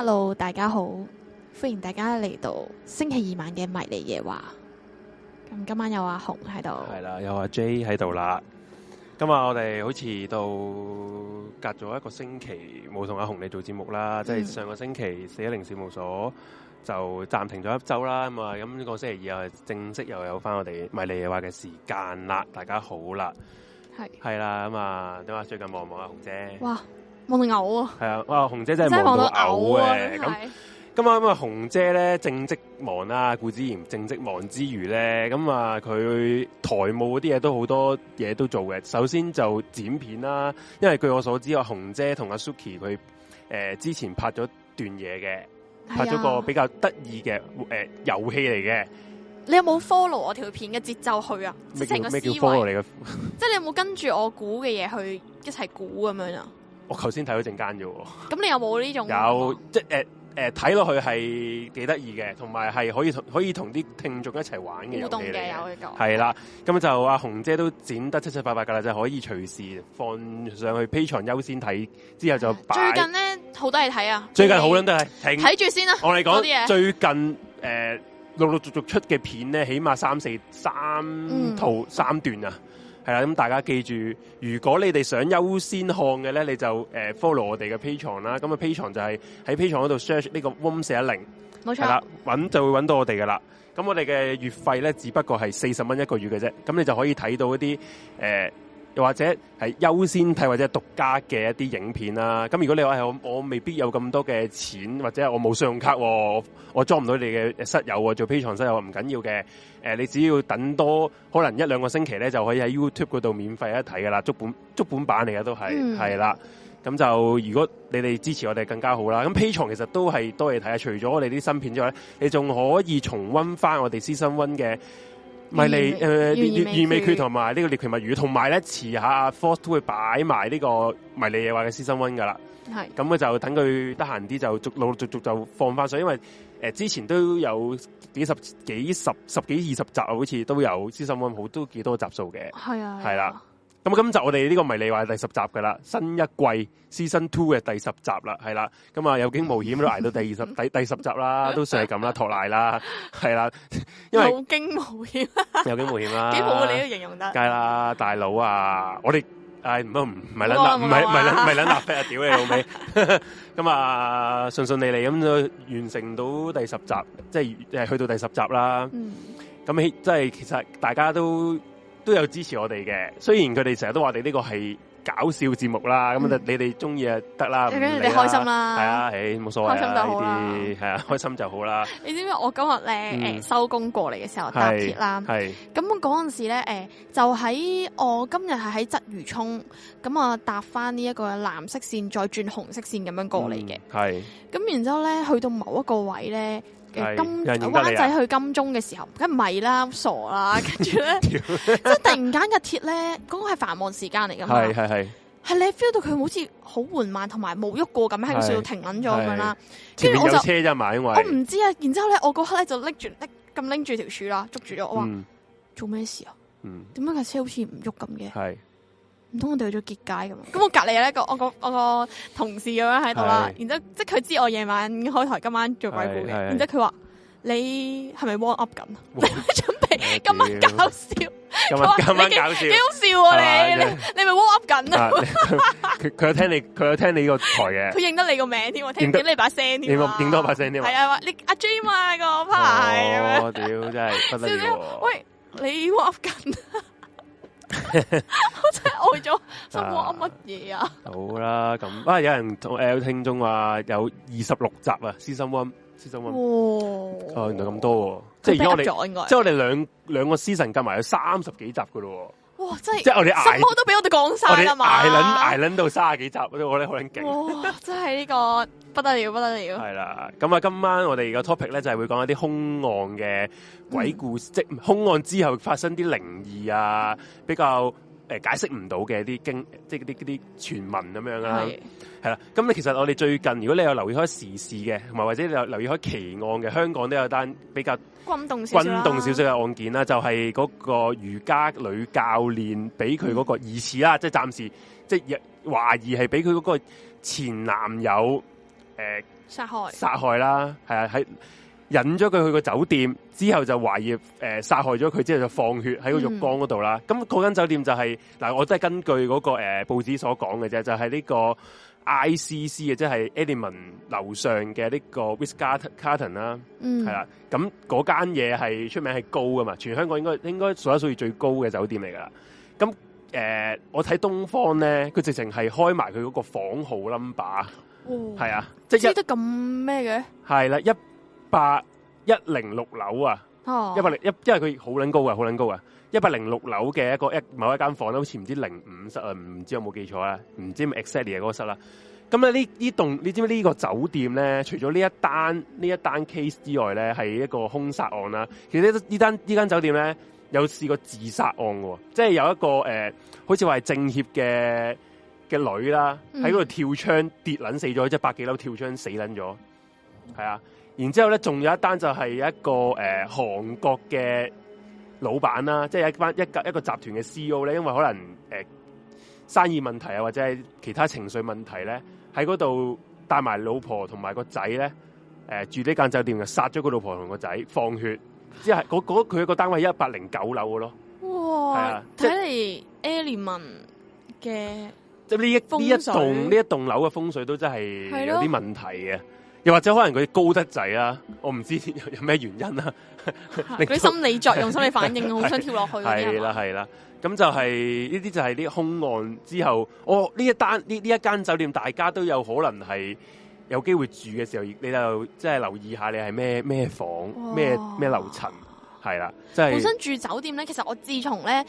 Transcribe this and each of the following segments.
hello，大家好，歡迎大家嚟到星期二晚嘅迷離夜話。咁今晚有阿紅喺度，係啦，有阿 J 喺度啦。今日我哋好似到隔咗一個星期冇同阿紅嚟做節目啦，即係上個星期四一零事務所就暫停咗一周啦。咁啊，咁呢個星期二又正式又有翻我哋迷離夜話嘅時間啦。大家好啦，係係啦，咁啊，等下最近望唔望阿紅姐？哇望到嘔啊！係啊、嗯，哇、嗯！紅、嗯嗯嗯嗯、姐真係望到嘔誒。咁，咁啊咁啊，紅姐咧正職忙啦，顧子賢正職忙之餘咧，咁啊佢台務嗰啲嘢都好多嘢都做嘅。首先就剪片啦，因為據我所知啊，紅姐同阿 Suki 佢誒之前拍咗段嘢嘅，拍咗個比較得意嘅誒遊戲嚟嘅。你有冇 follow 我條片嘅節奏去啊？咩叫咩叫 follow 你嘅？即 係你有冇跟住我估嘅嘢去一齊估咁樣啊？我頭先睇咗陣間啫喎，咁你有冇呢種玩？有，即係誒誒，睇、呃、落、呃、去係幾得意嘅，同埋係可以同可以同啲聽眾一齊玩嘅互動嘅，有係啦。咁就阿紅姐都剪得七七八八噶啦，就可以隨時放上去 Patreon 優先睇，之後就最近咧好多嘢睇啊！最近好啦都係睇住先啦、啊。我哋講啲嘢，最近誒陸陸續續出嘅片咧，起碼三四三套三段啊。係啦，咁大家記住，如果你哋想優先看嘅咧，你就誒 follow 我哋嘅 P 床啦。咁啊，P 床就係喺 P 床嗰度 search 呢個 r o o m 四一零，冇錯係啦，搵就會搵到我哋噶啦。咁我哋嘅月費咧，只不過係四十蚊一個月嘅啫，咁你就可以睇到一啲誒。呃又或者係優先睇或者獨家嘅一啲影片啦，啊，咁如果你話係我，我未必有咁多嘅錢，或者我冇信用卡，我，我裝唔到你嘅室友啊，做 P 床室友唔緊要嘅，呃，你只要等多可能一兩個星期咧，就可以喺 YouTube 嗰度免費一睇噶啦，足本足本版嚟嘅都係係啦，咁，嗯，就如果你哋支持我哋更加好啦，咁 P 床其實都係多嘢睇啊，除咗我哋啲新片之外咧，你仲可以重温翻我哋私生温嘅。迷你誒預預未決同埋呢個獵奇物語，同埋咧遲下 Force 都會擺埋呢個迷你嘢話嘅私心溫噶啦，係咁佢就等佢得閒啲就逐陸陸續續就放翻上，因為、呃、之前都有幾十幾十十幾二十集好似都有私心溫，好都幾多集數嘅，係啊，係啦、啊。咁啊！今集我哋呢個迷你話第十集噶啦，新一季《Season Two》嘅第十集啦，係啦。咁啊，有驚無險都挨到第二十第第十集啦，都算係咁啦，托賴啦，係啦。有驚無險。有驚無險啦。幾好啊！你都形容得。梗啦，大佬啊，我哋誒唔都唔咪捻垃，唔係唔係捻唔係捻垃圾屌你老味。咁啊，順順利利咁就完成到第十集，即係又去到第十集啦。咁即係其實大家都都有支持我哋嘅。雖然佢哋成日都話你呢個係搞笑節目啦，咁、嗯、你哋中意，啊得啦，你哋開心啦，係啊，冇所謂，開心就好啦，係啊，開心就好、嗯哎、啦。你知唔知我今日咧誒收工過嚟嘅時候搭鐵啦係咁我嗰陣時咧誒就喺我今日係喺鰂魚涌，咁啊搭翻呢一個藍色線再轉紅色線咁樣過嚟嘅，係、嗯、咁然之後咧去到某一個位咧。金灣仔去金鐘嘅時候，梗唔咪啦，傻啦，跟住咧， 即係突然間嘅鐵咧，嗰、嗰個係繁忙時間嚟噶嘛，係係係，係你 feel 到佢好似好緩慢同埋冇喐過咁，喺個隧道停穩咗咁樣啦。前面有車啫嘛，因為我唔知啊。然之後咧，我嗰刻咧就拎住拎咁拎住條柱啦，捉住咗，我話、嗯、做咩事啊？嗯，點解架車好似唔喐咁嘅？嗯唔通我哋去咗結界咁嘛？咁 我隔籬有一個我個我個同事咁樣喺度啦。然之後即係佢知我夜晚開台，今晚做鬼故嘅。對對對然之後佢話 你係咪 warm up 緊你 準備今晚搞笑。今晚今晚搞笑，幾好笑喎、啊！你！你 你咪 warm up 緊啊！佢佢有聽你，佢有聽你呢個台嘅。佢 認得你個名添，我聽，唔到你把聲添。認認多把聲添。係啊，你阿 J 啊個牌 啊啊。哦，屌 真係不得了。 喂，你 warm up 緊緊。我真係愛咗 season 乜嘢啊！好啦，咁啊，有人同 L 聽眾話有二十六集 season one, season one、哦、啊，season one、season one 哦，原來咁多、啊，即係而家我哋，即係我哋兩兩個 season 夾埋有三十幾集噶咯。哇！即係，即係我哋乜都俾我哋講晒啦嘛，捱撚捱撚到三十幾集，我覺得好撚勁。 真係呢、呢個不得了，不得了，了。係啦，咁啊，今晚我哋個 topic 咧就係、是、會講一啲凶案嘅鬼故事，嗯、即空凶案之後發生啲靈異啊，比較、呃、解釋唔到嘅啲經，即啲啲傳聞咁樣啦、啊。係啦，咁其實我哋最近如果你有留意開時事嘅，同埋或者你有留意開奇案嘅，香港都有單比較，轟動轟、啊、動，少少嘅案件啦，就係、是、嗰個瑜伽女教練俾佢嗰個疑似啦、嗯，即係暫時即係懷疑係俾佢嗰個前男友誒殺、呃、害殺害啦，係啊，喺引咗佢去個酒店之後就懷疑誒殺、呃、害咗佢之後就放血喺個浴缸嗰度啦。咁嗰間酒店就係、是、嗱、呃，我都係根據嗰、那個誒、呃、報紙所講嘅啫，就係、是、呢、這個。ICC 嘅即係 Edmond 樓上嘅呢個 Whiskart Carlton 啦、啊，係、嗯、啦，咁嗰間嘢係出名係高噶嘛，全香港應該應該數一數二最高嘅酒店嚟噶啦。咁誒、呃，我睇東方咧，佢直情係開埋佢嗰個房號 number，係、哦、啊，即係得咁咩嘅？係啦、啊，一百一零六樓啊，一百零一，因為佢好撚高啊，好撚高啊。一百零六樓嘅一個 e 某一間房啦，好似唔知零五室啊，唔知有冇記錯啊，唔知唔係 exactly 嗰個室啦。咁咧呢呢棟，你知唔知呢個酒店咧？除咗呢一單呢一單 case 之外咧，係一個兇殺案啦。其實呢呢單呢間酒店咧，有試過自殺案嘅、哦，即係有一個誒、呃，好似話係政協嘅嘅女啦，喺嗰度跳窗跌撚死咗、嗯，即係百幾樓跳窗死撚咗。係啊，然之後咧，仲有一單就係一個誒韓、呃、國嘅。老闆啦、啊，即係一間一一個集團嘅 C.O 咧，因為可能誒、呃、生意問題啊，或者係其他情緒問題咧，喺嗰度帶埋老婆同埋個仔咧，誒、呃、住呢間酒店就殺咗個老婆同個仔，放血，即係佢一個單位一百零九樓嘅咯。哇！係啊，睇嚟 Elliman 嘅，即係呢一呢一棟呢一棟樓嘅風水都真係有啲問題嘅。又或者可能佢高得滯啦，我唔知有咩原因啦、啊。佢心理作用、心理反應，好 想跳落去。係啦，係啦，咁就係呢啲就係啲凶案之後，我、哦、呢一單呢呢一間酒店，大家都有可能係有機會住嘅時候，你就即係、就是、留意一下你係咩咩房、咩咩樓層，係啦，即係、就是、本身住酒店咧。其實我自從咧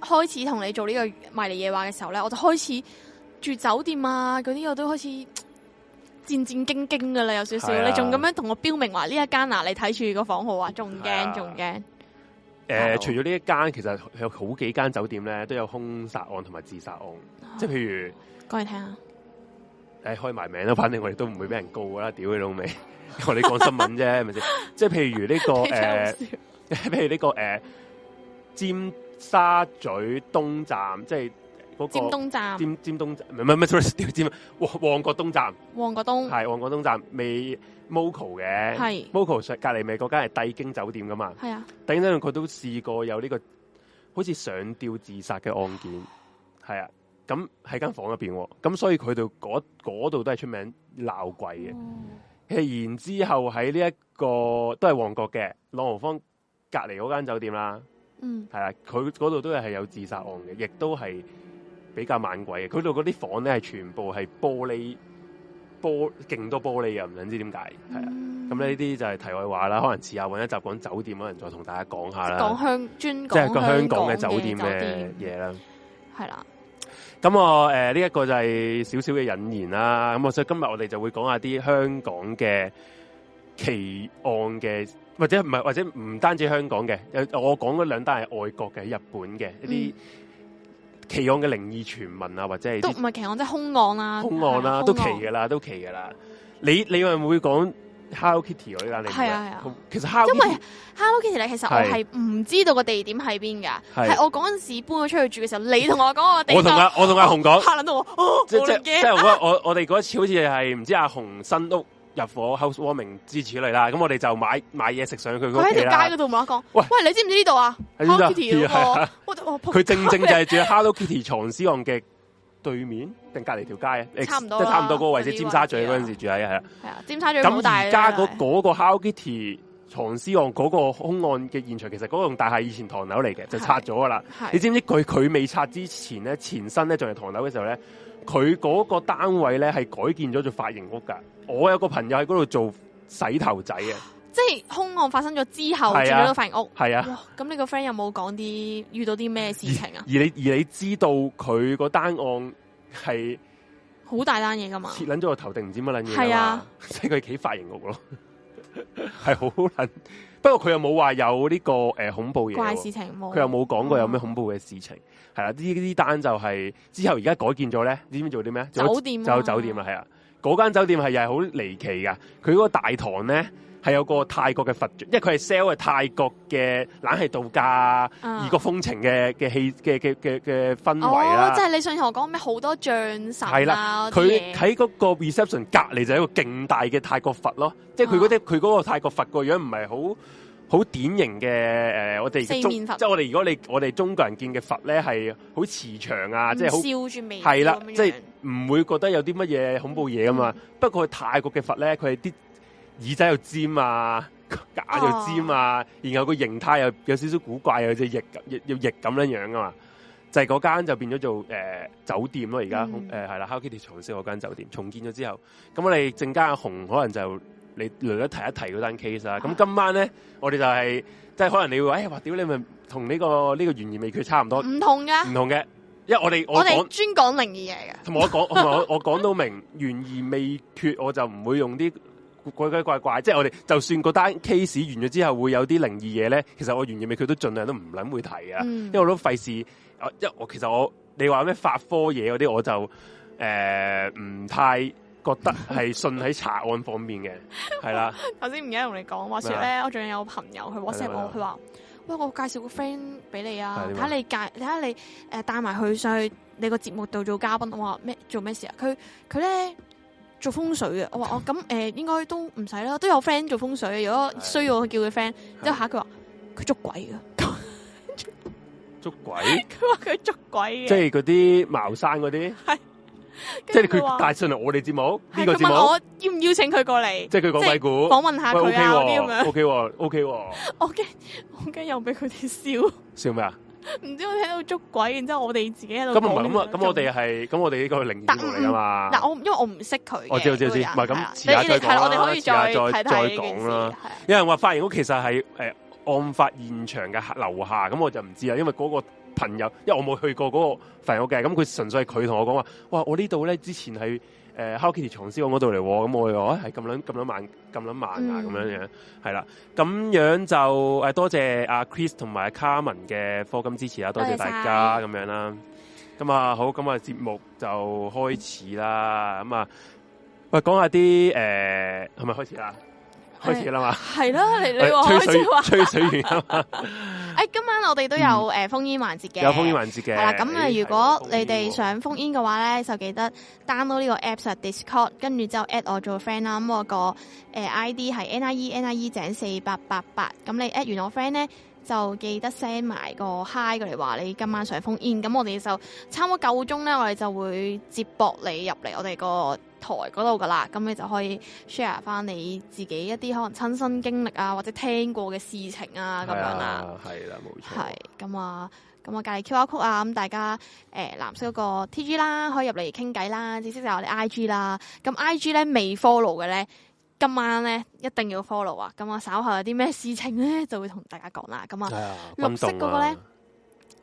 開始同你做呢、這個迷離夜話嘅時候咧，我就開始住酒店啊，嗰啲我都開始。戰戰兢兢噶啦，有少少，啊、你仲咁樣同我標明話呢一間啊，你睇住個房號啊，仲驚仲驚。誒，除咗呢一間，其實有好幾間酒店咧都有兇殺案同埋自殺案，oh. 即係譬如講嚟聽下，誒、哎，開埋名啦，反正我哋都唔會俾人告噶啦， 屌你老味，我哋講新聞啫，係咪先？即係譬如呢、這個誒， 呃、 譬如呢、這個誒、呃，尖沙咀東站，即係。那個、尖東站，尖尖東唔唔唔 sorry，旺角東站，旺角東係旺角東站，未 moco 嘅，係 moco 隔離咪嗰間係帝京酒店噶嘛，係啊，帝京佢都試過有呢、呢個好似上吊自殺嘅案件，係啊，咁喺間房入邊喎，咁所以佢哋嗰度都係出名鬧鬼嘅。係、哦、然之後喺呢一個都係旺角嘅朗豪坊隔離嗰間酒店啦，嗯，係啊，佢嗰度都係係有自殺案嘅，亦都係，比較猛鬼嘅，佢度嗰啲房咧係全部係玻璃，玻璃，勁多玻璃啊！唔想知點解，係、嗯、啊，咁呢啲就係題外話啦。可能遲下揾一集講酒店，可能再同大家講下啦。講香專即係個香港嘅酒店嘅嘢啦，係啦。咁我誒呢一個就係少少嘅引言啦。咁我所以今日我哋就會講下啲香港嘅奇案嘅，或者唔係，或者唔單止香港嘅，誒我講嗰兩單係外國嘅，喺日本嘅一啲。嗯奇案嘅靈異傳聞啊，或者係都唔係奇案，即係兇案啦。兇案啦，都奇嘅啦，都奇嘅啦。你你會唔會講 Hello Kitty 嗰啲啊？係啊係啊，其實 Hello Kitty 咧，Kitty，其實我係唔知道個地點喺邊㗎。係我嗰陣時搬咗出去住嘅時候，你同我講我地 我、啊。我同阿、啊就是就是啊、我同阿紅講即即我我我哋嗰次好似係唔知阿紅新屋。入伙，house warming 支持你啦，咁我哋就買買嘢食上去，佢喺條街度冇好講。喂，你知唔知呢度啊，啊？Hello Kitty 佢、嗰個啊啊啊、正正就係住喺 Hello Kitty 藏屍案嘅對面定隔離條街啊？差唔多，即係差唔多嗰個位置。尖沙咀嗰陣時住喺係啦。係啊，啊，啊，尖沙咀咁大、嗰個？家嗰、啊嗰個 Hello Kitty 藏屍案嗰個凶案嘅現場，其實嗰棟大廈以前唐樓嚟嘅，就拆咗噶啦。你知唔知佢佢未拆之前咧，前身咧仲係唐樓嘅時候咧？佢嗰個單位咧係改建咗做髮型屋噶，我有個朋友喺嗰度做洗頭仔啊，即係凶案發生咗之後建咗、啊、個髮型屋，係啊，咁你個 friend 有冇講啲遇到啲咩事情啊？而你而你知道佢個單案係好大單嘢噶嘛？切捻咗個頭定唔知乜捻嘢，係啊，即係佢企髮型屋咯。係好撚，不過佢又冇話有呢、這個誒、呃、恐怖嘢，怪事情冇，佢又冇講過有咩恐怖嘅事情。係、嗯、啦，呢單就係、是、之後而家改建咗咧，知唔知做啲咩？酒店、啊、就酒店啦，係啊，嗰間酒店係又係好離奇噶，佢嗰個大堂咧。係有個泰國嘅佛，像，因為佢係 sell 嘅泰國嘅冷氣度假啊，異國風情嘅嘅氣嘅嘅嘅嘅氛圍啦、哦。即係你想同我講咩好多象神啊？係啦，佢喺嗰個 reception 隔籬就係一個勁大嘅泰國佛咯。即係佢嗰啲佢嗰個泰國佛個樣唔係好好典型嘅誒、呃？我哋四面佛即，即係我哋如果你我哋中國人見嘅佛咧係好慈祥啊，即、就、係、是、笑住眉，係啦，即係唔會覺得有啲乜嘢恐怖嘢噶嘛、嗯。不過泰國嘅佛咧，佢係啲。耳仔又尖啊，假又尖啊，oh. 然後個形態又有少少古怪，啊，隻翼，翼要翼咁樣樣噶嘛，就係、是、嗰間就變咗做誒、呃、酒店咯。而家誒係啦，Hello Kitty 藏屍嗰間酒店，mm. 嗯嗯、重建咗之後，咁我哋陣間阿紅可能就你略咗提一提嗰單 case 啦。咁、uh. 今晚咧，我哋就係、是、即係可能你會話，哎呀，屌你咪同呢個呢、呢個懸疑未決差唔多，唔同㗎。」唔同嘅，因為我哋我我講專講靈異嘢嘅，同埋我講，我我講到明懸疑未決，我就唔會用啲。鬼鬼怪怪,怪,怪，即係我哋就算那單個單 case 完咗之後會有啲靈異嘢咧，其實我完結尾佢都盡量都唔諗會提啊、嗯，因為我都費事。因為我其實我你話咩法科嘢嗰啲，我就誒唔、呃、太覺得係信喺查案方面嘅，係 啦是的 、啊。頭先唔記得同你講話說咧，我仲有朋友佢 WhatsApp 我，佢話：喂，我介紹個 friend 俾你啊，睇下你介，睇下你帶埋佢上去你個節目度做嘉賓。我話咩做咩事啊？佢佢咧。做風水嘅，我話我咁誒，應該都唔使啦，都有 friend 做風水，如果需要我去叫佢 friend，之後吓佢話佢捉鬼嘅，捉鬼，佢話佢捉鬼嘅，即係嗰啲茅山嗰啲，係，即係佢帶上嚟我哋節目呢個節目，問我要唔邀請佢過嚟？即係佢講鬼故，訪問下佢啊啲咁樣，O K，O K，我驚我驚又俾佢哋笑，笑咩啊？唔 知我聽到捉鬼，然之後我哋自己喺度。咁唔係咁啊，咁我哋係，咁我哋呢個係靈異嚟噶嘛？嗱、嗯，我因為我唔識佢。我知道我知道我知道，唔係咁，遲下再講啦，一陣再再再講啦。有人話發現屋其實係誒案發現場嘅樓下，咁我就唔知啊，因為嗰個朋友，因為我冇去過嗰個發現屋嘅，咁佢純粹係佢同我講話，哇！我呢度咧之前係。誒，Hawkeye y 床往嗰度嚟喎，咁我話，係咁撚咁撚慢，咁撚慢啊，咁樣樣，係啦，咁樣就誒，多謝阿 Chris 同埋阿 Carmen 嘅課金支持啦，多謝大家咁樣啦，咁、嗯、啊，好，咁啊，節目就開始啦，咁、嗯、啊，喂、嗯，講、嗯、下啲誒，係、呃、咪開始啦？開始啦嘛，係啦，你你話開嘢話，吹水完。 哎，今晚我哋都有誒封煙環節嘅，有封煙環節嘅。係、嗯、啦，咁啊，如果你哋想封煙嘅話咧，就記得 download 呢個 apps 啊，Discord，跟住之後 at 我做 friend 啦。咁我個誒 ID 係 n i e n i e 井四八八八。咁你 at 完我 friend 咧，就記得 send 埋個 hi 過嚟話你今晚想封煙。咁我哋就差唔多夠鐘咧，我哋就會接駁你入嚟我哋個。台嗰度噶啦，咁你就可以 share 翻你自己一啲可能親身經歷啊，或者聽過嘅事情啊，咁樣啦，係啦，冇錯係咁啊，咁啊隔籬 QR code 啊，咁、啊嗯嗯嗯啊嗯、大家誒、呃、藍色嗰個 T G 啦，可以入嚟傾偈啦，紫色就我哋 I G 啦，咁、嗯、I G 咧未 follow 嘅咧，今晚咧一定要 follow 啊、嗯，咁、嗯、啊稍後有啲咩事情咧就會同大家講啦，咁、嗯、啊、哎、綠色嗰個咧。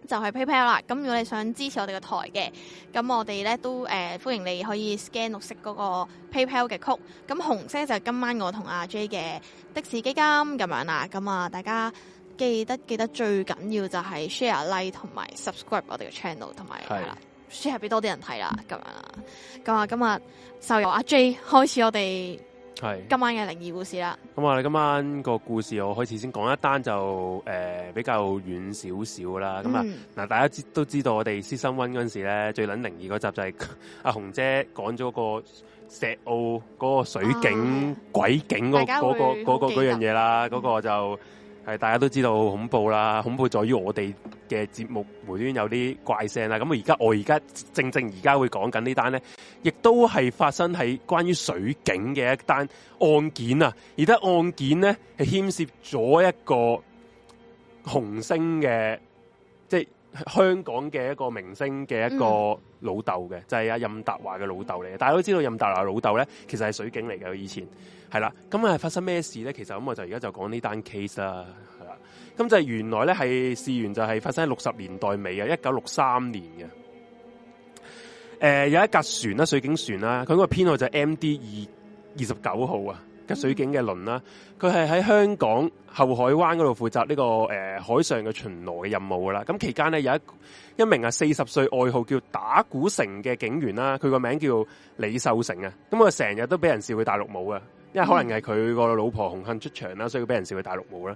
就係、是、PayPal 啦，咁如果你想支持我哋個台嘅，咁我哋咧都誒、呃、歡迎你可以 scan 綠色嗰個 PayPal 嘅曲，咁紅色就係今晚我同阿 J 嘅的,的士基金咁樣啦咁啊大家記得記得最緊要就係 share like 同埋 subscribe 我哋嘅 channel，同埋係啦 share 俾多啲人睇啦，咁樣咁啊今日就由阿 J 開始我哋。係今晚嘅靈異故事啦。咁我哋今晚個故事我開始先講一單就誒、呃、比較遠少少啦。咁、嗯、啊，嗱，大家知都知道我哋獅心温嗰陣時咧，最撚靈異嗰集就係阿紅姐講咗個石澳嗰個水景、啊、鬼景嗰個嗰樣嘢啦，嗰、那個就。嗯係大家都知道恐怖啦，恐怖在於我哋嘅節目無端端有啲怪聲啦。咁而家我而家正正而家會講緊呢單咧，亦都係發生喺關於水警嘅一單案件啊。而家案件咧係牽涉咗一個紅星嘅。香港嘅一個明星嘅一個老豆嘅，就係、是、阿任達華嘅老豆嚟嘅。但大家都知道任達華老豆咧，其實係水警嚟嘅。以前係啦，咁啊、嗯、發生咩事咧？其實咁我現在就而家、嗯、就講呢單 case 啦，係啦。咁就原來咧係事源就係發生喺六十年代尾嘅一九六三年嘅。誒、呃，有一架船啦，水警船啦，佢嗰個編號就 M D 二二十九號啊。水警嘅輪啦，佢係喺香港後海灣嗰度負責呢、這個誒、呃、海上嘅巡邏嘅任務啦。咁期間呢，有一一名啊四十歲外號叫打鼓城嘅警員啦，佢個名叫李秀成啊。咁佢成日都俾人笑佢大陸帽嘅，因為可能係佢個老婆紅杏出牆啦，所以佢俾人笑佢大陸帽啦。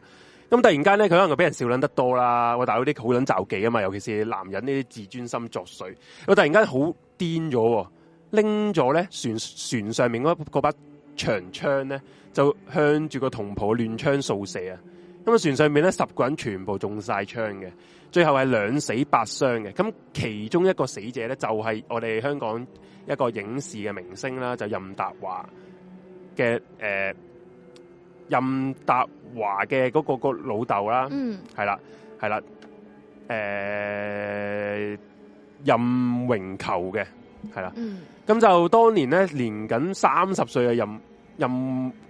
咁突然間咧，佢可能俾人笑捻得多啦，我大佬啲好捻詐忌啊嘛，尤其是男人呢啲自尊心作祟，佢突然間好癲咗，拎咗咧船船上面嗰把長槍咧就向住個同袍亂槍掃射啊！咁啊，船上面咧十個人全部中晒槍嘅，最後係兩死八傷嘅。咁其中一個死者咧就係、是、我哋香港一個影視嘅明星啦，就任達華嘅，誒任達華嘅嗰個那個老豆啦，係啦係啦，誒任榮球嘅係啦。咁、呃、就當年咧年僅三十歲嘅任任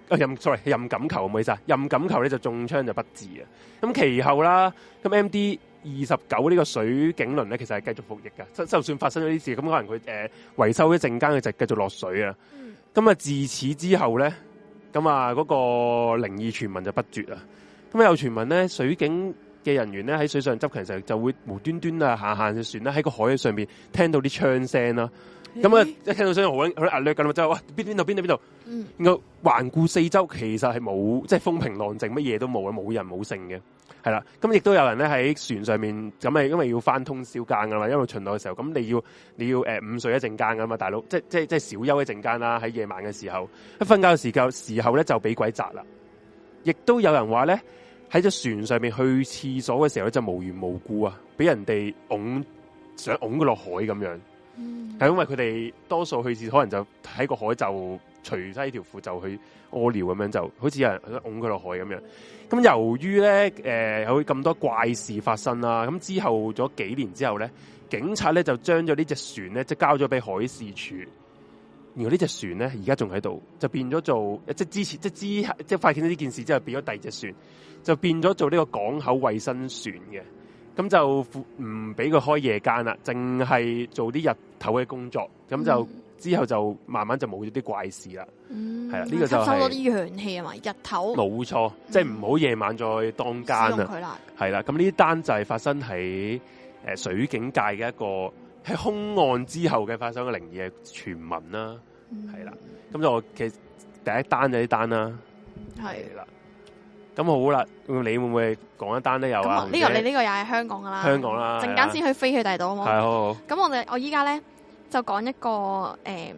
啊任，sorry，任錦球唔好意思啊，任錦球咧就中槍就不治啊。咁其後啦，咁 M D 二十九呢個水警輪咧，其實係繼續服役噶。即就算發生咗啲事，咁可能佢誒、呃、維修一陣間，佢就繼續落水啊。咁、嗯、啊，自此之後咧，咁啊嗰、嗰個靈異傳聞就不絕啦。咁啊有傳聞咧，水警嘅人員咧喺水上執勤嘅時候，就會無端端啊下行，行船啦，喺個海上面聽到啲槍聲啦、啊。咁、嗯、啊！嗯、一聽到聲好揾好啊，掠緊啦！就係哇，邊度？邊度？邊度？嗯，應該環顧四周，其實係冇，即係風平浪靜，乜嘢都冇啊，冇人冇剩嘅，係啦。咁亦都有人咧喺船上面，咁啊，因為要翻通宵更噶嘛，因為巡邏嘅時候，咁你要你要誒午睡一陣間噶嘛，大佬，即即即小休一陣間啦，喺夜晚嘅時候，一瞓覺嘅時候時候咧就俾鬼壓啦。亦都有人話咧，喺隻船上面去廁所嘅時候就無緣無故啊，俾人哋拱，想拱佢落海咁樣。係、嗯、因為佢哋多數去時可能就喺個海就除低條褲就去屙尿咁樣，就好似有人㧬佢落海咁樣。咁由於咧，誒、呃，有咁多怪事發生啦、啊。咁之後咗幾年之後咧，警察咧就將咗呢隻船咧即係交咗俾海事處。然後呢隻船咧而家仲喺度，就變咗做即係、就是、之前即係、就是、之後即係發現咗呢件事之後，變咗第二隻船，就變咗做呢個港口衛生船嘅。咁就唔俾佢開夜間啦，淨係做啲日頭嘅工作，咁、嗯、就之後就慢慢就冇咗啲怪事啦。係啦，呢個就係收多啲陽氣啊嘛，日頭。冇錯，即係唔好夜晚再當間啊。係啦，咁呢啲單就係發生喺、呃、水警界嘅一個喺凶案之後嘅發生嘅靈異嘅傳聞啦。係、嗯、啦，咁就其實第一單就呢單啦。係啦。咁好啦，你會唔會講一單都有啊？呢個你呢個又係香港噶啦，香港啦，陣間先去飛去第度好冇？係好，咁我哋我依家咧就講一個誒，呢、嗯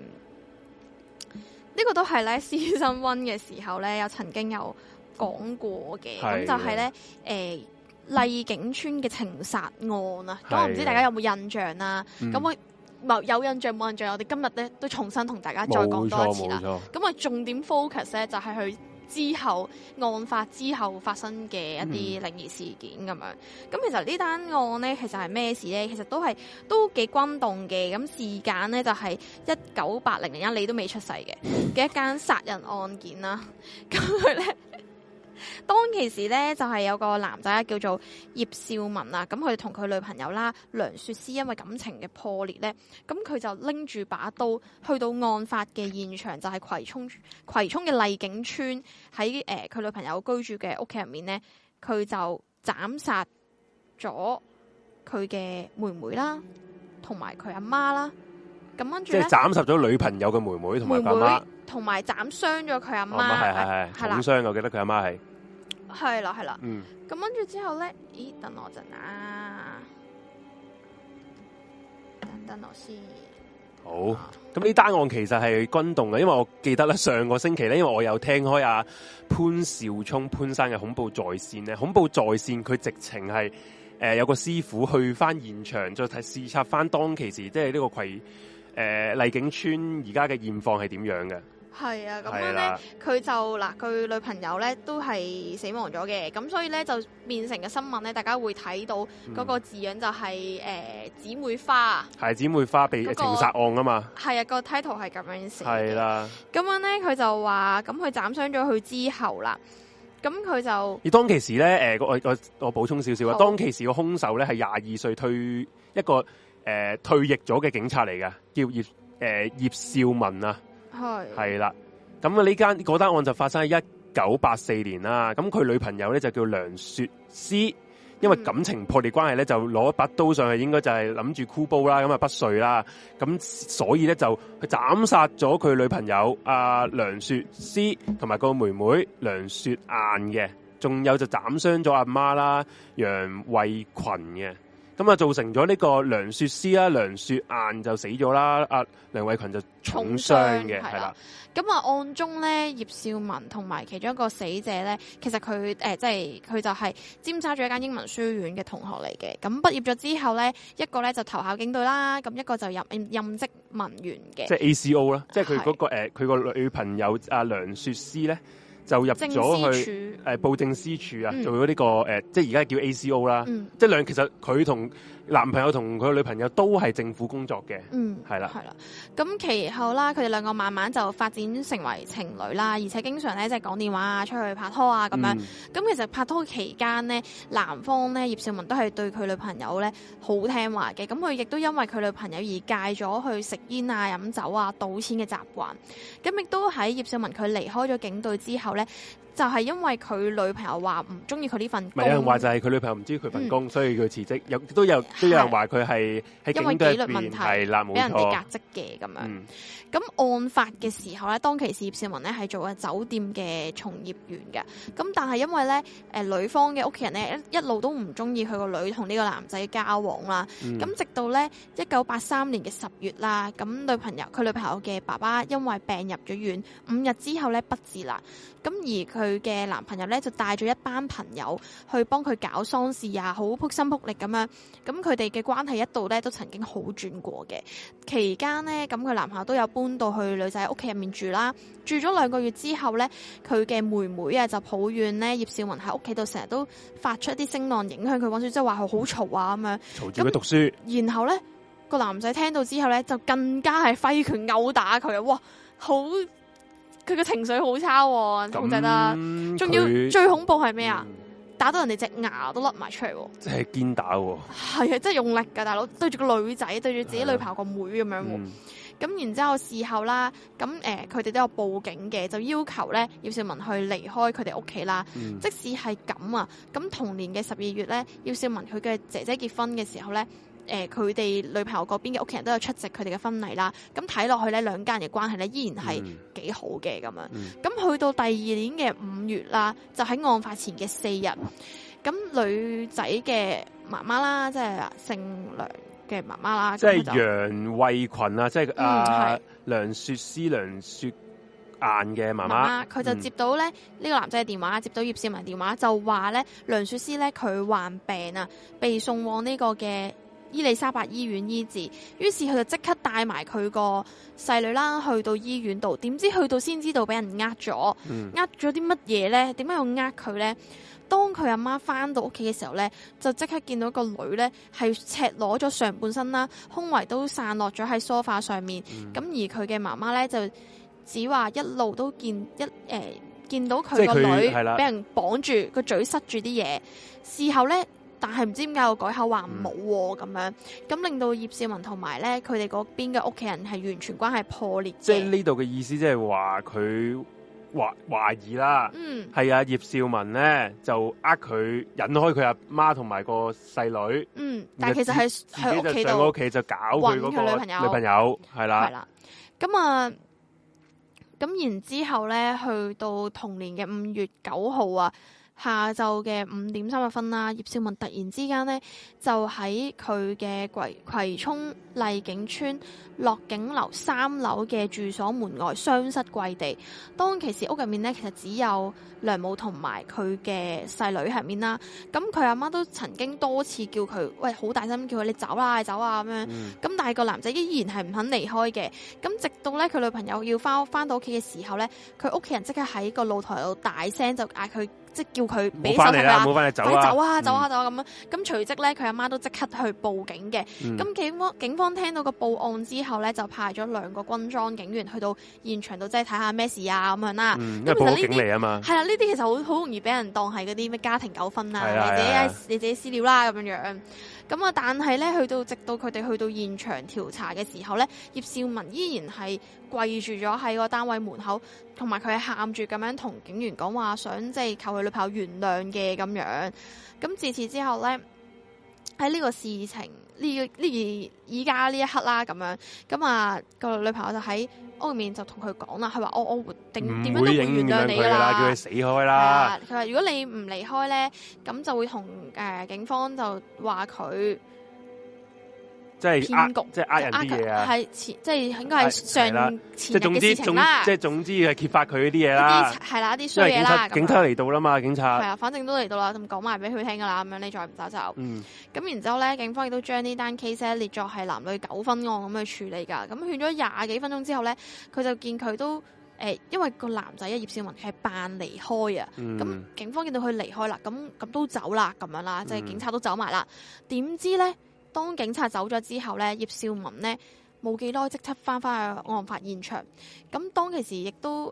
呢個都係咧 season one 嘅時候咧，有曾經有講過嘅咁、嗯、就係咧誒麗景村嘅情殺案啊，咁我唔知大家有冇印象啦。咁我有印象冇、啊嗯、印、印象，我哋今日咧都重新同大家再講多一次啦。咁我重點 focus 咧就係、是、去。之後案發之後發生嘅一啲靈異事件咁樣，咁其實呢單案呢，其實係咩事呢？其實都係都幾轟動嘅。咁時間呢，就係一九八零年，你都未出世嘅嘅一間殺人案件啦。咁佢呢。當其時咧就係有個男仔啊，叫做葉少文啊，咁佢同佢女朋友啦，梁雪詩，因為感情嘅破裂咧咁佢就拎住把刀，去到案發嘅現場，就係葵涌葵涌嘅麗景村，喺誒佢女朋友居住嘅屋企入面咧佢就斬殺咗佢嘅妹妹啦，同埋佢阿媽啦。咁跟住即係斬殺咗女朋友嘅妹妹，同埋阿媽，同埋斬傷咗佢阿媽，係係係斬傷，我記得佢阿媽係。係啦，係啦。咁跟住之後咧，咦？等我陣啊，等等我先。好，咁、啊、呢單案其實係轟動嘅，因為我記得咧上個星期咧，因為我有聽開阿、啊、潘紹聰潘生嘅恐怖在線咧，恐怖在線佢直情係誒、呃、有個師傅去翻現場再睇視察翻當其時，即係呢個葵誒、呃、麗景村而家嘅現況係點樣嘅。係啊，咁樣咧，佢，啊、就嗱，佢女朋友咧都係死亡咗嘅，咁所以咧就變成嘅新聞咧，大家會睇到嗰個字樣就係誒姊妹花，係、嗯、姊妹花被、嗰個、情殺案啊嘛，係啊，個 title 係咁樣寫嘅係啦，咁樣咧，佢就話咁佢斬傷咗佢之後啦，咁佢就而當其時咧，誒、呃，我我我補充少，少少啊，當其時個兇手咧係廿二歲退一個誒、呃、退役咗嘅警察嚟嘅，叫葉誒葉少文啊。係啦，咁啊呢間單案就發生喺一九八四年啦。咁佢女朋友咧就叫梁雪詩，因為感情破裂關係咧，就攞把刀上去，應該就係諗住箍煲啦，咁啊不遂啦，咁所以咧就斬殺咗佢女朋友阿梁雪詩同埋個妹妹梁雪雁嘅，仲有就斬傷咗阿媽啦，楊慧群嘅。咁啊，造成咗呢個梁雪詩啦，梁雪雁就死咗啦。阿梁慧群就重傷嘅，係啦。咁啊，嗯嗯嗯、案中咧，葉少文同埋其中一個死者咧，其實佢即係佢就係尖沙咀一間英文書院嘅同學嚟嘅。咁、嗯、畢業咗之後咧，一個咧就投考警隊啦，咁一個就入任職文員嘅。即係 A C O 啦，即係佢嗰個佢個女朋友阿、呃、梁雪詩咧。就入咗去誒布政司署、呃、啊，嗯、做咗呢、這個誒、呃，即係而家叫 ACO 啦，嗯、即係兩其實佢同。男朋友同佢女朋友都係政府工作嘅，嗯，係啦，係啦。咁其後啦，佢哋兩個慢慢就發展成為情侶啦，而且經常咧，即係講電話啊、出去拍拖啊咁樣。咁、嗯、其實拍拖期間呢，男方呢，葉少文都係對佢女朋友咧，好聽話嘅。咁佢亦都因為佢女朋友而戒咗去食煙啊、飲酒啊、賭錢嘅習慣。咁亦都喺葉少文佢離開咗警隊之後呢。就係、是、因為佢女朋友話唔中意佢呢份工，工，有人話就係佢女朋友唔知佢份工、嗯，所以佢辭職。也有都有都有人話佢係喺警隊入邊，係啦，因為紀律問題，俾人哋革職嘅咁樣。咁、嗯、案發嘅時候咧，當其時葉少文咧係做咗酒店嘅從業員嘅。咁但係因為咧誒、呃、女方嘅屋企人咧一路都唔中意佢個女同呢個男仔交往啦。咁、嗯、直到咧一九八三年嘅十月啦，咁女朋友佢女朋友嘅爸爸因為病入咗院五日之後咧不治啦。咁而佢。佢嘅男朋友呢就帶咗一班朋友去幫佢搞喪事啊，好仆心仆力咁樣。咁佢哋嘅關係一度呢都曾經好轉過嘅。期間呢，咁佢男朋友都有搬到去女仔屋企入面住啦。住咗兩個月之後呢，佢嘅妹妹啊就抱怨呢，葉少文喺屋企度成日都發出一啲聲浪影響，影響佢溫書，即係話佢好嘈啊咁樣，嘈住佢讀書。然後呢，個男仔聽到之後呢，就更加係揮拳毆打佢啊！哇，好～佢嘅情緒好差，哦，咁正啦，仲要最恐怖係咩啊？打到人哋隻牙都甩埋出嚟，哦，即係堅打喎，係啊，即係用力噶大佬，對住個女仔，對住自己女朋友個妹咁樣喎，哦。咁，嗯，然之後事後啦，咁誒，佢，呃，哋都有報警嘅，就要求咧，姚少文去離開佢哋屋企啦。即使係咁啊，咁同年嘅十二月咧，姚少文佢嘅姐姐結婚嘅時候咧。誒、呃，佢哋女朋友嗰邊嘅屋企人都有出席佢哋嘅婚禮啦。咁睇落去咧，兩家人嘅關係咧依然係幾好嘅咁、嗯、樣。咁、嗯、去到第二年嘅五月啦，就喺案發前嘅四日，咁女仔嘅媽媽啦，即係姓梁嘅媽媽啦，即係楊慧群啊，即係啊梁雪詩、梁雪雁嘅媽媽，佢就接到咧呢、嗯呢個男仔嘅電話，接到葉少文電話，就話咧梁雪詩咧佢患病啊，被送往呢個嘅。伊麗莎白醫院醫治，於是佢就即刻帶埋佢個細女啦，去，去到醫院度，點知去到先知道俾人呃咗，呃咗啲乜嘢呢？點解要呃佢呢？當佢阿媽翻到屋企嘅時候呢，就即刻見到一個女呢係赤裸咗上半身啦，胸圍都散落咗喺梳化上面。咁、嗯、而佢嘅媽媽呢，就只話一路都見一誒、呃、見到佢個女係俾人綁住個嘴塞住啲嘢。事後呢。但係唔知點解我改口話唔好咁樣，咁令到葉兆文同埋咧佢哋嗰邊嘅屋企人係完全關係破裂的。即。即係呢度嘅意思，即係話佢懷懷疑啦。嗯，係啊，葉兆文咧就呃佢引開佢阿媽同埋個細女。嗯，但係其實係喺屋企就搞佢佢女朋友女朋友係啦係啦。咁啊，啊，咁然之後咧，去到同年嘅五月九號啊。下晝嘅五點三十分啦，葉少文突然之間呢，就喺佢嘅葵葵涌麗景邨落景樓三樓嘅住所門外雙膝跪地。當其時屋入面呢，其實只有梁母同埋佢嘅細女喺面啦。咁佢阿媽都曾經多次叫佢，喂，好大聲叫佢你走啦，走啊咁、嗯、樣。咁但係個男仔依然係唔肯離開嘅。咁直到呢，佢女朋友要翻翻到屋企嘅時候呢，佢屋企人即刻喺個露台度大聲就嗌佢。即叫佢俾手佢走啊，走啊，走啊咁樣咁、嗯、隨即咧，佢阿媽都即刻去報警嘅。咁、嗯、警方警方聽到個報案之後咧，就派咗兩個軍裝警員去到現場度，即係睇下咩事啊咁樣啦。因為報警嚟啊嘛。係啊，呢、嗯、啲其實好好容易俾人當係嗰啲咩家庭糾紛啊，啊你自己、啊、你自己私了啦咁樣樣。咁啊！但係咧，去到直到佢哋去到現場調查嘅時候咧，葉少文依然係跪住咗喺個單位門口，同埋佢係喊住咁樣同警員講話，想即係求佢女朋友原諒嘅咁樣。咁自此之後咧，喺呢個事情呢呢而家呢一刻啦咁樣，咁啊個女朋友就喺外面就同佢講啦，佢話：「我我唔定點樣都會原諒你啦，叫佢死開啦。佢話：「如果你唔離開咧，咁就會同誒、呃、警方就話佢。即係騙局，局，即係呃人係、啊、即係應該係上前日嘅事情啦。即係總之要揭發佢嗰啲嘢啦。係啦，啲衰嘢啦。警察警察嚟到啦嘛，警察係啊，反正都嚟到啦，咁講埋俾佢聽噶啦，咁樣你再唔走走，咁然之後咧，警方亦都將呢單 case 列作係男女糾紛案咁去處理噶。咁勸咗廿幾分鐘之後咧，佢就見佢都誒、欸，因為個男仔葉少文係扮離開啊。咁、嗯、警方見到佢離開啦，咁咁都走啦，咁樣啦，即係警察都走埋啦。點、嗯、知咧？當警察走咗之後咧，葉少文咧冇幾耐即刻返返去案發現場。咁當其時亦都誒，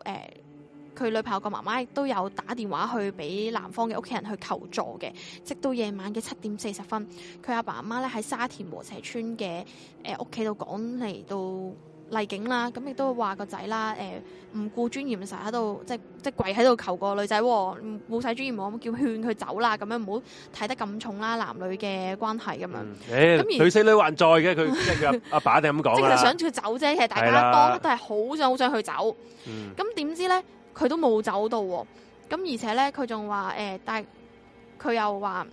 佢、呃、女朋友個媽媽亦都有打電話去俾男方嘅屋企人去求助嘅。直到夜晚嘅七點四十分，佢阿爸阿媽咧喺沙田禾輋邨嘅屋企度趕嚟到。麗景啦，咁亦都話個仔啦，誒、欸，唔顧尊嚴，成日喺度，即係即係跪喺度求個女仔，冇、喔、晒尊嚴，冇叫勸佢走啦，咁樣唔好睇得咁重啦，男女嘅關係咁樣。誒、嗯，佢、欸、死女還在嘅，佢 即佢阿爸咁講啦。即係想佢走啫，其實大家當都係好想好想去走。咁點、嗯、知咧，佢都冇走到、喔，咁而且咧，佢仲話誒，但係佢又話，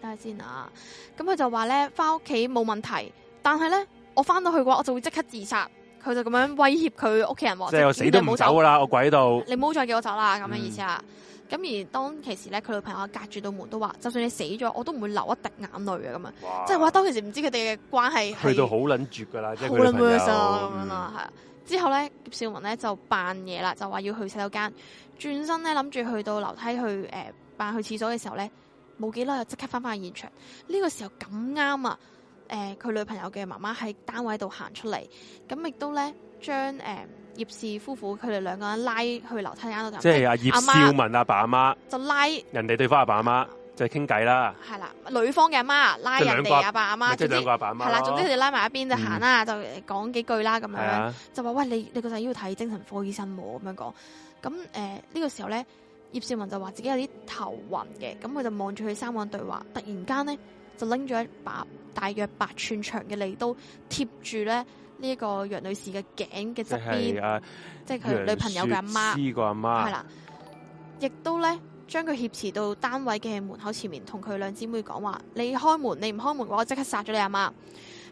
等下先啊，咁佢就話咧，翻屋企冇問題，但係咧。我翻到去嘅話，我就會即刻自殺。佢就咁樣威脅佢屋企人話，即係我死都唔好走噶啦，我鬼到。你唔好再叫我走啦，咁、嗯、樣的意思啊。咁而當其時咧，佢女朋友隔住道門都話，就算你死咗，我都唔會流一滴眼淚啊。咁啊，即係話當其時唔知佢哋嘅關係去到好捻絕噶啦，即係佢女朋友咁樣啦。嗯、之後咧，葉少文咧就扮嘢啦，就話要去洗手間，轉身咧諗住去到樓梯去誒扮、呃、去廁所嘅時候咧，冇幾耐又即刻翻翻去現場。呢、這個時候咁啱啊！誒、呃，佢女朋友嘅媽媽喺單位度行出嚟，咁亦都咧將誒葉氏夫婦佢哋兩個人拉去樓梯間度。即係阿葉少文阿爸阿媽就拉人哋對方阿爸阿媽，就傾偈啦。係啦，女方嘅阿媽拉人哋阿爸阿媽，即係兩個阿爸阿媽。係、就是、啦，總之拉就拉埋一邊就行啦，就講幾句啦咁樣。就話喂，你你個仔要睇精神科醫生喎，咁樣講。咁誒呢個時候咧，葉少文就話自己有啲頭暈嘅，咁佢就望住佢三個人對話，突然間咧就拎咗一把。大約八寸長嘅利刀貼住咧呢、這個楊女士嘅頸嘅側邊，即係佢女朋友嘅阿媽，係啦，亦、啊、都咧將佢挾持到單位嘅門口前面，同佢兩姊妹講話：你開門，你唔開門嘅話，我即刻殺咗你阿媽。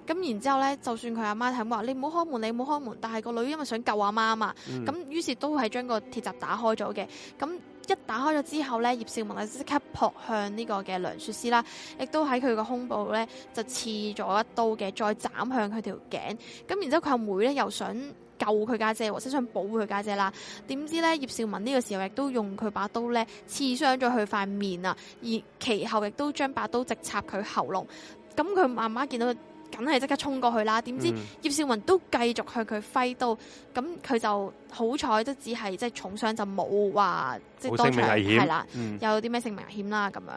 咁然之後咧，就算佢阿媽係咁話你唔好開門，你唔好開門，但係個女因為想救阿媽啊嘛，咁、嗯、於是都係將個鐵閘打開咗嘅，咁。一打開咗之後咧，葉少文啊即刻撲向呢個嘅梁雪詩啦，亦都喺佢個胸部呢，就刺咗一刀嘅，再斬向佢條頸。咁然之後佢阿妹呢，又想救佢家姐，姐，或者想保護佢家姐啦。點知呢，葉少文呢個時候亦都用佢把刀呢，刺傷咗佢塊面啊，而其後亦都將把，把刀直插佢喉嚨。咁佢媽媽見到。梗係即刻衝過去啦！點知葉少雲都繼續向佢揮刀，咁、嗯、佢就好彩都只係即係重傷，就冇話即係生命危險啦，有啲咩性命危險、嗯、啦咁樣。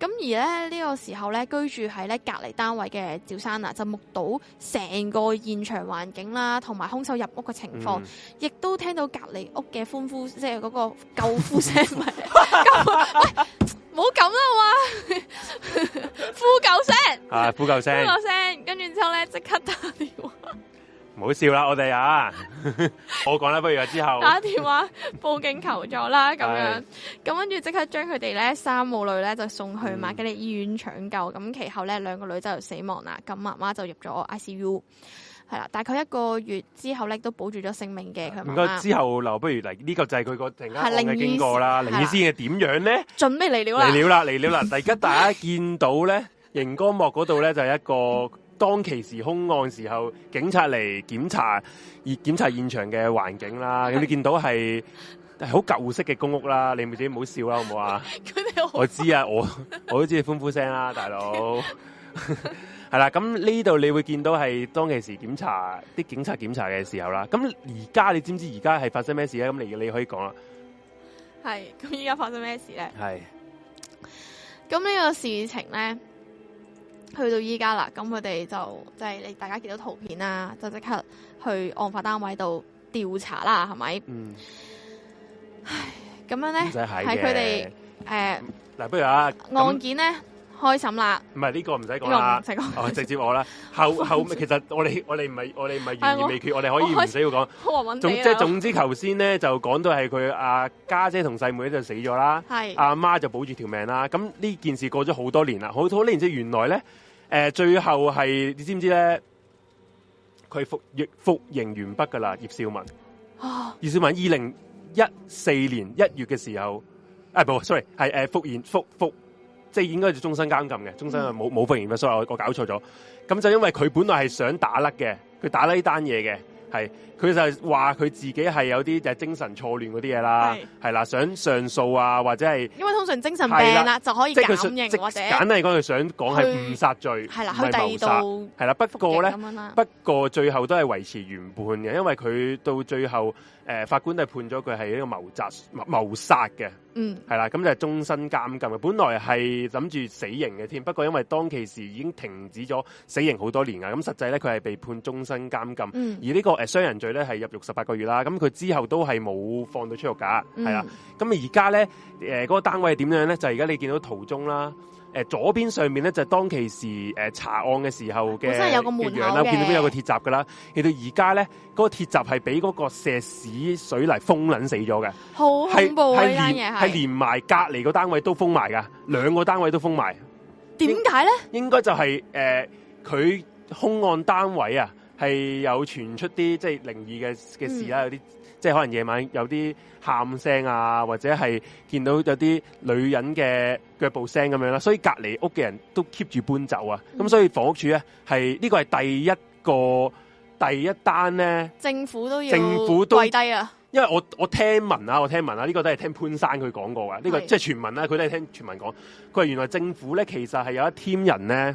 咁而咧呢、這個時候咧，居住喺咧隔離單位嘅趙生啊，就目睹成個現場環境啦，同埋兇手入屋嘅情況，亦、嗯、都聽到隔離屋嘅歡呼，即係嗰個救呼聲。 救 喂唔好咁啦嘛，呼救聲啊，呼救聲，呼救聲，跟住之後咧，即刻打電話，唔好笑啦，我哋啊， 我講啦，不如之後打電話報警求助啦，咁 樣，咁跟住即刻將佢哋咧三母女咧就送去瑪嘉烈醫院搶救，咁、嗯、其後咧兩個女仔就死亡啦，咁媽媽就入咗 ICU。係啦，大概一個月之後咧，都保住咗性命嘅唔該，之後，嗱，不如嚟呢、這個就係佢個突然間講嘅經過啦。你意思係點樣咧？準備嚟料啦！嚟料啦，嚟料啦！ 大家見到咧，熒光幕嗰度咧就係、一個當其時凶案時候，警察嚟檢查，檢檢查現場嘅環境啦。咁你見到係好舊式嘅公屋啦。你咪自己唔好笑啦， 好唔好啊？我,我知道啊，我我都知你歡呼聲啦，大佬。係啦，咁呢度你會見到係當其時檢查啲警察檢查嘅時候啦。咁而家你知唔知而家係發生咩事咧？咁你你可以講啦。係，咁而家發生咩事咧？係，咁呢個事情咧，去到依家啦。咁佢哋就即係你大家見到圖片啦，就即刻去案發單位度調查啦，係咪？嗯。唉，咁樣咧，係，係佢哋誒，嗱、呃，不如啊，案件咧。開心啦！唔係呢個唔使講啦，直接我啦。 後後其實我哋我哋唔係我哋唔係懸而未決， 我哋可以唔使要講。總即係，總之剛才呢，頭先咧就講到係佢阿家姐同細妹，妹就死咗啦，係阿媽就保住條命啦。咁呢件事過咗好多年啦，好多年之後原來咧，誒、呃、最後係你知唔知咧？佢复復刑完畢噶啦，葉少文。葉、啊、少文二零一四年一月嘅時候，誒 sorry 係誒復刑復复。不 sorry，即係應該就終身監禁嘅，終身啊冇冇復刑嘅，所以我搞錯咗。咁就因為佢本來係想打甩嘅，佢打甩呢單嘢嘅，係佢就話佢自己係有啲就係、是、精神錯亂嗰啲嘢啦，係啦，想上訴啊或者係因為通常精神病啦就可以減刑即或者。即係佢想，即係簡單嚟講，佢想講係誤殺罪，係啦，佢第二度，係啦，不過咧，不過最後都係維持原判嘅，因為佢到最後。誒、呃、法官都係判咗佢係一個謀殺謀,謀殺嘅，嗯，係啦，咁就係終身監禁嘅。本來係諗住死刑嘅添，不過因為當其時已經停止咗死刑好多年啊。咁實際咧，佢係被判終身監禁。嗯、而呢、呢個誒傷、呃、人罪咧係入獄十八個月啦。咁佢之後都係冇放到出獄㗎，係、嗯、啦。咁而家咧誒嗰個單位係點樣咧？就而家你見到圖中啦。誒，左邊上面咧就當其時誒查案嘅時候嘅樣啦，見到邊有個鐵閘㗎啦。去到而家咧，嗰、嗰個鐵閘係俾嗰個石屎水泥封撚死咗嘅，好恐怖啊！係連埋隔離個單位都封埋㗎，兩個單位都封埋。點解咧？應該就係誒佢兇案單位啊，係有傳出啲即係靈異嘅嘅事啦，有、嗯、啲。即係可能夜晚有啲喊聲啊，或者係見到有啲女人嘅腳步聲咁樣啦，所以隔籬屋嘅人都 keep 住搬走啊。咁、嗯、所以房屋處咧係呢、呢個係第一個第一單咧，政府都要政府都跪低啊。因為我我聽聞啊，我聽聞啊，呢、呢個都係聽潘生佢講過嘅。呢、呢個是即係傳聞啦、啊，佢都係聽傳聞講，佢話原來政府咧其實係有一 team 人咧，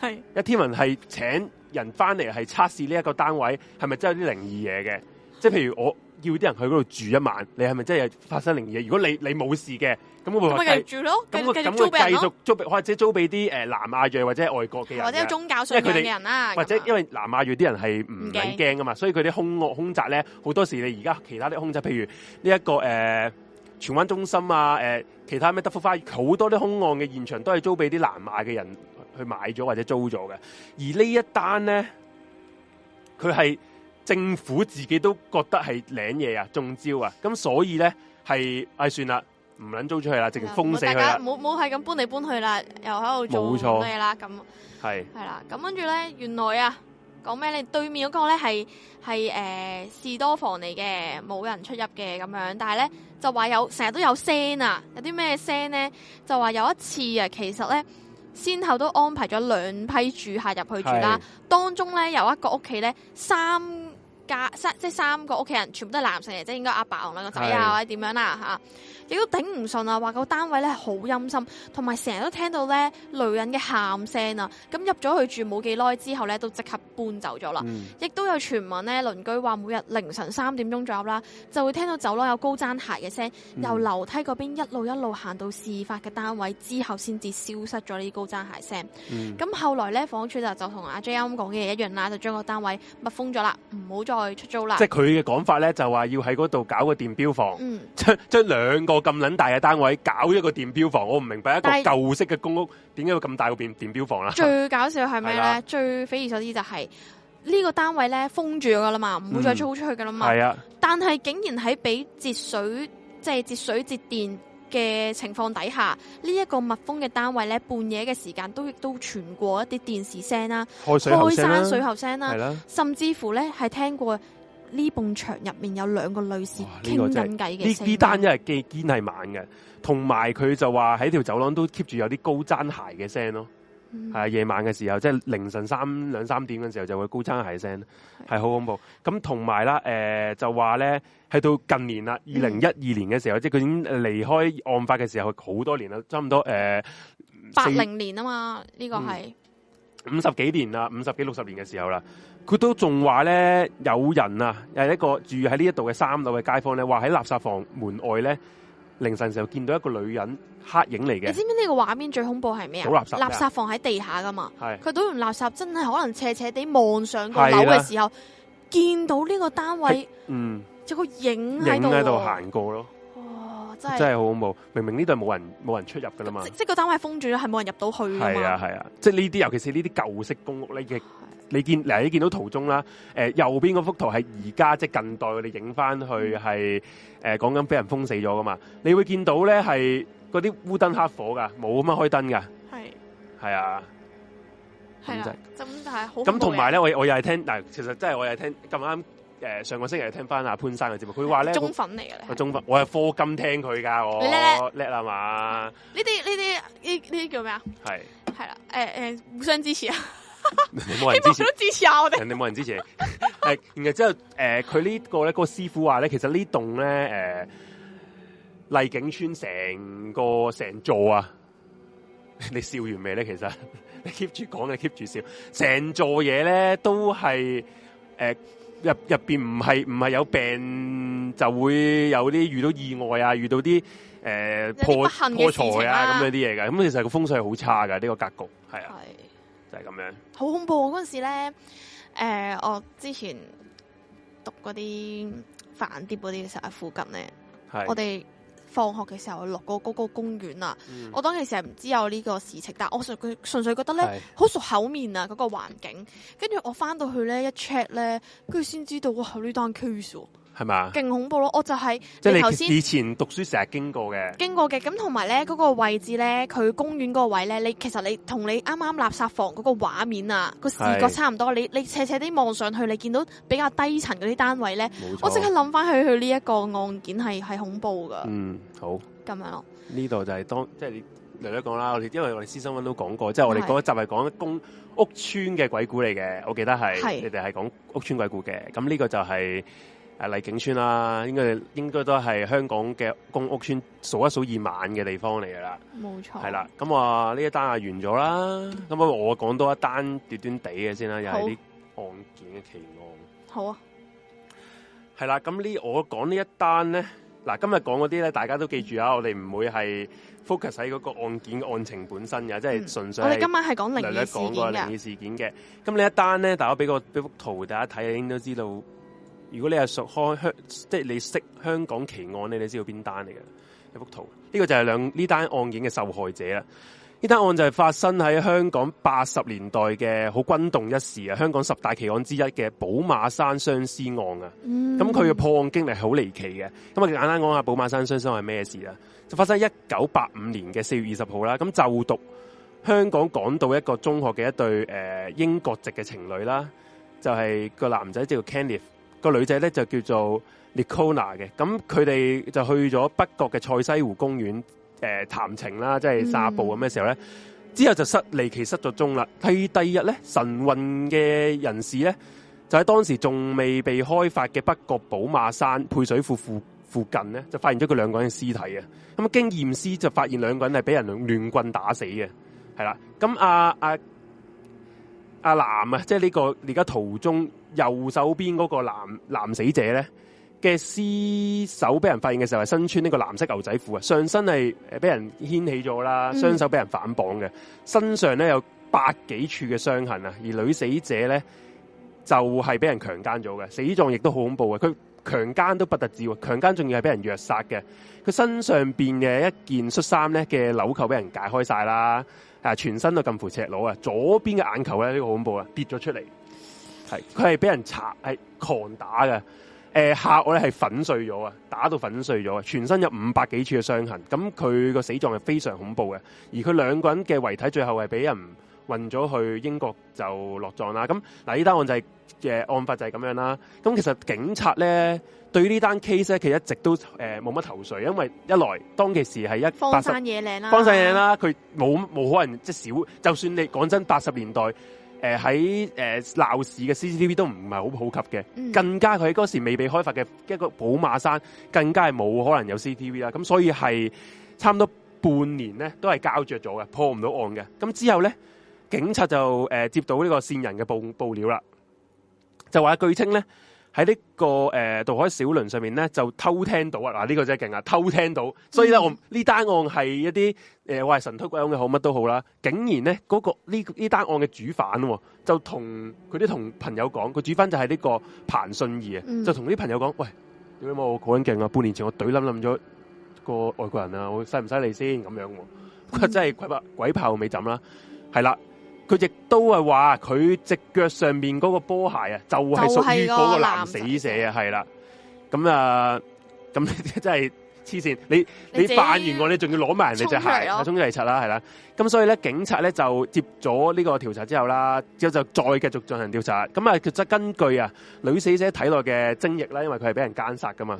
係一 team 人係請人翻嚟係測試呢一個單位係咪真係有啲靈異嘢嘅。即係譬如我。要啲人去嗰度住一晚，你係咪真係發生靈異？如果你你冇事嘅，咁我咪繼續住咯。咁咁佢繼續租俾，或者租俾啲誒南亞裔或者外國嘅人的，或者宗教信仰嘅人啦、啊。或者因為南亞裔啲人係唔唔緊驚啊嘛，所以佢啲兇惡兇宅咧，好多時你而家其他啲空宅，譬如呢、這、一個誒、呃、荃灣中心啊，誒、呃、其他咩德福花園，好多啲兇案嘅現場都係租俾啲南亞嘅人去買咗或者租咗嘅。而一呢一單咧，佢係。政府自己都覺得係領嘢啊，中招啊，咁所以咧，係唉算啦，唔撚租出去啦，直接封死佢啦。冇冇係咁搬嚟搬去啦，又喺度做錯咩啦？咁係係啦，咁跟住咧，原來啊，講咩？你對面嗰個咧係係誒士多房嚟嘅，冇人出入嘅咁樣，但係咧就話有成日都有聲啊，有啲咩聲咧？就話有一次啊，其實咧，先後都安排咗兩批住客入去住啦，當中咧有一個屋企咧三，家即係三個屋企人，全部都係男性嚟，即係應該阿爸同兩個仔啊是，或者點樣啦、啊、嚇，亦都頂唔順啊，話個單位咧好陰森，同埋成日都聽到咧女人嘅喊聲啊，咁入咗去住冇幾耐之後咧，都即刻搬走咗啦。亦、嗯、都有傳聞咧，鄰居話每日凌晨三點鐘左右啦，就會聽到走廊有高踭鞋嘅聲、嗯，由樓梯嗰邊一路一路行到事發嘅單位之後，先至消失咗呢啲高踭鞋聲。咁、嗯、後來咧，房署就就同阿 J M 講嘅一樣啦，就將個單位密封咗啦，唔好再。出租啦！即係佢嘅講法咧，就話要喺嗰度搞個電表房，將將兩個咁捻大嘅單位搞一個電表房，我唔明白一個舊式嘅公屋點解要咁大個電電表房啦？最搞笑係咩咧？最匪夷所思就係、是、呢、這個單位咧封住咗啦嘛，唔會再租出去嘅啦嘛。係、嗯、啊，是但係竟然喺俾截水即係截水截電。嘅情況底下，呢、這、一個密封嘅單位咧，半夜嘅時間都亦都傳過一啲電視聲啦，開山水喉聲啦，甚至乎咧係聽過呢埲牆入面有兩個女士傾緊偈嘅聲。呢單一係既堅係晚嘅，同埋佢就話喺條走廊都 keep 住有啲高踭鞋嘅聲咯。係夜晚嘅時候，即係凌晨三兩三點嘅時候，就會高踭鞋聲，係好恐怖。咁同埋啦，誒就話咧，去到近年啦，二零一二年嘅時候，即係佢已經離開案發嘅時候，好多年啦，差唔多誒八零年啊嘛，呢、這個係五十幾年啦，五十幾六十年嘅時候啦，佢都仲話咧，有人啊，有一個住喺呢一度嘅三樓嘅街坊咧，話喺垃圾房門外咧。凌晨時候見到一個女人黑影嚟嘅，你知唔知呢個畫面最恐怖係咩啊？垃圾，垃圾放喺地下噶嘛。係。佢倒完垃圾真係可能斜斜地望上個樓嘅時候，見到呢個單位，嗯，有個影喺度喺度行過咯。哇！真係真係好恐怖。明明呢度係冇人冇人出入噶啦嘛。即係個單位封住咗，係冇人入到去啊嘛。係啊係啊。即係呢啲，尤其是呢啲舊式公屋呢。亦。你見嗱，你見到圖中啦，呃、右邊嗰幅圖係而家即係近代，佢哋影翻去係誒講緊俾人封死咗噶嘛？你會見到咧係嗰啲烏燈黑火噶，冇咁樣開燈噶，係係啊，係、就係、啊，咁但係好咁同埋咧，我我又係聽嗱、呃，其實真係我又係聽咁啱、呃、上個星期又聽翻阿潘生嘅節目，佢話咧中粉嚟㗎，我中我係科金聽佢㗎，我叻啊嘛，呢啲呢啲呢呢啲叫咩啊？係係啦，誒互相支持啊！冇 人支持，支持下我哋。你冇人支持。誒，然之後，誒、呃，佢呢、呢個咧，嗰個師傅話咧，其實呢棟呢棟咧，誒、呃，麗景村成個成座啊，你笑完未咧？其實你 keep 住講嘅，keep 住笑。成座嘢咧都係，誒、呃，入入邊唔係唔係有病，就會有啲遇到意外啊，遇到啲誒、呃、破、啊、破財啊咁樣啲嘢噶。咁其實個風水係好差噶，呢、呢個格局係啊。就係、是、咁樣，好恐怖啊！嗰陣時咧，誒、呃，我之前讀嗰啲反啲嗰啲嘅時候，喺附近咧，我哋放學嘅時候落嗰嗰個公園啊、嗯，我當其時係唔知有呢個事情，但係我純粹純粹覺得咧，好熟口面啊嗰、那個環境，跟住我返到去咧一 check 咧，跟住先知道哇呢單 case。係咪？勁恐怖咯！我就係即係你頭先以前讀書成日經過嘅，經過嘅咁同埋咧嗰個位置咧，佢公園嗰個位咧，你其實你同你啱啱垃圾房嗰個畫面啊個視覺差唔多，你你斜斜啲望上去，你見到比較低層嗰啲單位咧，我即刻諗翻去佢呢一個案件係係恐怖噶。嗯，好。咁樣咯。呢度就係當即係你嚟一講啦，我哋因為我哋私生都講過，即係、就是、我哋嗰集係講公屋村嘅鬼故嚟嘅，我記得係你哋係講屋村鬼故嘅，咁呢個就係、是。麗景村啦，應該應該都係香港嘅公屋村數一數二晚嘅地方嚟噶啦，冇錯，係、啊、啦。咁、嗯、我呢一單係完咗啦，咁我我講多一單短短地嘅先啦，又係啲案件嘅期望。好啊，係啦。咁呢，我講呢一單咧，嗱今日講嗰啲咧，大家都記住啊，我哋唔會係 focus 喺嗰個案件嘅案情本身嘅、嗯，即係純粹。我哋今晚係講靈異事件啊。靈異事件嘅，咁呢一單咧，大家俾個俾幅圖大家睇下，應該知道。如果你係熟開香，即係你識香港奇案咧，你知道邊單嚟嘅一幅圖？呢、這個就係兩呢單案件嘅受害者啦。呢單案就係發生喺香港八十年代嘅好轟動一時啊，香港十大奇案之一嘅寶馬山相思案啊。咁佢嘅破案經歷好離奇嘅。咁我簡單講下寶馬山雙屍案係咩事啦？就發生一九八五年嘅四月二十號啦。咁就讀香港港島一個中學嘅一對誒、呃、英國籍嘅情侶啦，就係、是、個男仔叫 Kenneth。那個女仔咧就叫做 Nicola 嘅，咁佢哋就去咗北角嘅賽西湖公園誒談情啦，即係散步咁嘅時候咧，之後就失離奇失咗蹤啦。係第二日咧，晨運嘅人士咧，就喺當時仲未被開發嘅北角寶馬山配水庫附附近咧，就發現咗佢兩個人嘅屍體嘅。咁經驗屍就發現兩個人係俾人亂棍打死嘅，係啦。咁阿啊阿藍啊，啊啊藍即係呢、呢個而家途中。右手邊嗰個男男死者咧嘅屍首俾人發現嘅時候係身穿呢個藍色牛仔褲啊，上身係誒俾人掀起咗啦，雙手俾人反綁嘅，身上咧有百幾處嘅傷痕啊。而女死者咧就係、是、俾人強奸咗嘅，死狀亦都好恐怖嘅。佢強奸都不特止，強奸仲要係俾人虐殺嘅。佢身上邊嘅一件恤衫咧嘅紐扣俾人解開晒啦，啊，全身都近乎赤裸啊。左邊嘅眼球咧呢、這個好恐怖啊，跌咗出嚟。係，佢係俾人查，係狂打嘅，誒、呃，吓我咧係粉碎咗啊，打到粉碎咗啊，全身有五百幾處嘅傷痕，咁佢個死狀係非常恐怖嘅，而佢兩個人嘅遺體最後係俾人運咗去英國就落葬啦。咁嗱，呢單案就係、是、嘅案發就係咁樣啦。咁其實警察咧，對呢單 case 咧，其實一直都誒冇乜頭緒，因為一來當其時係一荒山野嶺啦，荒山野嶺啦、啊，佢冇冇可能即係少，就算你講真八十年代。誒喺誒鬧市嘅 CCTV 都唔係好普及嘅，更加佢嗰時未被開發嘅一個寶馬山，更加係冇可能有 CCTV 啦。咁所以係差唔多半年咧，都係交着咗嘅，破唔到案嘅。咁之後咧，警察就誒、呃、接到呢個線人嘅報報料啦，就話據稱咧。喺呢、這個誒渡、呃、海小輪上面咧，就偷聽到啊！嗱，呢個真係勁啊，偷聽到。所以咧、嗯呃，我呢單案係一啲誒，喂神推鬼樣嘅好乜都好啦。竟然咧，嗰、那個呢呢單案嘅主犯喎，就同佢啲同朋友講，個主犯就係呢個彭信義啊、嗯，就同啲朋友講，喂，點解我咁勁啊？半年前我懟冧冧咗個外國人啊，我犀唔犀利先咁樣喎？佢真係鬼拍後尾枕啦，係啦。佢亦都係話佢隻腳上面嗰個波鞋屬於個啊，就係屬於嗰個男死者啊，係啦。咁啊，咁真係黐線，你你犯完案我，你仲要攞埋人哋隻鞋啊？沖啲嚟，拆啦，係啦。咁所以咧，警察咧就接咗呢個調查之後啦，之後就再繼續進行調查。咁啊，佢就根據啊女死者體內嘅精液啦，因為佢係俾人姦殺噶嘛，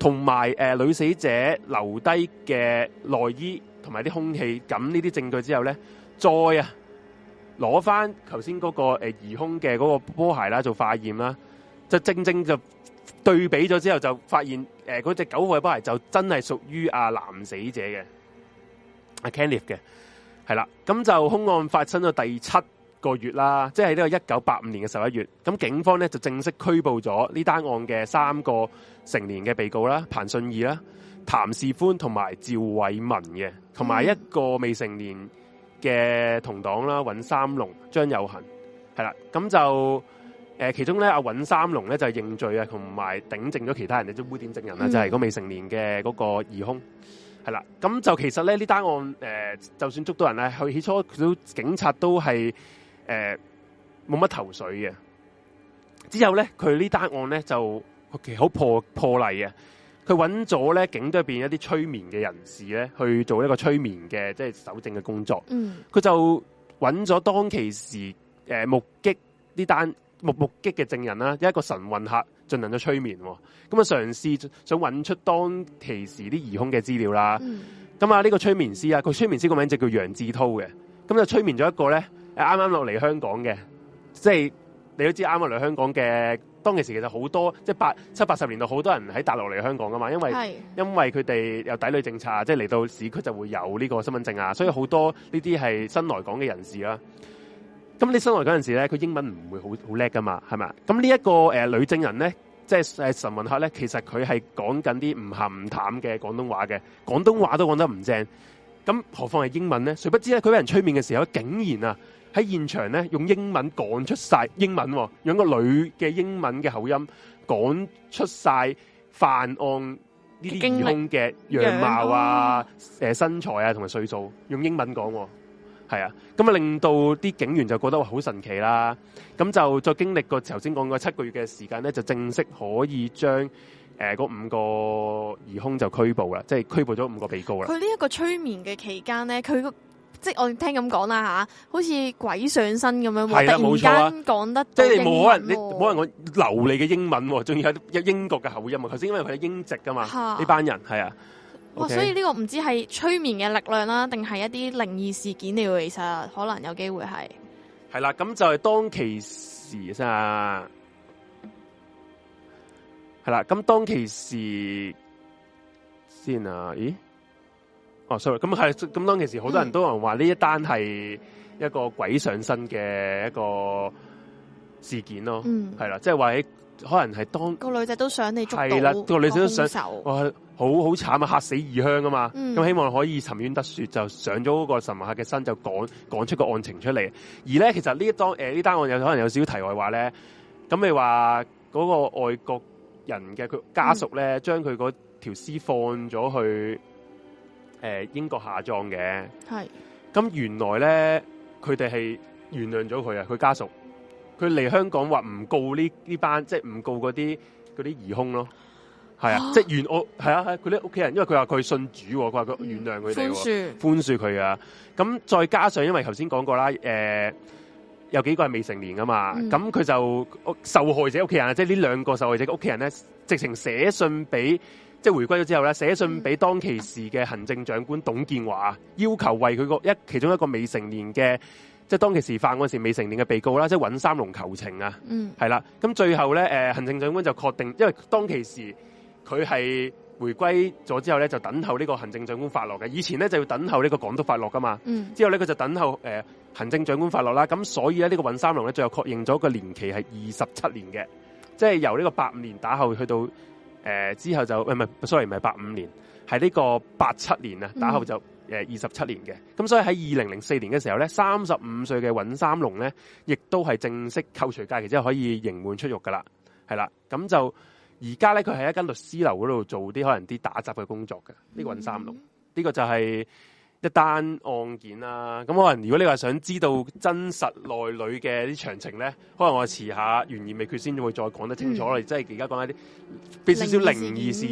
同埋誒女死者留低嘅內衣同埋啲空氣咁呢啲證據之後咧，再啊。攞翻頭先嗰個疑兇嘅嗰個波鞋啦，做化驗啦，就正正就對比咗之後，就發現誒嗰隻九號嘅波鞋就真係屬於阿、啊、男死者嘅阿 Kenneth 嘅，係、啊、啦。咁就兇案發生咗第七個月啦，即係呢個一九八五年嘅十一月。咁警方咧就正式拘捕咗呢單案嘅三個成年嘅被告啦，彭信義啦、譚士歡同埋趙偉文嘅，同埋一個未成年、嗯。嗯嘅同黨啦，尹三龍、張有恒，係啦，咁就，誒、呃，其中咧，阿尹三龍咧就認罪啊，同埋頂證咗其他人嘅即、就是、污點證人啦、嗯，就係、是、個未成年嘅嗰個疑兇，係啦，咁就其實咧呢單案，誒、呃，就算捉到人咧，佢起初佢都警察都係，誒、呃，冇乜頭緒嘅，之後咧佢呢單案咧就其實好破破例嘅。佢揾咗咧警隊入邊一啲催眠嘅人士咧，去做一個催眠嘅即係搜證嘅工作。嗯，佢就揾咗當其時誒、呃、目擊呢單目目擊嘅證人啦、啊，一個神運客進行咗催眠、哦，咁啊嘗試想揾出當其時啲疑兇嘅資料啦。咁啊呢個催眠師啊，佢催眠師個名就叫楊志濤嘅。咁就催眠咗一個咧，啱啱落嚟香港嘅，即係你都知啱啱落嚟香港嘅。當其時其實好多即係八七八十年代，好多人喺大陸嚟香港噶嘛，因為因為佢哋有抵壘政策啊，即係嚟到市區就會有呢個身份證啊，所以好多呢啲係新來港嘅人士啦、啊。咁你新來港陣時咧，佢英文唔會好好叻噶嘛，係咪？咁、這個呃、呢一個誒女證人咧，即係誒神文客咧，其實佢係講緊啲唔咸唔淡嘅廣東話嘅，廣東話都講得唔正，咁何況係英文咧？誰不知咧，佢俾人催眠嘅時候，竟然啊！喺現場咧，用英文講出晒，英文、哦，用個女嘅英文嘅口音講出晒犯案呢啲疑兇嘅樣貌啊、誒身材啊同埋歲數，用英文講、哦，係啊，咁啊令到啲警員就覺得好神奇啦。咁就再經歷過頭先講個七個月嘅時間咧，就正式可以將誒嗰、呃、五個疑兇就拘捕啦，即係拘捕咗五個被告啦。佢呢一個催眠嘅期間咧，佢.即係我聽咁講啦吓，好似鬼上身咁樣喎、啊，突然間講得沒、啊、即係你冇可能，你冇可能講流利嘅英文喎，仲要有英國嘅口音啊！頭先因為佢係英籍噶嘛，呢班人係啊，哇！Okay, 哇所以呢個唔知係催眠嘅力量啦，定係一啲靈異事件了？其實可能有機會係係啦，咁就係當其時先啊，係啦、啊、咁、啊、當其時先啊，咦？哦，sorry，咁係咁當其時，好多人都話呢一單係一個鬼上身嘅一個事件咯，係、嗯、啦，即係話喺可能係當個女仔都想你捉到兇手，係啦，個、個女仔都想，哇，好好慘啊，吓死異鄉啊嘛，咁、嗯嗯、希望可以沉冤得雪，就上咗嗰個神物客嘅身，就講講出個案情出嚟。而咧，其實呢一單誒呢單案又可能有少少題外話咧，咁你話嗰個外國人嘅佢家屬咧，將佢嗰條屍放咗去。誒、呃，英國下葬嘅，係，咁原來咧，佢哋係原諒咗佢啊，佢家屬，佢嚟香港話唔告呢呢班，即係唔告嗰啲嗰啲疑兇咯，係啊，即係原我係啊係，佢啲屋企人，因為佢話佢信主、哦，佢話佢原諒佢、哦，寬、嗯、恕寬恕佢啊，咁再加上因為頭先講過啦，誒、呃，有幾個係未成年噶嘛，咁、嗯、佢就受害者屋企人啊，即係呢兩個受害者屋企人咧，直情寫信俾。即係回歸咗之後咧，寫信俾當其時嘅行政長官董建華，要求為佢個一其中一個未成年嘅，即係當其時犯案時未成年嘅被告啦，即係尹三龍求情啊。嗯，係啦。咁最後咧，誒，行政長官就確定，因為當其時佢係回歸咗之後咧，就等候呢個行政長官發落嘅。以前咧就要等候呢個港督發落噶嘛。嗯。之後咧佢就等候誒、呃、行政長官發落啦。咁所以咧呢、呢個尹三龍咧最後確認咗個年期係二十七年嘅，即係由呢個八五年打後去到。誒、呃、之後就，唔唔係，sorry 唔係八五年，係呢個八七年啊，打後就誒二十七年嘅，咁所以喺二零零四年嘅時候咧，三十五歲嘅尹三龍咧，亦都係正式扣除假期之後可以刑滿出獄噶啦，係啦。咁就而家咧佢喺一間律師樓嗰度做啲可能啲打雜嘅工作嘅，呢、呢個尹三龍，呢、嗯呢個就係、是。一單案件啦，咁可能如果你話想知道真實內裏嘅啲詳情咧，可能我遲下懸而未決先會再講得清楚啦。即係而家講一啲，俾少少靈異事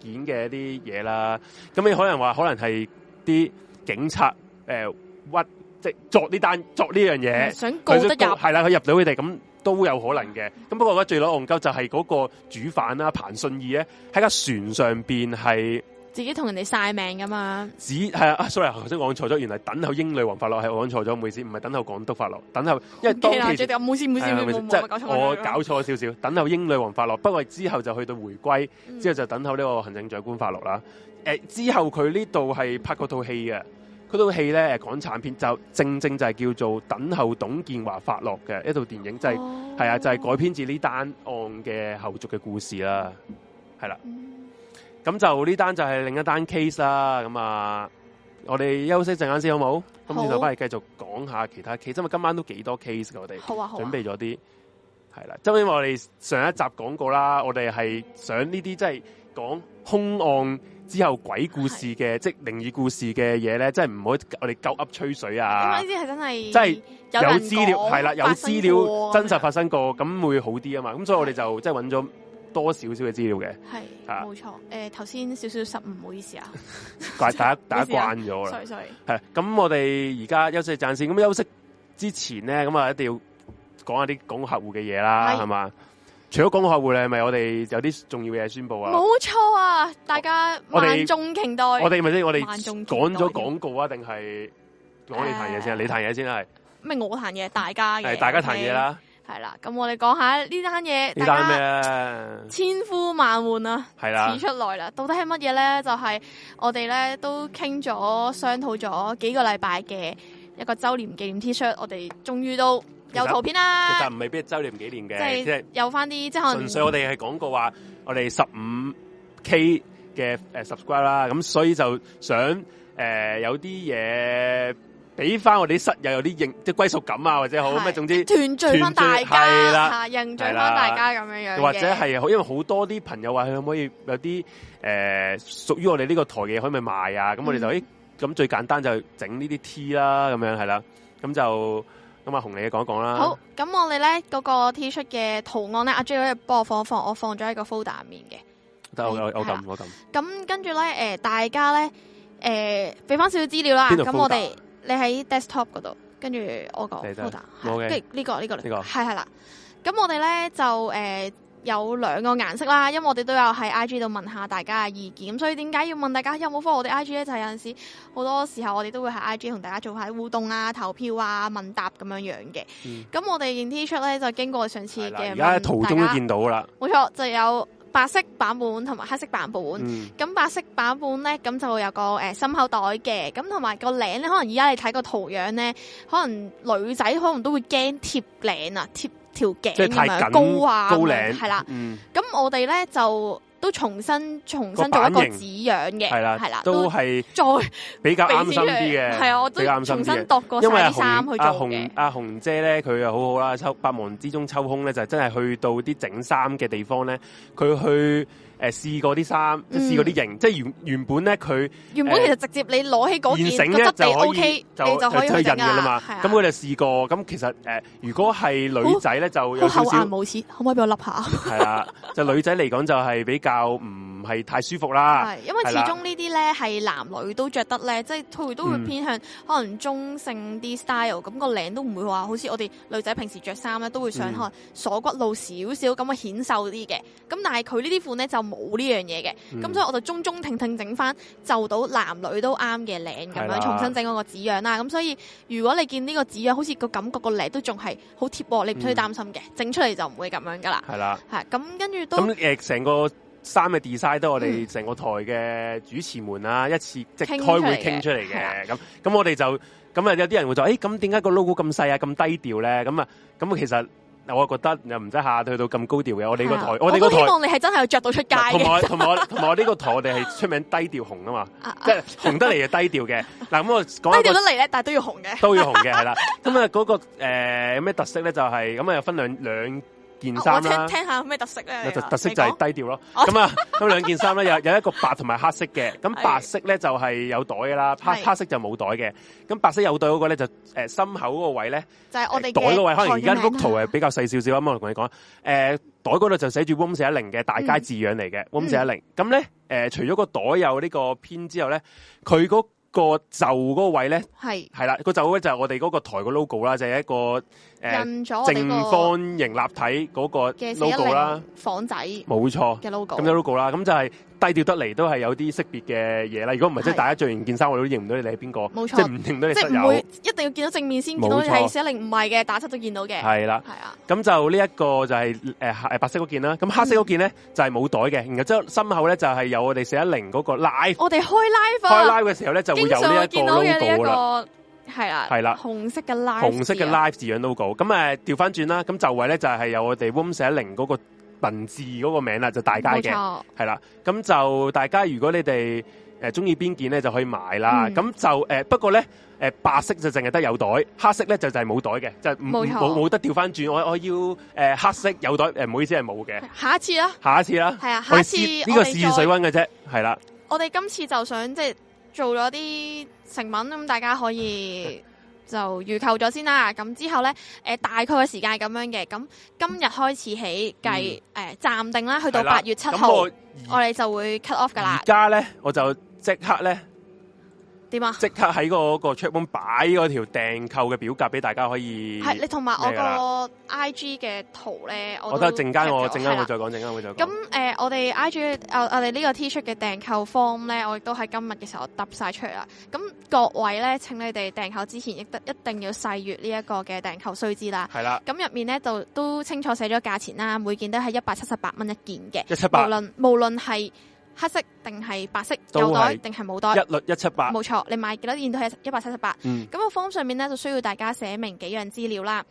件嘅一啲嘢啦。咁你可能話可能係啲警察誒屈、呃、即作呢單作呢樣嘢，想得入得入係啦，佢入到佢哋咁都有可能嘅。咁不過我覺得最攞戇鳩就係嗰個主犯啦，彭信義咧喺架船上邊係。自己同人哋晒命噶嘛？只係啊，啊，sorry，頭先講錯咗，原來等候英女王發落，係我講錯咗，唔好意思，唔係等候港督發落，等候因為係、就是、我搞錯少少， 等候英女王發落。不過之後就去到回歸，嗯、之後就等候呢個行政長官發落啦、呃。之後佢呢度係拍嗰套戲嘅，嗰套戲咧港產片就正正就係叫做等候董建華發落嘅一套電影，就係、是哦、啊，就係、是、改編自呢單案嘅後續嘅故事啦，係啦、啊。嗯咁就呢單就係另一單 case 啦，咁啊，我哋休息一陣間先好冇？咁就轉頭翻嚟繼續講下其他 case，因為今晚都幾多 case 我哋準備咗啲，係啦、啊啊。因為我哋上一集講過啦，我哋係想呢啲即係講兇案之後鬼故事嘅，即係靈異故事嘅嘢咧，即係唔好我哋夠噏吹水啊！咁呢啲係真係，即係有資料係啦，有資料真實發生過，咁會好啲啊嘛。咁所以我哋就即係揾咗。多少少嘅資料嘅，係，冇、啊、錯。誒、呃，頭先少少失誤，唔好意思啊。怪 大家，大家、啊、慣咗啦。s 咁我哋而家休息暫時。咁休息之前咧，咁啊一定要講下啲講客戶嘅嘢啦，係嘛？除咗講客戶咧，係咪我哋有啲重要嘅嘢宣佈啊？冇錯啊，大家萬眾期待。我哋咪先？我哋講咗廣告啊，定係我哋談嘢先？呃、你談嘢先係咩？我談嘢，大家大家談嘢啦。Okay 係啦，咁我哋講下呢單嘢，大家千呼萬喚啦、啊，指出來啦，到底係乜嘢咧？就係、是、我哋咧都傾咗商討咗幾個禮拜嘅一個周年紀念 T-shirt，我哋終於都有圖片啦。但係唔係必係周年紀念嘅，即、就、係、是、有翻啲即係純粹我哋係講過話，我哋十五 k 嘅誒 subscribe 啦，咁所以就想誒、呃、有啲嘢。俾翻我哋啲室友有啲認即係歸屬感啊，或者好咩？啊。總之，團聚翻大家啦，凝聚翻大家咁樣樣，或者係，因為好多啲朋友話佢可唔可以有啲誒屬於我哋呢個台嘅嘢可唔可以賣啊？咁我哋就誒咁最簡單就整呢啲 T 啦，咁樣係啦，咁就咁啊，同你講一講啦。好，咁我哋咧嗰個 T 恤嘅圖案咧，阿 J 可以幫我放一放，我放咗喺個 folder 面嘅，得，我撳我撳咁跟住咧誒，大家咧誒俾翻少少資料啦，咁我哋。你喺 desktop 嗰度，跟住我講，跟住呢個呢個，係係啦。咁、這個這個、我哋咧就誒、呃、有兩個顏色啦，因為我哋都有喺 IG 度問下大家嘅意見，咁所以點解要問大家有冇 follow 我哋 IG 咧？就係、是、有陣時好多時候我哋都會喺 IG 同大家做下互動啊、投票啊、問答咁樣樣嘅。咁、嗯、我哋件 T-shirt 呢，咧就經過上次嘅，而家喺途中都見到啦，冇錯就有。白色版本同埋黑色版本，嗯，咁白色版本咧，咁就會有個誒深、呃、口袋嘅，咁同埋個領咧，可能而家你睇個圖樣咧，可能女仔可能都會驚貼領啊，貼條頸咁樣高啊，高領，係啦，咁、嗯、我哋咧就。都重新重新做一個紙樣嘅，係啦，係啦，都係再比較啱身啲嘅，係 啊，我都重新度過晒啲衫去咗嘅。因為阿、啊啊、紅，阿、啊紅，啊、紅姐咧，佢又好好啦，抽百忙之中抽空咧，就是、真係去到啲整衫嘅地方咧，佢去。誒試過啲衫，試過啲型，即係原原本咧，佢原本其實直接你攞起嗰件，現成咧就可以，就就可以去印噶啦嘛。咁佢哋試過，咁其實誒、呃，如果係女仔咧，就好厚顏無恥，可唔可以俾我笠下？係啊，就女仔嚟講就係比較唔係太舒服啦。 啊、因為始終呢啲咧係男女都着得咧，即係佢都會偏向可能中性啲 style，咁個領都唔會話好似我哋女仔平時着衫咧，都會想鎖鎖骨露少少咁咪顯瘦啲嘅。咁但係佢呢啲款咧就冇呢樣嘢嘅，咁、嗯嗯、所以我就中中停停整翻，就到男女都啱嘅領咁樣，重新整嗰個紙樣啦。咁、嗯、所以如果你見呢個紙樣好似個感覺個領都仲係好貼，你唔使擔心嘅，嗯弄出嗯嗯、整出嚟就唔會咁樣噶啦。係啦，係咁跟住都咁誒，成個衫嘅 design 都我哋成個台嘅主持們啊，嗯、一次即開會傾出嚟嘅。咁咁我哋就咁啊，有啲人會就誒，咁點解個 logo 咁細啊，咁低調咧？咁啊，咁其實。我覺得又唔使下下去到咁高調嘅，我哋個、啊、個台，我哋個台，我希望你係真係有着到出街。同埋同埋同埋呢個台，我哋係出名低調紅啊嘛，即、啊、係、啊就是、紅得嚟就低調嘅。嗱、啊、咁、啊、我講一一低調得嚟咧，但都要紅嘅，都要紅嘅係啦。咁啊嗰個有咩、呃、特色咧？就係咁啊，又分兩兩。件衫啦、啊、聽，聽下咩特色咧？特色就係低調咯。咁啊，咁、哦、兩、嗯嗯嗯嗯嗯嗯、 件衫咧，有有一個白同埋黑色嘅。咁白色咧就係有袋嘅啦，黑黑色就冇袋嘅。咁白色有袋嗰個咧就誒，心、呃、口嗰個位咧，就係、是、我哋袋嗰個位，可能而家幅圖係比較細少少啊。咁我同你講，誒袋嗰度就寫住温氏一零嘅大街字樣嚟嘅，温氏一零。咁咧誒，除咗個袋有呢個偏之後咧，佢嗰個袖嗰個位咧係係啦，個袖嗰就係我哋嗰個台嘅 logo 啦，就係一個。印、呃、咗正方形立體嗰個 logo, logo, logo 啦，房仔，冇錯嘅 logo，咁樣 logo 啦，咁就係低調得嚟，都係有啲識別嘅嘢啦。如果唔係，即係大家着完件衫，我都認唔到你係邊個，冇錯，即係唔認到你室友。即係唔會一定要見到正面先見到係四一零，唔係嘅打七都見到嘅，係啦，係啊。咁就呢一個就係誒白色嗰件啦，咁黑色嗰件咧、嗯、就係冇袋嘅，然後之後心口咧就係有我哋四一零嗰個 live，我哋開 live 法、啊，開 live 嘅時候咧就會有呢一個 logo 啦。係啦，紅色嘅 live，啊、紅色嘅 live 字樣 logo，咁誒調翻轉啦，咁就位咧就係、是，有我哋 w a m 四零嗰個文字嗰個名啦，就大街嘅係啦，咁、啊、就大家如果你哋誒中意邊件咧就可以買啦，咁、嗯、就誒、呃、不過咧誒、呃、白色就淨係得有袋，黑色咧就就係冇袋嘅，就冇冇冇得調翻轉，我我要誒、呃、黑色有袋，誒、呃、唔好意思係冇嘅，下一次啦，下一次啦，係啊，下一次呢個試水溫嘅啫，係啦，我哋今次就想即係做咗啲。成品咁，大家可以就預購咗先啦，咁之後咧，誒、呃、大概嘅時間係咁樣嘅，咁今日開始起計，誒、嗯、暫、呃、定啦，去到八月七號，我哋就會 cut off 噶啦。而家咧，我就即刻咧。點啊！即刻喺嗰個 check room 擺嗰條訂購嘅表格俾大家，可以係你同埋我個 IG 嘅圖咧，我覺得陣間我陣間我，我再講，陣間我再講。咁誒、呃，我哋 IG 誒、啊、我哋呢個 T 恤嘅訂購 form 咧，我亦都喺今日嘅時候搭晒出嚟啦。咁各位咧，請你哋訂購之前，一得一定要細閱呢一個嘅訂購須知啦。係啦。咁入面咧就都清楚寫咗價錢啦，每件都係一百七十八蚊一件嘅。一七八。無論無論係。黑色定係白色，有袋定係冇袋，一律一七八，冇錯。你買幾多件都係一百七十八。咁個 form 上面咧就需要大家寫明幾樣資料啦。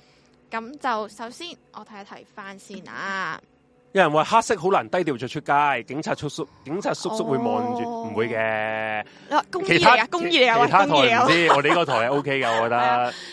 咁就首先我睇一睇翻先啊。有人話黑色好難低調著出街，警察叔叔警察叔叔會望住，唔、哦、會嘅。公、啊、其公、啊其、公啊、其他台唔、啊、知，公啊、我哋呢個台 O K 嘅，我覺得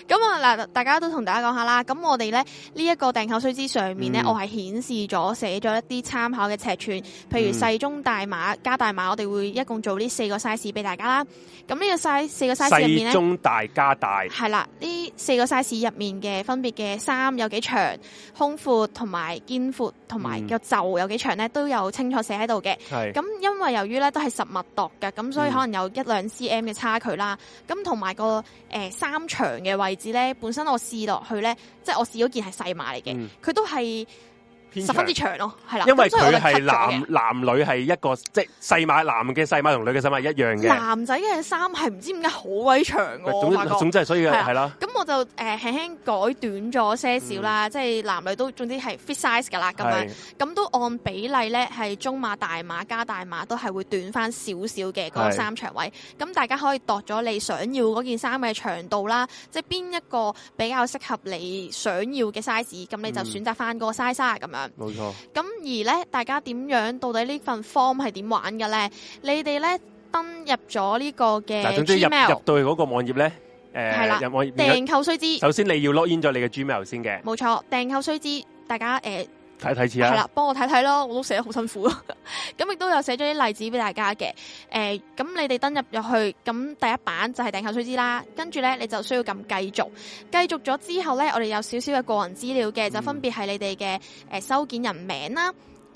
咁 啊嗱，大家都同大家講下啦。咁我哋咧呢一、呢個訂購須知上面咧，嗯、我係顯示咗寫咗一啲參考嘅尺寸，譬如細中大碼加大碼，我哋會一共做呢四個 size 俾大家啦。咁呢個 size 四個 size 入面咧，細中大加大係啦、啊。呢四個 size 入面嘅分別嘅衫有幾長、胸闊同埋肩闊。同埋個袖有幾長咧，都有清楚寫喺度嘅。咁因為由於咧都係實物度嘅，咁所以可能有一兩 CM 嘅差距啦。咁同埋個誒、呃、三長嘅位置咧，本身我試落去咧，即、就、係、是、我試嗰件係細碼嚟嘅，佢、嗯、都係。十分之長咯，係啦，因為佢係男男、啊、男、男女係一個即、就是、細碼男嘅細碼同女嘅細碼一樣嘅。男仔嘅衫係唔知點解好鬼長喎，啊，總之所以係啦。咁我就誒、呃、輕輕改短咗些少啦，嗯、即係男女都總之係 fit size 㗎啦，咁樣咁都按比例咧，係中碼大碼加大碼都係會短翻少少嘅嗰個衫長位。咁大家可以度咗你想要嗰件衫嘅長度啦，即邊一個比較適合你想要嘅 size，咁你就選擇翻個 size 咁、嗯、樣。冇錯，咁而咧，大家點樣？到底呢份 form 係點玩嘅咧？你哋咧登入咗呢個嘅 email 入到嗰個網頁咧，誒，係啦，入網頁訂購須知。首先你要 login 咗你嘅 gmail 先嘅，冇錯。訂購須知，大家誒。睇睇字係啦，幫我睇睇咯，我都寫得好辛苦。咁亦都有寫咗啲例子俾大家嘅。誒、呃，咁你哋登入入去，咁第一版就係訂購須知啦。跟住咧，你就需要撳繼續。繼續咗之後咧，我哋有少少嘅個人資料嘅，就分別係你哋嘅誒收件人名啦。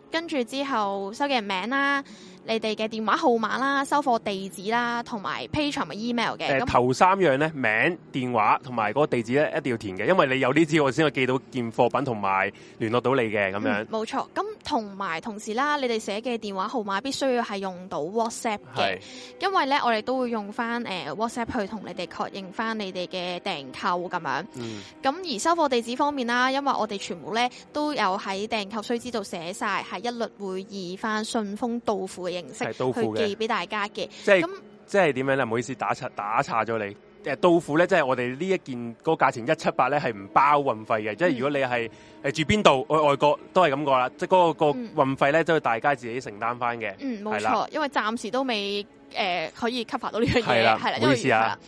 跟住之後收件人名啦。你哋嘅電話號碼啦、收貨地址啦，同埋 payment email 嘅、呃。頭三樣咧，名、電話同埋個地址咧，一定要填嘅，因為你有呢啲資料先可以寄到件貨品同埋聯絡到你嘅咁樣冇、嗯、錯。咁同埋同時啦，你哋寫嘅電話號碼必須要係用到 WhatsApp 嘅，因為咧我哋都會用翻誒 WhatsApp 去同你哋確認翻你哋嘅訂購咁樣嗯。咁而收貨地址方面啦，因為我哋全部咧都有喺訂購須知度寫晒，係一律會寄翻順豐到付嘅。形式去寄俾大家嘅，即係、嗯、即係點樣咧？唔好意思打，打岔打岔咗你。誒、嗯，到付咧，即係我哋呢一件、嗰個價錢一七八咧，係唔包運費嘅、嗯。即係如果你係誒住邊度去外國，都係咁講啦。即係、那、嗰個、嗰個運費咧，都要大家自己承擔翻嘅。嗯，冇錯，因為暫時都未。誒、呃、可以吸附到呢樣嘢，係啦，唔好意思啊。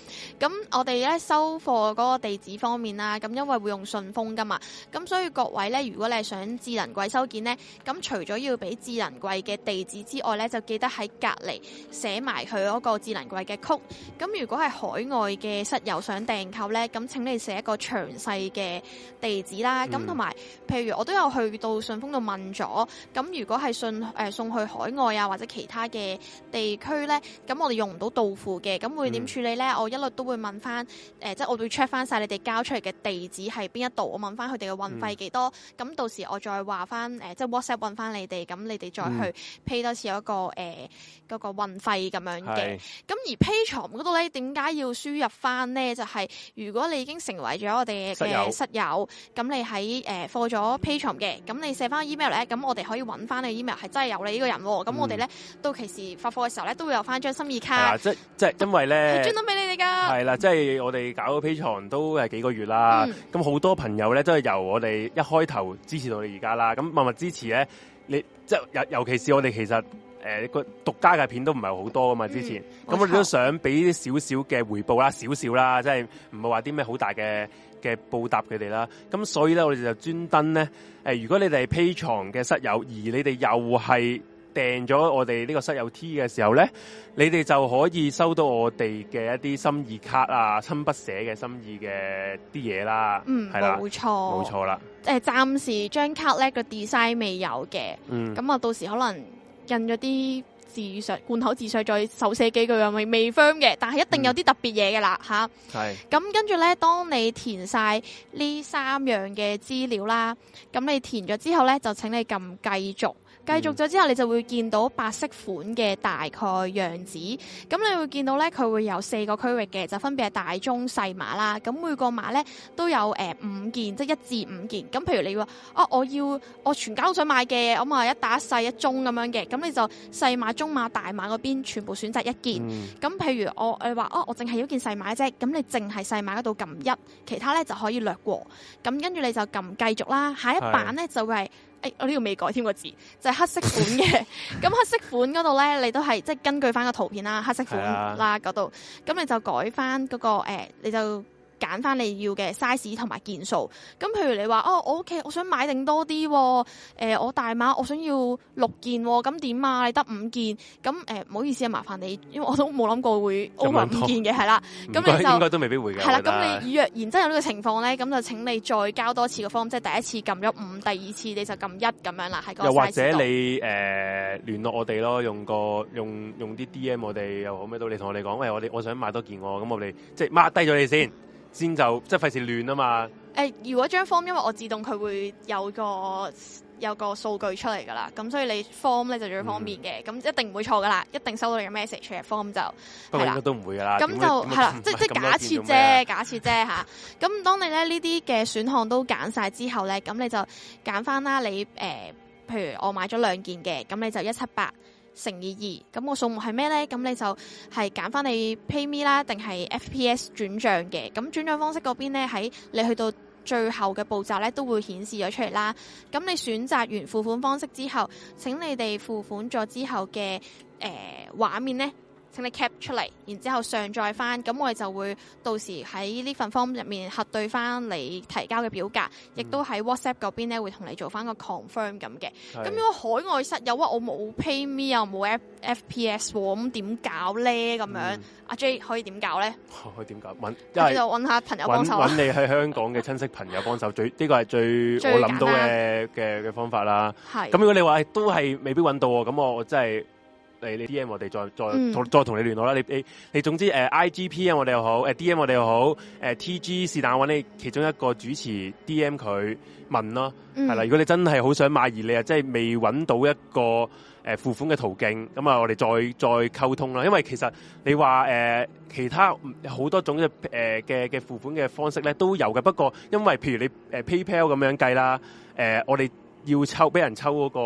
咁我哋咧收貨嗰個地址方面啦，咁因為會用順豐噶嘛，咁所以各位咧，如果你係想智能櫃收件呢，咁除咗要俾智能櫃嘅地址之外咧，就記得喺隔離寫埋佢嗰個智能櫃嘅曲。咁如果係海外嘅室友想訂購咧，咁請你寫一個詳細嘅地址啦。咁同埋，譬如我都有去到順豐度問咗，咁如果係順誒送去海外啊或者其他嘅地區咧。咁我哋用唔到到付嘅，咁會點處理呢、嗯？我一律都會問翻、呃，即係我會 check 翻曬你哋交出嚟嘅地址係邊一度，我問翻佢哋嘅運費幾多，咁、嗯、到時我再話翻、呃，即係 WhatsApp 揾翻你哋，咁你哋再去 pay 多次有一個嗰、呃這個運費咁樣嘅。咁而 Patreon 嗰度呢，點解要輸入翻呢？就係、是、如果你已經成為咗我哋嘅室友，咁你喺誒貨咗 Patreon 嘅，咁、呃、你寫翻 email 呢？咁我哋可以揾翻你 email 係真係有你呢個人喎、哦。咁、嗯、我哋呢，到其時發貨嘅時候呢，都會有翻。張心意卡、啊，即即因為咧，係專登俾你哋噶，係啦，即係我哋搞 P 床都係幾個月啦，咁、嗯、好多朋友咧都係由我哋一開頭支持到你而家啦，咁默默支持咧，你即係尤尤其是我哋其實誒個獨家嘅片都唔係好多噶嘛，之前，咁、嗯、我哋都想俾啲少少嘅回報啦，少少啦，即係唔係話啲咩好大嘅嘅報答佢哋啦，咁所以咧我哋就專登咧，誒、呃、如果你哋係 P 床嘅室友，而你哋又係訂咗我哋呢個室友 T 嘅時候咧，你哋就可以收到我哋嘅一啲心意卡啊、親筆寫嘅心意嘅啲嘢啦。嗯，冇錯，冇錯啦。誒，暫、呃、時張卡咧、這個 design 未有嘅。嗯。咁啊，到時可能印咗啲字上罐頭字上再手寫幾句，又未未 firm 嘅，但係一定有啲特別嘢嘅啦吓，係、嗯。咁、啊、跟住咧，當你填晒呢三樣嘅資料啦，咁你填咗之後咧，就請你撳繼續。嗯、繼續咗之後，你就會見到白色款嘅大概樣子。咁你會見到咧，佢會有四個區域嘅，就分別係大、中、細碼啦。咁每個碼咧都有誒五件，即、係、一至五件。咁譬如你話啊，我要我全家都想買嘅，咁啊一打一細一中咁樣嘅。咁你就細碼、中碼、大碼嗰邊全部選擇一件。咁、嗯、譬如我你話啊，我淨係要件細碼啫，咁你淨係細碼嗰度撳一，其他咧就可以略過。咁跟住你就撳繼續啦。下一版咧就會係係誒、哎，我呢度未改添個字，就係、是、黑色款嘅。咁黑色款嗰度咧，你都係即係根據翻個圖片啦，黑色款啦嗰度，咁、啊、你就改翻嗰、那個誒、欸，你就。揀翻你要嘅 size 同埋件數。咁譬如你話哦，我屋企我想買定多啲。誒、呃，我大碼，我想要六件。咁點啊？你得五件。咁誒，唔、呃、好意思啊，麻煩你，因為我都冇諗過會 over 五件嘅，係啦。咁你就應該都未必會嘅。係啦。咁你若然真有呢個情況咧，咁 就請你再交多次個 form，即係第一次撳咗五，第二次你就撳一咁樣啦。喺個 size 度又或者你誒、呃、聯絡我哋咯，用個用用啲 DM 我哋又好咩都，你同我哋講，喂，我哋我想買多件喎，咁我哋即係 mark 低咗你先。先就即係費事亂啊嘛。誒，如果張 form 因為我自動佢會有個有個數據出嚟㗎啦，咁所以你 form 咧就最方便嘅，咁、嗯、一定唔會錯㗎啦，一定收到你嘅 message 嘅 form 就係啦，不過都唔會㗎啦。咁就係啦，即即係假設啫，假設啫嚇。咁、啊、 當你咧呢啲嘅選項都揀晒之後咧，咁你就揀翻啦。你、呃、誒，譬如我買咗兩件嘅，咁你就一七八。乘以二，咁個數目係咩呢？咁你就係揀翻你 PayMe 啦，定係 FPS 轉賬嘅。咁轉賬方式嗰邊呢，喺你去到最後嘅步驟呢，都會顯示咗出嚟啦。咁你選擇完付款方式之後，請你哋付款咗之後嘅誒、呃、畫面呢。你 cap 出嚟，然之後上載翻，咁我哋就會到時喺呢份 form 入面核對翻你提交嘅表格，亦都喺 WhatsApp 嗰邊咧會同你做翻個 confirm 咁嘅。咁如果海外室友話我冇 PayMe 又冇 FPS 喎，咁點搞咧？咁、嗯、樣，阿 J 可以點搞咧？可以點搞？搵，因就搵下朋友幫手，搵你喺香港嘅親戚朋友幫手， 最呢、這個係最，最我諗到嘅嘅嘅方法啦。係。咁如果你話都係未必搵到喎，咁我真係。你 DM 你 D M 我哋再再同再同你聯絡啦，你你你總之誒、呃、I G P M 我哋又好，誒、呃、D M 我哋又好，誒 T G 是但揾你其中一個主持 D M 佢問咯，係、嗯、啦，如果你真係好想買而你又即係未揾到一個誒、呃、付款嘅途徑，咁啊我哋再再溝通啦，因為其實你話誒、呃、其他好多種嘅誒嘅嘅付款嘅方式咧都有嘅，不過因為譬如你誒 PayPal 咁樣計啦，誒、呃、我哋。要抽俾人抽嗰個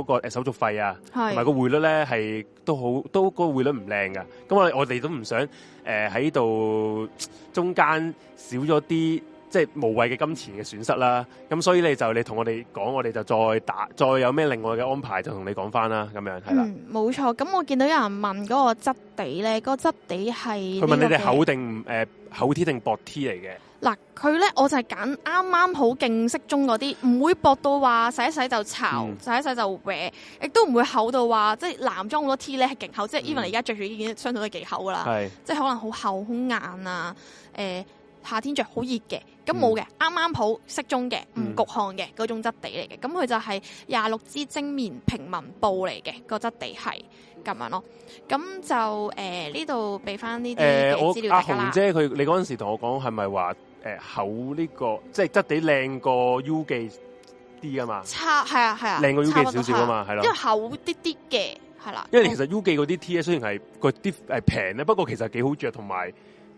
嗰個誒手續費啊，同埋個匯率咧係都好都個匯率唔靚噶，咁我我哋都唔想誒喺度中間少咗啲即係無謂嘅金錢嘅損失啦。咁所以咧就你同我哋講，我哋就再打再有咩另外嘅安排就同你講翻啦。咁樣係啦。嗯，冇錯，咁我見到有人問嗰個質地咧，嗰個質地係佢問你哋厚定誒、呃、厚 T 定薄 T 嚟嘅？嗱，佢咧我就係揀啱啱好勁適中嗰啲，唔會薄到話洗一洗就巢，嗯、洗一洗就歪，亦都唔會厚到話即係男裝好多 T 咧係勁厚，嗯、即係 even 而家着住已經相對都幾厚噶啦，即係可能好厚好硬啊，誒、呃，夏天着、嗯、好熱嘅，咁冇嘅，啱啱好適中嘅，唔焗汗嘅嗰種質地嚟嘅，咁、嗯、佢就係廿六支精棉平紋布嚟嘅，個質地係咁樣咯，咁就誒呢度俾翻呢啲資料阿紅、呃啊、姐佢你嗰陣時同我講係咪話？是誒、這個，厚呢個即係質地靚過 U 記啲㗎嘛？差係啊係啊，靚過、啊、U 記少少啊嘛，係咯、啊，即係厚啲啲嘅，係啦。因為其實 U 記嗰啲 T 恤雖然係啲平咧，不過其實幾好着，同埋。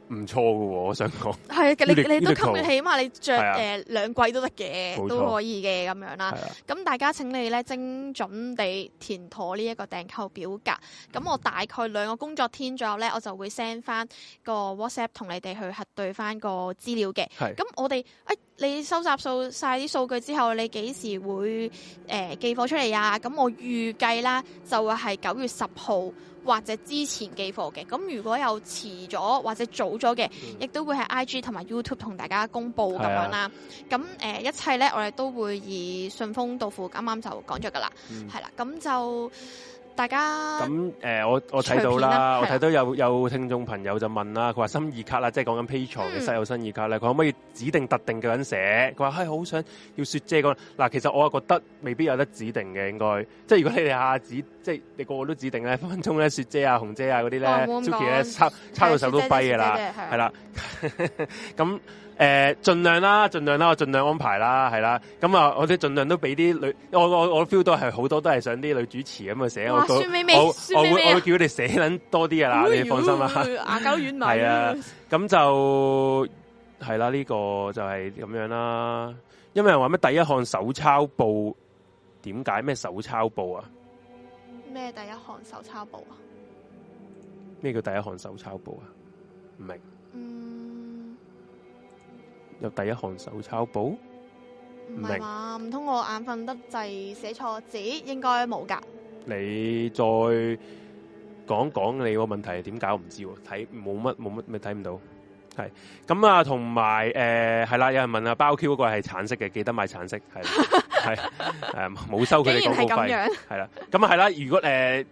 唔錯嘅喎，我想講係啊，你你都襟嘅，起碼你着誒兩季都得嘅，都可以嘅咁樣啦。咁大家請你咧精準地填妥呢一個訂購表格。咁我大概兩個工作天左右咧，我就會 send 翻個 WhatsApp 同你哋去核對翻個資料嘅。咁我哋誒、哎、你收集晒啲數據之後，你幾時會誒寄貨出嚟啊？咁我預計啦，就會係九月十號。或者之前寄貨嘅，咁如果有遲咗或者早咗嘅，亦、嗯、都會喺 IG 同埋 YouTube 同大家公佈咁樣啦。咁、啊呃、一切咧，我哋都會以順豐到付，啱啱就講咗噶啦，係、嗯、啦。咁就。大家咁，誒，我我睇到啦，我睇到、啊、到有有聽眾朋友就問啦，佢話心意卡啦，即係講緊 Patreon 嘅室友心意卡咧，佢可唔可以指定特定嘅人寫？佢話係好想要雪姐嗰。嗱其實我又覺得未必有得指定嘅，應該即係如果你哋下下指，即係你個個都指定咧，分分鐘咧雪姐啊、紅姐啊嗰啲咧，Suki 咧抄抄到手都跛嘅啦，係、啊、啦，咁。 誒、呃，盡量啦，盡量啦，我盡量安排啦，係啦。咁啊，我哋盡量都俾啲女，我我我 feel 到係好多都係想啲女主持咁去寫我。我我會我會叫佢哋寫緊多啲噶啦、呃，你放心啦。阿九軟泥。係、呃、啊，咁就係啦，呢、呢個就係咁樣啦。因為話咩第一項手抄報，點解咩手抄報啊？咩第一項手抄報啊？咩叫第一項手抄報啊？唔明。有第一行手抄簿，唔係嘛？唔通我眼瞓得滯寫錯字？應該冇噶。你再講講你個問題點搞唔知？睇冇乜冇乜咩睇唔到。係咁啊，同埋誒係啦，有人問啊，包 Q 嗰個係橙色嘅，記得買橙色。係係誒，冇 收佢哋廣告費。係啦，咁啊係啦。如果誒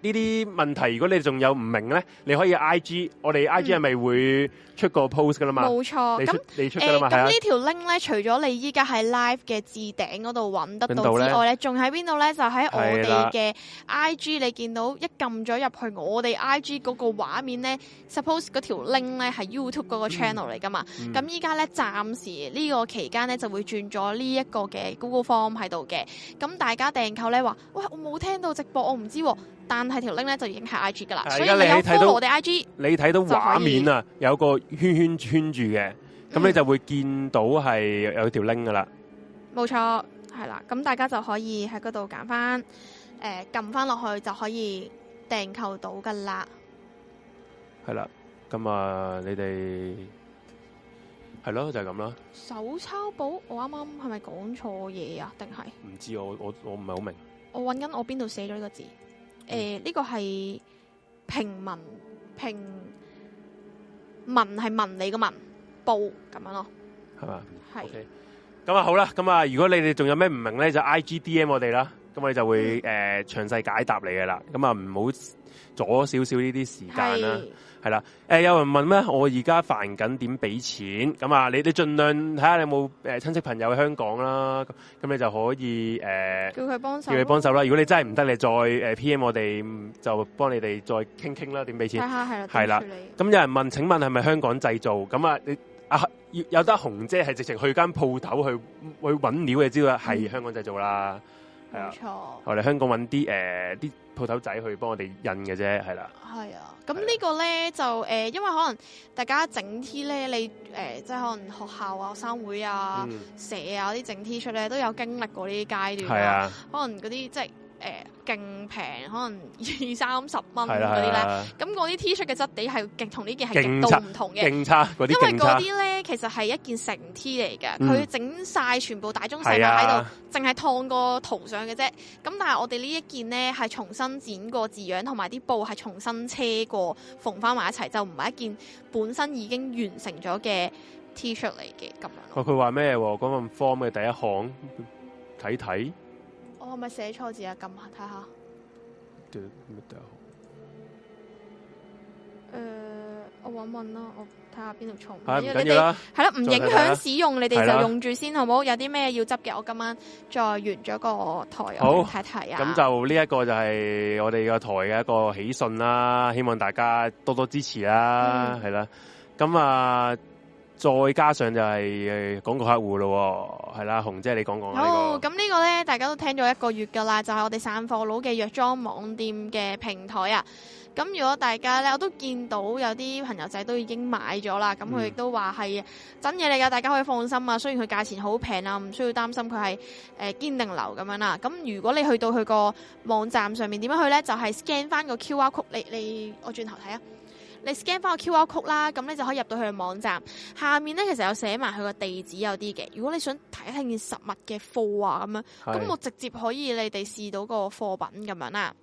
呢啲問題，如果你仲有唔明咧，你可以 I G，我哋 I G 係咪會？嗯出個 post 噶啦嘛，冇錯。咁，誒，咁、呃、呢條 link 咧，除咗你依家喺 live 嘅置頂嗰度揾得到之外咧，仲喺邊度咧？就喺我哋嘅 IG，你見到一撳咗入去，我哋 IG 嗰個畫面咧，suppose 嗰條 link 咧係 YouTube 嗰個 channel 嚟噶嘛？咁依家咧暫時呢個期間咧就會轉咗呢一個嘅 Google Form 喺度嘅，咁大家訂購咧話，喂，我冇聽到直播，我唔知喎、啊。但係條 link 咧就已經係 I G 噶啦，所以 IG, 你你有睇到我哋 I G，你睇到畫面啊，有個圈圈圈住嘅，咁、嗯、你就會見到係有條 link 噶啦。冇錯，係啦，咁大家就可以喺嗰度揀翻，誒、呃，撳翻落去就可以訂購到噶啦。係啦，咁啊，你哋係咯，就係咁啦。手抄簿，我啱啱係咪講錯嘢啊？定係？唔知，我我我唔係好明，我搵緊我邊度寫咗呢個字。誒、嗯呃，呢、這個係平民平民，係民你個民報咁樣咯是吧，係嘛、okay？係，咁啊好啦，咁啊如果你哋仲有咩唔明咧，就 I G D M 我哋啦，咁我哋就會誒詳細解答你嘅啦，咁啊唔好。咗少少呢啲時間啦、啊，係啦、呃。有人問咩？我而家煩緊點俾錢咁啊？你哋盡量睇下你有冇誒、呃、親戚朋友喺香港啦、啊，咁你就可以誒叫佢幫手，叫佢幫手啦。如果你真係唔得，你再誒、呃、P M 我哋就幫你哋再傾傾啦。點俾錢？係啦，係啦。咁有人問：請問係咪香港製造？咁啊，你啊要有得紅姐係直情去間鋪頭去去揾料嘅，你知道係、嗯、香港製造啦。冇錯。我哋香港揾啲誒啲。呃鋪頭仔去幫我哋印嘅啫，係啦。係啊，咁呢個咧、啊、就誒、呃，因為可能大家整 T 咧，你誒、呃、即係可能學校啊、學生會啊、嗯、社啊啲整 T 出咧，都有經歷過呢啲階段啊，啊，可能嗰啲即係。誒、呃，勁平，可能二三十蚊嗰啲咧，咁嗰啲 T 恤嘅質地係極同呢件係極度唔同嘅，因為嗰啲咧其實係一件成 T 嚟嘅，佢整晒全部大中細喺度，淨係燙過圖上嘅啫。咁但係我哋呢一件咧係重新剪過字樣，同埋啲布係重新車過縫翻埋一齊，就唔係一件本身已經完成咗嘅 T 恤嚟嘅咁樣。佢話咩？嗰份 form 嘅第一行睇睇。看看我咪寫錯字啊！撳下睇下。對乜嘢大學？誒、嗯，我搵搵啦，我睇下邊度錯。唔緊要，你哋。係啦，唔影響使用，看看你哋就用住先，好冇？有啲咩要執嘅，我今晚再完咗個台，我睇睇啊。咁就呢一個就係我哋個台嘅一個喜訊啦，希望大家多多支持啦，係、嗯、啦。咁啊。再加上就係廣告客戶咯，係啦，紅姐你講講。哦，咁呢個呢，大家都聽咗一個月噶啦，就係、是、我哋散貨佬嘅藥妝網店嘅平台啊。咁如果大家呢，我都見到有啲朋友仔都已經買咗啦。咁佢亦都話係真嘢嚟噶，大家可以放心啊。雖然佢價錢好平啊，唔需要擔心佢係、呃、堅定流咁樣啦、啊。咁如果你去到佢個網站上面點樣去呢？就係、是、scan 返個 QR code 你。你你我轉頭睇啊。你 scan 翻個 QR code 啦，咁你就可以入到佢嘅網站。下面咧其實有寫埋佢個地址有啲嘅。如果你想睇一睇件實物嘅貨啊咁樣，咁我直接可以你哋試到個貨品咁樣啦。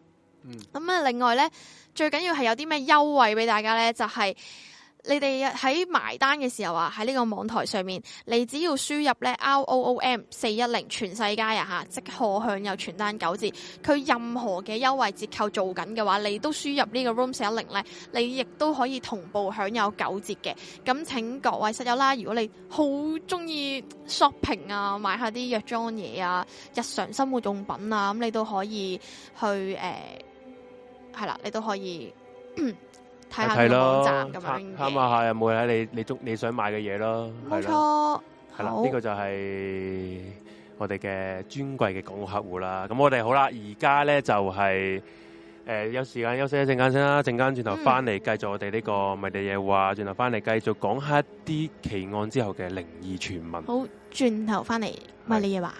咁啊，另外咧最緊要係有啲咩優惠俾大家咧，就係、是。你哋喺埋單嘅時候啊，喺呢個網台上面，你只要輸入咧 ROOM 四一零全世界啊嚇，即可享有全單九折。佢任何嘅優惠折扣做緊嘅話，你都輸入呢個 Room 四一零咧，你亦都可以同步享有九折嘅。咁請各位室友啦，如果你好中意 shopping 啊，買下啲藥妝嘢啊，日常生活用品啊，咁你都可以去誒，係啦，你都可以。睇下幾多集咁樣下，有冇你你你想買嘅嘢咯。冇錯，係啦，呢、這個就係我哋嘅尊貴嘅港澳客戶啦。咁我哋好啦，而家咧就係、是、誒、呃、有時間休息一陣間先啦，陣間轉頭翻嚟繼續我哋呢、這個迷離夜話，轉頭翻嚟繼續講下一啲奇案之後嘅靈異傳聞。好，轉頭翻嚟迷離夜話。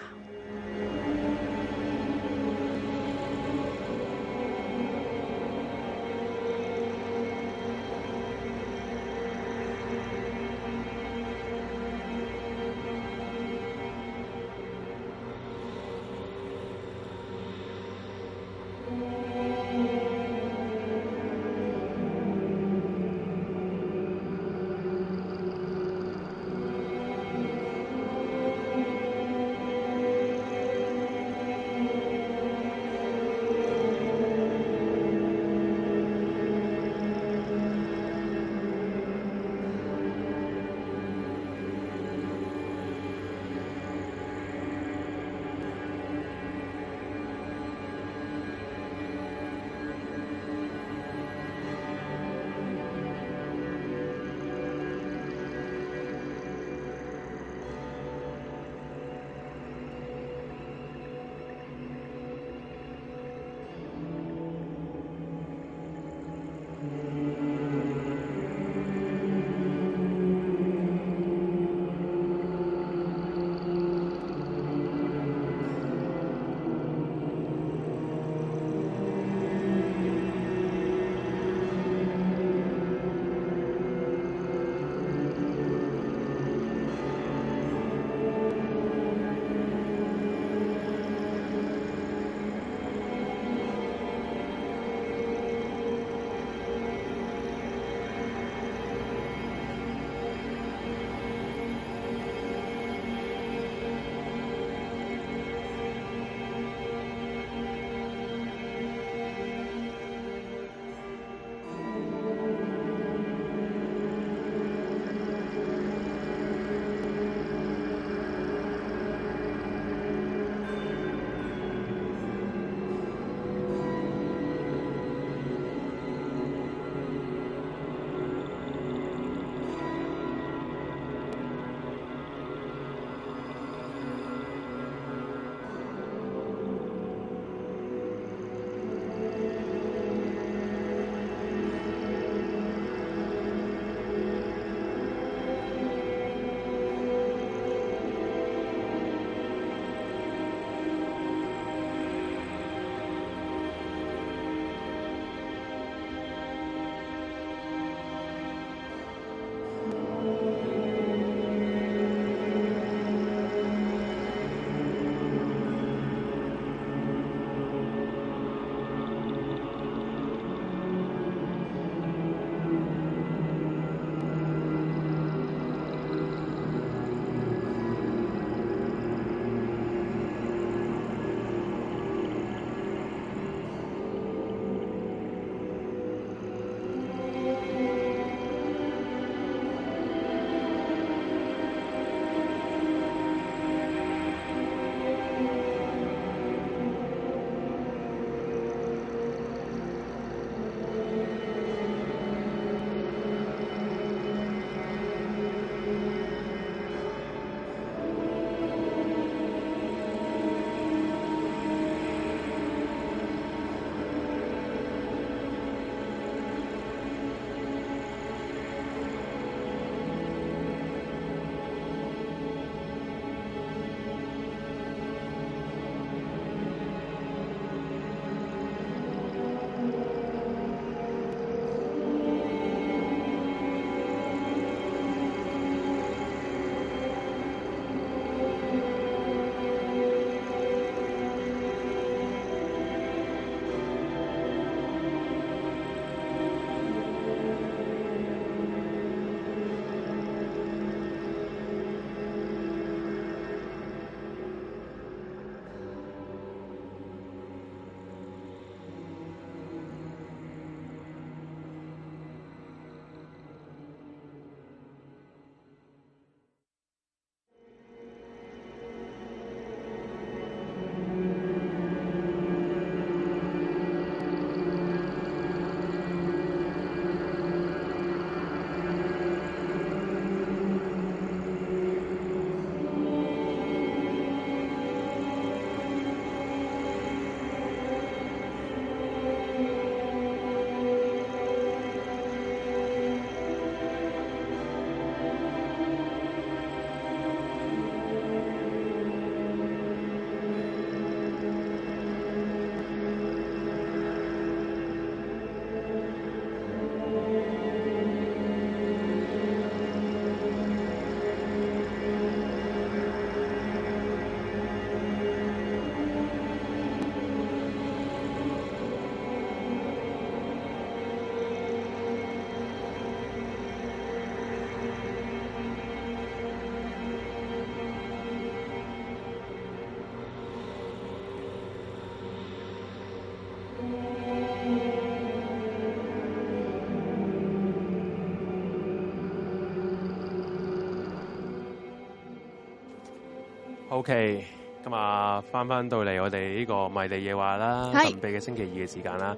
O K，咁啊，翻翻到嚟我哋呢個迷你夜話啦，神秘嘅星期二嘅時間啦，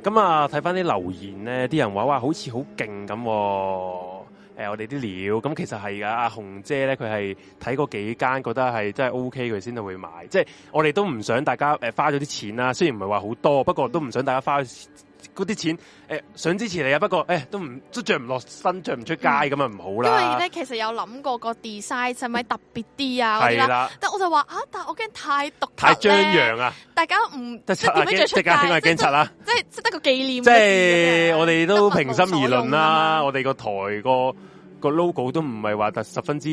咁啊睇翻啲留言咧，啲人話：「嘩，好似好勁咁喎。」呃，我哋啲料，咁其實係噶，阿紅姐咧佢係睇過幾間，覺得係真係 O K，佢先至會買，即係我哋都唔想大家誒花咗啲錢啦，雖然唔係話好多，不過都唔想大家花。嗰啲錢誒、呃、想支持你啊，不過誒都唔都着唔落身，着唔出街咁啊，唔、嗯、好啦。因為咧，其實有諗過個 design 係咪特別啲啊？係 啦，但我就話啊，但係我驚太獨特太張揚啊！大家唔即係點樣着出街？即係即係得個紀念。即係、啊、我哋都平心而論啦、啊，我哋個台個個 logo 都唔係話特十分之。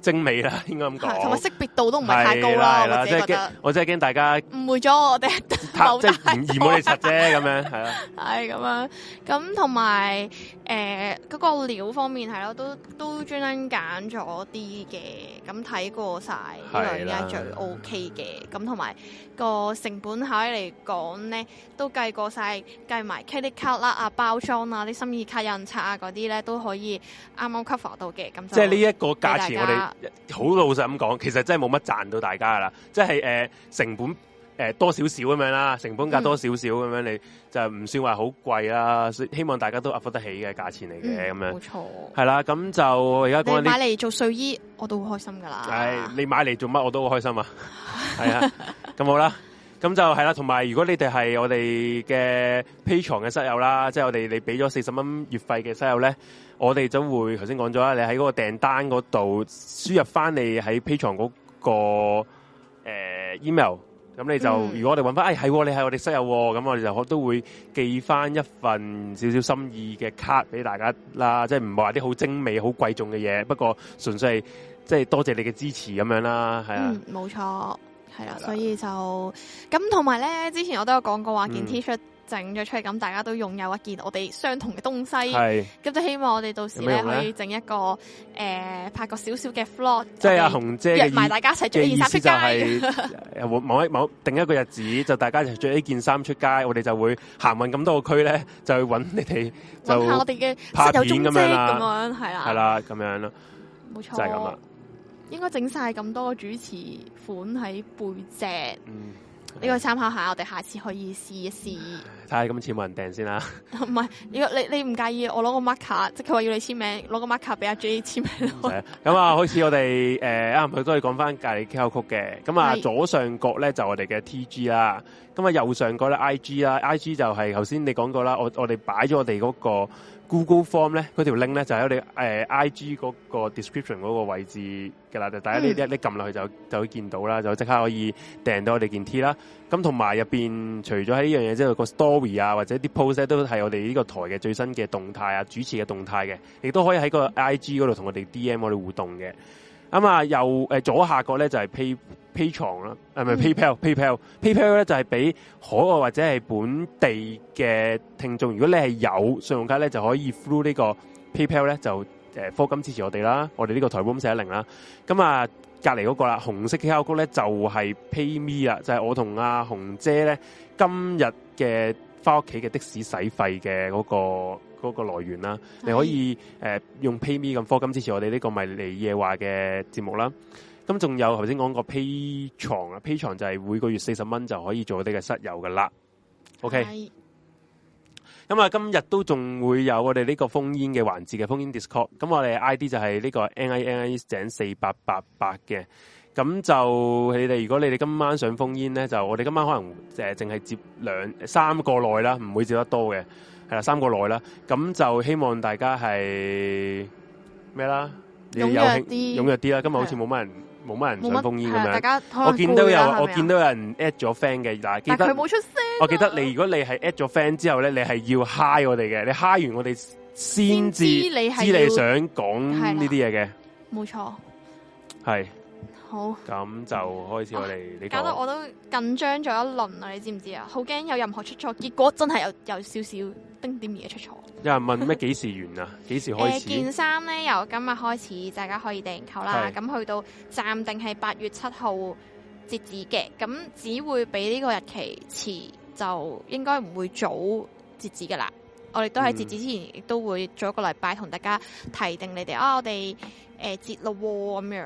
精美啦，應該咁講。同埋識別度都唔係太高啦，我自己覺得。我真係驚大家誤會咗我哋，即係誤誤會你實啫咁樣，係啦。係咁樣，咁同埋。誒、呃、嗰、那個料方面係咯，都都專登揀咗啲嘅，咁睇過晒呢個而家最 OK 嘅，咁同埋個成本喺嚟講咧，都計過晒計埋 cuticle 啊、包裝啊、啲心意卡印刷啊嗰啲咧，都可以啱啱 cover 到嘅。咁即係呢一個價錢，我哋好老實咁講，其實真係冇乜賺到大家噶啦，即係誒成本。誒、呃、多少少咁樣啦，成本價多少少咁樣，嗯、你就唔算話好貴啦。希望大家都 a 得起嘅價錢嚟嘅咁樣，冇錯。係啦，咁就而家講你買嚟做睡衣，我都好開心㗎啦、哎。係你買嚟做乜我都好開心啊。係 啊，咁好啦，咁就係啦。同埋如果你哋係我哋嘅 p 床嘅室友啦，即、就、係、是、我哋你俾咗四十蚊月費嘅室友咧，我哋就會頭先講咗啦。你喺嗰個訂單嗰度輸入翻你喺 p 床嗰個 email。呃 e 咁你就、嗯、如果我哋揾翻，哎係、啊，你係我哋室友，咁我哋就都會寄翻一份少少心意嘅卡俾大家啦，即係唔話啲好精美、好貴重嘅嘢，不過純粹係即係多謝你嘅支持咁樣啦，係啊，冇、嗯、錯，係啦、啊，所以就咁同埋咧，之前我都有講過話件 T-shirt、嗯。整咗出嚟，咁大家都擁有一件我哋相同嘅東西。係咁，就希望我哋到時咧可以整一個誒、呃，拍個少少嘅 vlog。即係阿紅姐約埋大家一齊着，意思就係、是，誒，望一望定一個日子， 就大家就着呢件衫出街。 我哋就會行運咁多個區咧，就去揾你哋。揾下我哋嘅拍友中車咁樣，係啦，係啦、啊，咁樣咯，冇錯，就係咁啦。應該整晒咁多個主持款喺背脊。嗯。呢個參考下，我哋下次可以試一試。睇下今次冇人訂先啦。唔係，你你你唔介意？我攞個 marker，即係佢話要你簽名，攞個 marker 俾阿 J 簽名。係咁啊，好似我哋誒啱佢都係講翻《隔離交曲的》嘅。咁啊，左上角咧就是、我哋嘅 T G 啦。咁啊，右上角咧 I G 啦，I G 就係頭先你講過啦。我我哋擺咗我哋嗰個。Google Form 咧，嗰條 link 咧就喺我哋、呃、IG 嗰個 description 嗰個位置嘅啦，就、嗯、大家一你一你撳落去就就可以見到啦，就即刻可以訂到我哋件 T 啦。咁同埋入面，除咗喺呢樣嘢之外，個 story 啊或者啲 post 呢都係我哋呢個台嘅最新嘅動態啊，主持嘅動態嘅，亦都可以喺個 IG 嗰度同我哋 DM 我哋互動嘅。咁啊，右、呃、左下角咧就係、是、Pay。Pay 床啦，係咪 PayPal, PayPal？PayPal，PayPal 咧就係俾海外或者係本地嘅聽眾，如果你係有信用卡咧，就可以 through 呢個 PayPal 咧就誒，科、呃、金支持我哋啦，我哋呢個台 boom 四一零啦。咁啊，隔籬嗰個啦，紅色嘅 logo 咧就係、是、PayMe、就是、啊，就係我同阿紅姐咧今日嘅翻屋企嘅的士使費嘅嗰個嗰、那個來源啦。你可以誒、呃、用 PayMe 咁科金支持我哋呢個咪嚟夜話嘅節目啦。咁仲有頭先講個 Patreon 啊，Patreon 就係每個月四十蚊就可以做我哋嘅室友噶啦。OK，咁啊、哎，今日都仲會有我哋呢個封煙嘅環節嘅封煙 Discord。咁我哋 ID 就係呢個 NINI 井四八八八嘅。咁就你哋如果你哋今晚上封煙咧，就我哋今晚可能誒淨係接兩三個內啦，唔會接得多嘅，係啦三個內啦。咁就希望大家係咩啦？踴躍啲，踴躍啲啦！今日好似冇乜人。冇乜人想封煙咁樣，我見到有是是我見到有人 at 咗 friend 嘅，但係記得佢冇出聲，我記得你如果你係 at 咗 friend 之後咧，你係要嗨我哋嘅，你嗨完我哋先至知你，知你想講呢啲嘢嘅，冇錯，係。是好，咁、嗯、就開始我哋你。搞、啊、到我都緊張咗一輪啊！你知唔知啊？好驚有任何出錯，結果真係有有少少丁點嘢出錯。有、嗯、人問咩幾時完啊？幾 時開始？呃、件衫咧由今日開始大家可以訂購啦。咁去到暫定係八月七號截止嘅，咁只會比呢個日期遲，就應該唔會早截止㗎喇。我哋都喺截止之前、嗯、都會做一個禮拜同大家提定你哋啊，我哋。誒、呃，節咯咁樣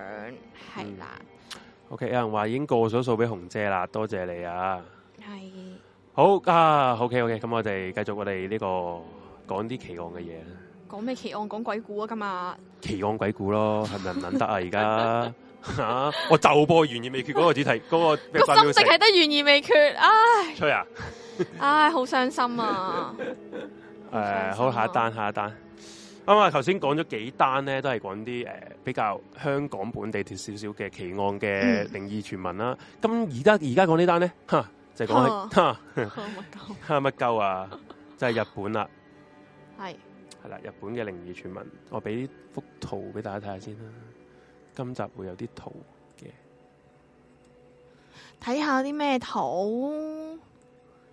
係啦、嗯。OK，有人話已經過咗數俾紅姐啦，多謝你啊。係好啊，OK，OK，、okay, okay, 咁我哋繼續我哋呢個講啲奇案嘅嘢。講咩奇案？講鬼故啊，今日。奇案鬼故咯，係咪唔撚得啊？而家吓， 我就播懸而未決嗰個主題，嗰 個個心直睇得懸而未決，唉，吹啊， 唉，好傷心啊。誒、 啊哎，好，下一單，下一單。啊嘛，頭先講咗幾單咧，都係講啲誒比較香港本地少少嘅奇案嘅靈異傳聞啦、啊。咁而家而家講呢單咧，就講嚇嚇乜鳩啊，就係、是、日本啦、啊。係係啦，日本嘅靈異傳聞，我俾幅圖俾大家睇下先啦。今集會有啲圖嘅，睇下有啲咩圖？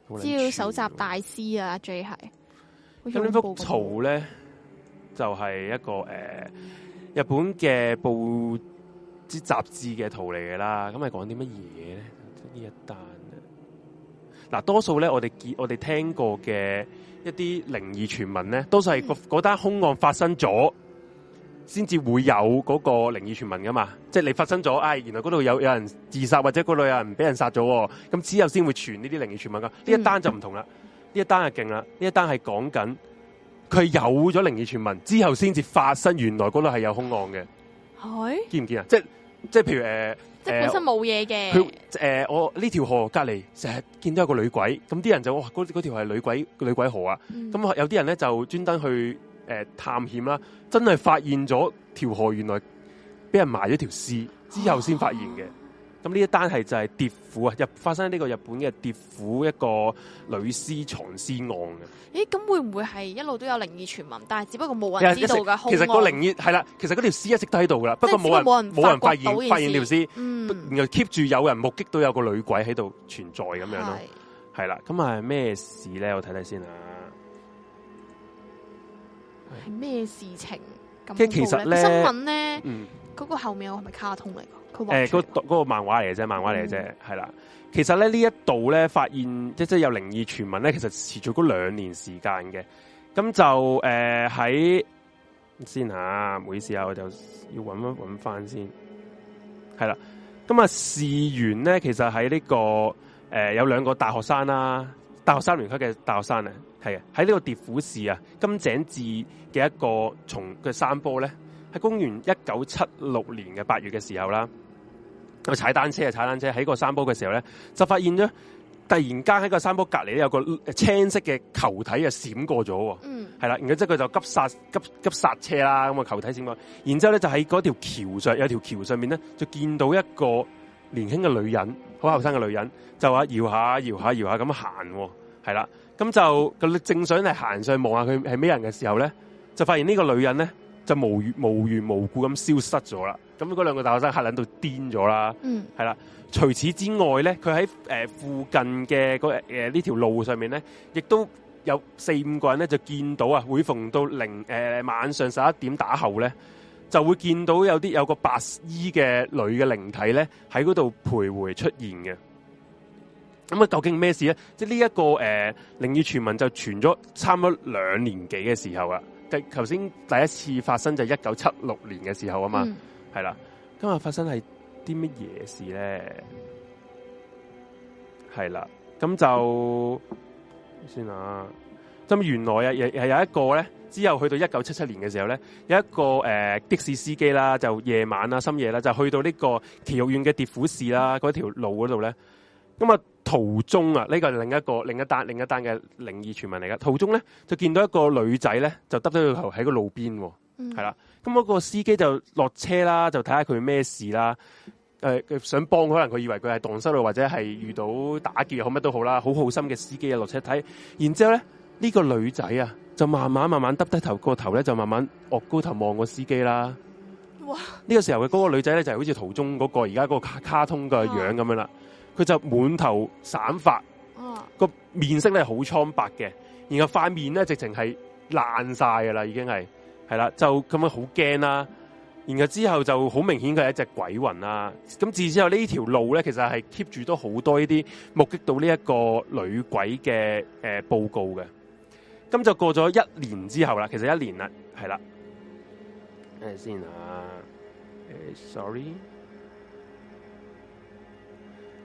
要蒐集大師啊，啊，最係咁呢幅圖咧。就係、是、一個、呃、日本嘅報紙雜誌嘅圖嚟嘅啦，咁係講啲乜嘢咧？呢一單，嗱、啊、多數咧，我哋見我哋聽過嘅一啲靈異傳聞咧，多數係嗰單凶案發生咗，先至會有嗰個靈異傳聞噶嘛。即係你發生咗、哎，原來嗰度有有人自殺，或者嗰度有人俾人殺咗，咁之後先會傳呢啲靈異傳聞噶。呢一單就唔同啦，呢、嗯、一單係勁啦，呢一單係講緊。佢有咗靈異傳聞之後，先至發生。原來嗰度係有凶案嘅，係見唔見啊？即即譬如誒、呃，即本身冇嘢嘅。佢誒、呃，我呢條河隔籬成日見到一個女鬼，咁啲人就哇，嗰條係女鬼女鬼河啊！咁、嗯、有啲人咧就專登去誒、呃、探險啦，真係發現咗條河原來俾人埋咗條屍之後先發現嘅。咁呢一單係就係跌虎啊，日發生喺呢個日本嘅跌虎一個女屍藏屍案嘅。誒，咁會唔會係一路都有靈異傳聞，但係只不過冇人知道嘅？其實個靈異係啦，其實嗰條屍一直都喺度噶啦，不過冇人冇人，人發現發，發現條屍，然後 keep 住有人目擊到有個女鬼喺度存在咁、嗯、樣咯。係啦，咁啊咩事咧？我睇睇先啊。係咩事情呢？即其實呢、嗰個、新聞咧，嗰、嗯、個後面係咪卡通嚟？誒、欸，嗰、那個、那個漫畫嚟嘅啫，漫畫嚟嘅啫，係、嗯、啦。其實咧，呢一度咧發現即即係有靈異傳聞咧，其實持續咗兩年時間嘅。咁就誒喺、呃、先吓、啊，唔好意思啊，我就要搵一搵翻先。係啦，咁啊事緣咧，其實喺呢、這個誒、呃、有兩個大學生啦，大學三年級嘅大學生啊，係啊，喺呢個疊虎市啊，金井寺嘅一個從嘅山坡咧，喺公元一九七六年嘅八月嘅時候啦、啊。佢踩單車啊，踩單車喺個山坡嘅時候咧，就發現咗突然間喺個山坡隔離咧有個青色嘅球體啊閃過咗，嗯，係啦，然之後即係佢就急剎急急剎車啦，咁個球體閃過，然之後咧就喺嗰條橋上，有條橋上面咧就見到一個年輕嘅女人，好後生嘅女人，就話搖下搖下搖下咁行，係啦，咁就佢正想嚟行上去望下佢係咩人嘅時候咧，就發現呢個女人咧就無緣無緣無故咁消失咗啦。咁嗰兩個大學生嚇撚到癲咗啦，係、嗯、啦。除此之外咧，佢喺誒附近嘅嗰誒呢條路上面咧，亦都有四五個人咧就見到啊。每逢到零誒、呃、晚上十一點打後咧，就會見到有啲有個白衣嘅女嘅靈體咧喺嗰度徘徊出現嘅。咁啊，究竟咩事咧？即係呢一個誒靈異傳聞就傳咗差唔多兩年幾嘅時候啊。第頭先第一次發生就係一九七六年嘅時候啊嘛。嗯係啦，今日發生係啲乜嘢事咧？係啦，咁就算啦。咁原來啊，係係有一個咧，之後去到一九七七年嘅時候咧，有一個誒的、呃、士司機啦，就夜晚啦，深夜啦，就去到呢個祁玉苑嘅蝶府市啦，嗰條路嗰度咧。咁啊途中啊，呢、這個是另一個另一單另一單嘅靈異傳聞嚟㗎。途中咧就見到一個女仔咧，就耷咗個頭喺個路邊，係啦。嗯咁、那、嗰個司機就落車啦，就睇下佢咩事啦。呃、想幫可能佢以為佢係蕩失路或者係遇到打劫，好乜都好啦，好好心嘅司機啊，落車睇。然之後咧，呢、這個女仔啊，就慢慢慢慢耷低，低頭，個頭咧就慢慢惡高頭望個司機啦。哇！呢、這個時候嘅嗰個女仔咧，就係好似途中嗰、那個而家個卡通嘅樣咁樣啦。佢就滿頭散發，個面色咧好蒼白嘅，然後塊面咧直情係爛晒㗎啦，已經係。係啦，就咁樣好驚啦，然後之後就好明顯佢係一隻鬼魂啦、啊。咁至之後條呢條路咧，其實係 keep 住都好多呢啲目擊到呢一個女鬼嘅誒、呃、報告嘅。咁就過咗一年之後啦，其實一年啦，係啦。誒，先啊，誒，sorry。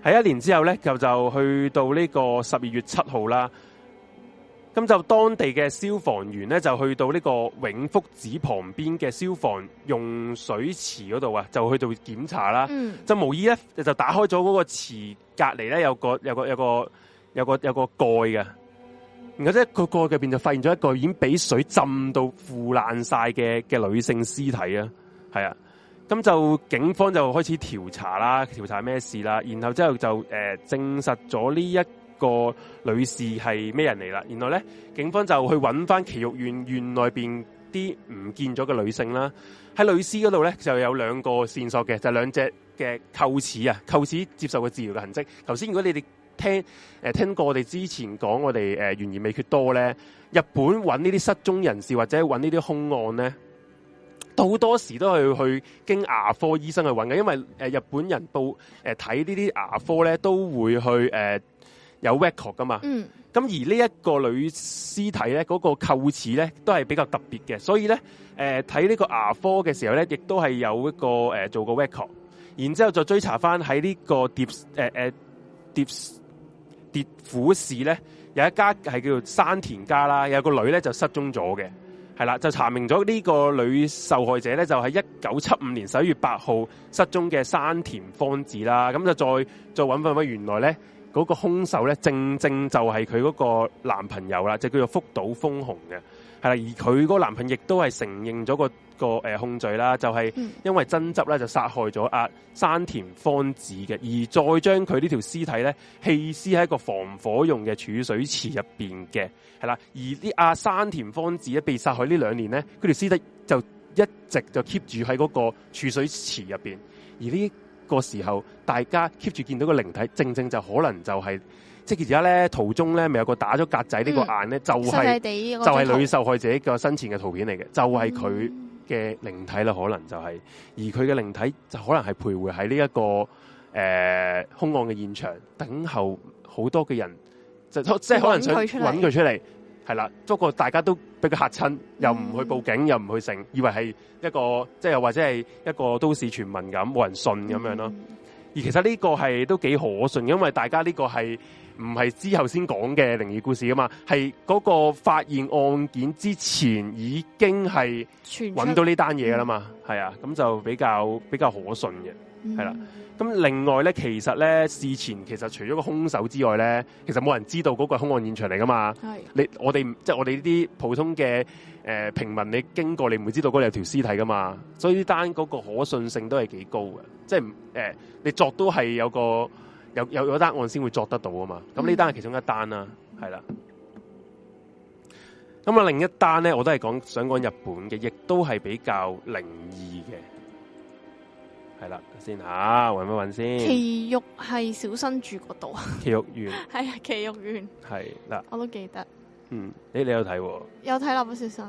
喺一年之後咧，就就去到呢個十二月七號啦。咁就當地嘅消防員咧，就去到呢個永福寺旁邊嘅消防用水池嗰度啊，就去到檢查啦。嗯、就無意咧就打開咗嗰個池隔離咧，有個有個有個有個有個蓋嘅。然後即個蓋入面就發現咗一個已經俾水浸到腐爛晒嘅嘅女性屍體啊。係啊，咁就警方就開始調查啦，調查咩事啦。然後之後就誒、呃、證實咗呢一。個女士係咩人嚟啦？然後咧，警方就去揾返埼玉縣縣內邊啲唔見咗嘅女性啦。喺女屍嗰度咧就有兩個線索嘅，就兩隻嘅臼齒啊，臼齒接受嘅治療嘅痕迹。頭先如果你哋聽誒、呃、聽過我哋之前講我哋誒懸而未決多咧，日本揾呢啲失蹤人士或者揾呢啲凶案咧，好多時都係去，去經牙科醫生去揾嘅，因為誒、呃、日本人報誒睇呢啲牙科咧都會去誒。呃有 record 噶嘛、嗯？咁而呢一個女屍體咧，嗰、那個構詞咧都係比較特別嘅，所以咧誒睇呢、呃、個牙科嘅時候咧，亦都係有一個、呃、做個 record 然之後再追查翻喺、呃、呢個碟誒誒碟疊府市咧有一家係叫做山田家啦，有個女咧就失蹤咗嘅，係啦就查明咗呢個女受害者咧就係一九七五年十一月八號失蹤嘅山田芳子啦，咁就再再揾翻翻原來咧。嗰、那個兇手咧，正正就係佢嗰個男朋友啦，就叫做福島風雄嘅，係啦。而佢嗰個男朋友亦都係承認咗、那個、那個、呃、控罪啦，就係、是、因為真執咧就殺害咗阿、啊、山田芳子嘅，而再將佢呢條屍體咧棄屍喺一個防火用嘅儲水池入面嘅，係啦。而啲阿、啊、山田芳子咧被殺害呢兩年咧，佢條屍體就一直就 keep 住喺嗰個儲水池入面。而呢個時候，大家 keep 住見到個靈體，正正就可能就係、是，即係而家咧途中咧，咪有個打咗格仔呢個眼咧、嗯，就係、是、就係、是、女受害者嘅生前嘅圖片嚟嘅，就係佢嘅靈體啦、嗯，可能就係、是，而佢嘅靈體就可能係徘徊喺呢一個誒、呃、凶案嘅現場，等候好多嘅人，就即係可能想揾佢出嚟。係啦，不過大家都俾佢嚇親，又唔去報警，嗯、又唔去成，以為係一個即係又或者係一個都市傳聞咁，冇人信咁樣咯。而其實呢個係都幾可信，因為大家呢個係唔係之後先講嘅靈異故事啊嘛，係嗰個發現案件之前已經係揾到呢單嘢啦嘛，係啊，咁就比較比較可信嘅。係啦，咁另外咧，其實咧事前其實除咗個凶手之外咧，其實冇人知道嗰個係凶案現場嚟噶嘛。係你我哋即係我哋呢啲普通嘅誒、呃、平民，你經過你唔會知道嗰度有條屍體噶嘛。所以呢單嗰個可信性都係幾高嘅，即係誒你作都係有個有有咗單案先會作得到啊嘛。咁呢單係其中一單啦、啊，係啦。咁啊另一單咧，我都係講想講日本嘅，亦都係比較靈異。係啦，先吓，搵一搵先。奇玉係小新住嗰度啊。奇玉苑，係 啊，奇玉苑，係嗱，我都記得。嗯，誒、欸，你有睇，哦？有睇《蠟筆小新》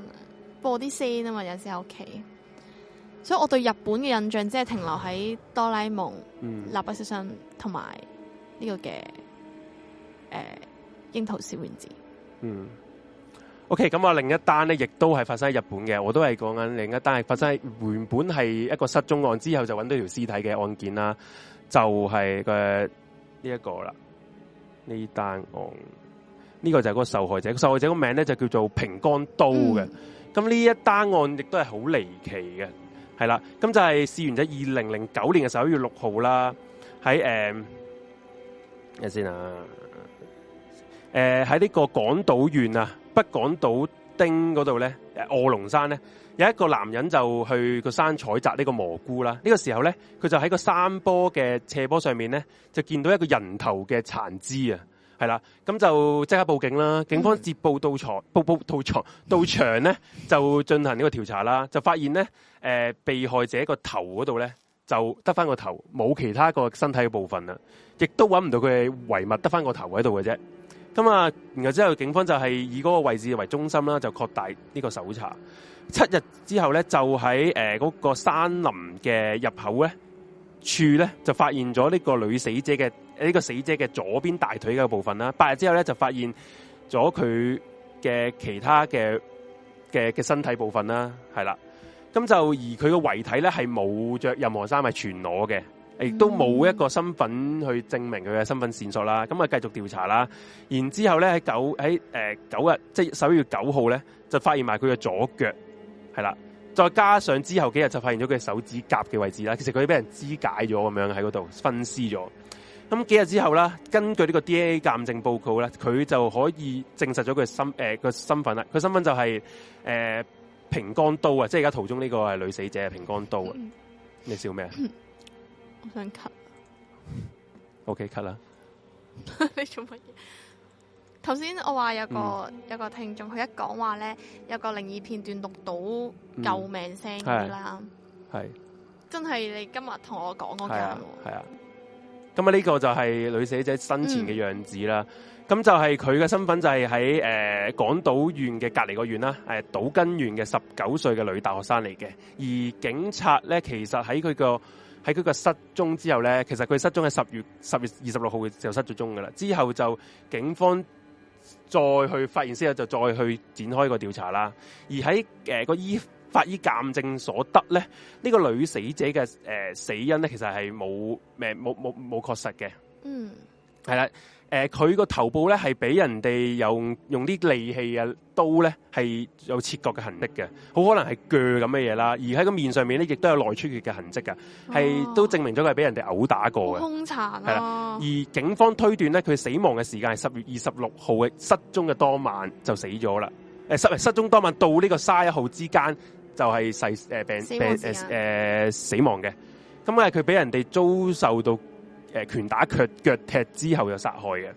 播啲先啊嘛，有時喺屋企。所以我對日本嘅印象即係停留喺哆啦 A 夢、蠟、嗯、筆小新同埋呢個嘅誒櫻桃小丸子。嗯。OK，咁啊，另一單咧，亦都係發生喺日本嘅，我都係講緊另一單，係發生喺原本係一個失蹤案之後就搵到條屍體嘅案件啦，就係嘅呢一個啦，呢單案，呢個就係個受害者，受害者個名咧就叫做平江刀嘅。咁呢一單案亦都係好離奇嘅，係啦。咁就係試完咗二零零九年嘅十一月六號啦，喺誒，誒先啦。等等誒喺呢個港島縣啊，北港島丁嗰度咧，臥龍山咧有一個男人就去個山採摘呢個蘑菇啦。呢個時候咧，佢就喺個山坡嘅斜坡上面咧，就見到一個人頭嘅殘肢啊，係啦，咁就即刻報警啦。警方接報到場，報、mm、報 -hmm. 到場到場咧就進行呢個調查啦，就發現咧、呃、被害者個頭嗰度咧就得翻個頭，冇其他個身體嘅部分啦、啊，亦都揾唔到佢嘅遺物，得翻個頭喺度嘅啫。咁啊，然後之後警方就係以嗰個位置為中心啦，就擴大呢個搜查。七日之後咧，就喺嗰、呃嗰個山林嘅入口咧處咧，就發現咗呢個女死者嘅呢、呢個死者嘅左邊大腿嘅部分啦。八日之後咧，就發現咗佢嘅其他嘅嘅嘅身體部分啦，係啦。咁就而佢嘅遺體咧係冇着任何衫，係全裸嘅。亦都冇一個身份去證明佢嘅身份線索啦，咁啊繼續調查啦。然之後咧喺九喺誒九日，即十一月九號咧，就發現埋佢嘅左腳係啦，再加上之後幾日就發現咗佢手指甲嘅位置啦。其實佢俾人肢解咗咁樣喺嗰度分屍咗。咁幾日之後啦，根據呢個 DNA 鑑證報告咧，佢就可以證實咗佢身、呃、個身份啦。佢身份就係誒平江刀啊，即係而家圖中呢個係女死者平江刀啊。你笑咩啊？我想 cut。O.K. cut 啦。 你做乜嘢？頭先我話有個有個聽眾，佢、嗯、一講話咧，有個靈異片段錄到救命聲啦，係、嗯啊啊、真係你今日同我講嗰間係啊。咁啊，呢個就係女死者生前嘅樣子啦。咁、嗯、就係佢嘅身份就係喺誒港島苑嘅隔籬個苑啦，係島根苑嘅十九歲嘅女大學生嚟嘅。而警察咧，其實喺佢個。喺佢個失蹤之後咧，其實佢失蹤係十月十月二十六號就失咗蹤噶啦，之後就警方再去發現，之後就再去展開個調查啦。而喺誒、呃那個醫法醫鑑證所得咧，呢、這個女死者嘅誒、呃、死因咧，其實係冇誒冇冇冇確實嘅。嗯，係啦。誒佢個頭部咧係俾人哋用用啲利器啊刀咧係有切割嘅痕跡嘅，好可能係鋸咁嘅嘢啦。而喺個面上面咧亦都有內出血嘅痕跡㗎，係、哦、都證明咗佢係俾人哋毆打過嘅。凶殘、啊，係啦。而警方推斷咧，佢死亡嘅時間係十月二十六號嘅失蹤嘅當晚就死咗啦、呃。失失蹤當晚到呢個卅一號之間就係、是呃、病死亡嘅。咁、呃、啊，佢俾、嗯呃、人哋遭受到。拳打腳腳踢之後就殺害嘅，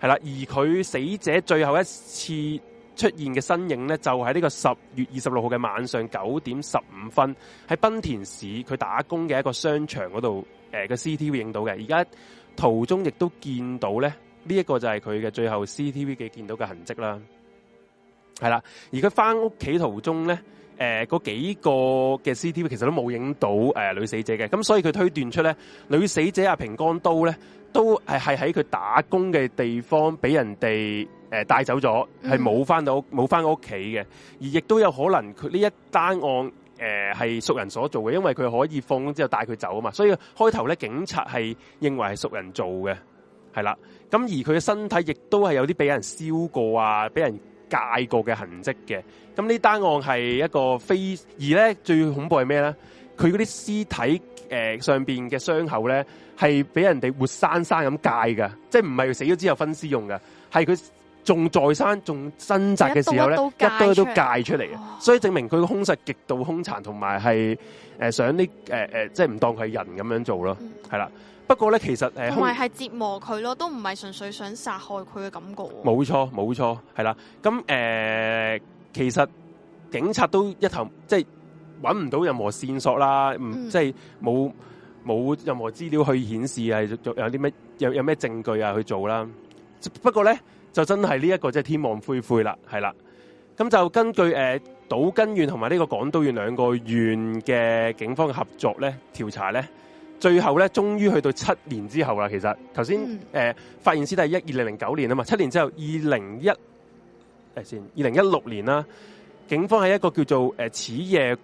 係啦。而佢死者最後一次出現嘅身影呢，就喺呢個十月二十六號嘅晚上九點十五分，喺濱田市佢打工嘅一個商場嗰度誒嘅 CCTV 影到嘅。而家途中亦都見到呢，呢、這、一個就係佢嘅最後 CCTV 嘅見到嘅痕跡啦。係啦，而佢翻屋企途中呢。誒、呃、嗰幾個嘅 C.T.V. 其實都冇影到女死者嘅，咁所以佢推斷出咧，女死者阿平江刀咧都係喺佢打工嘅地方俾人哋帶走咗，係冇翻到冇翻屋企嘅，而亦都有可能佢呢一單案係、呃、熟人所做嘅，因為佢可以放工之後帶佢走啊嘛，所以開頭咧警察係認為係熟人做嘅，係啦，咁而佢嘅身體亦都係有啲俾人燒過啊，俾人。界過嘅痕跡嘅，咁呢單案係一個非而咧最恐怖係咩咧？佢嗰啲屍體誒、呃、上邊嘅傷口咧係俾人哋活生生咁界噶，即係唔係死咗之後分屍用㗎，係佢仲在生仲掙扎嘅時候咧一堆都界出嚟嘅，一道一道哦、所以證明佢嘅凶實極度兇殘，同埋係誒想啲誒誒即係唔當佢係人咁樣做咯，係啦。不過咧，其實誒，同埋係折磨佢咯，都唔係純粹想殺害佢嘅感覺沒錯。冇錯，冇錯，係啦。咁、呃、誒，其實警察都一頭即係搵唔到任何線索啦，唔、嗯、即係冇冇任何資料去顯示係有啲咩有什麼有咩證據啊去做啦。不過咧，就真係呢一個即係、就是、天網恢恢啦，係啦。咁就根據誒島、呃、根縣同埋呢個廣島縣兩個縣嘅警方嘅合作咧調查咧。最後咧，終於去到七年之後啦。其實頭先誒發現屍體係一二零零九年啊嘛，七年之後二零一誒先二零一六年啦。警方喺一個叫做誒、呃、此夜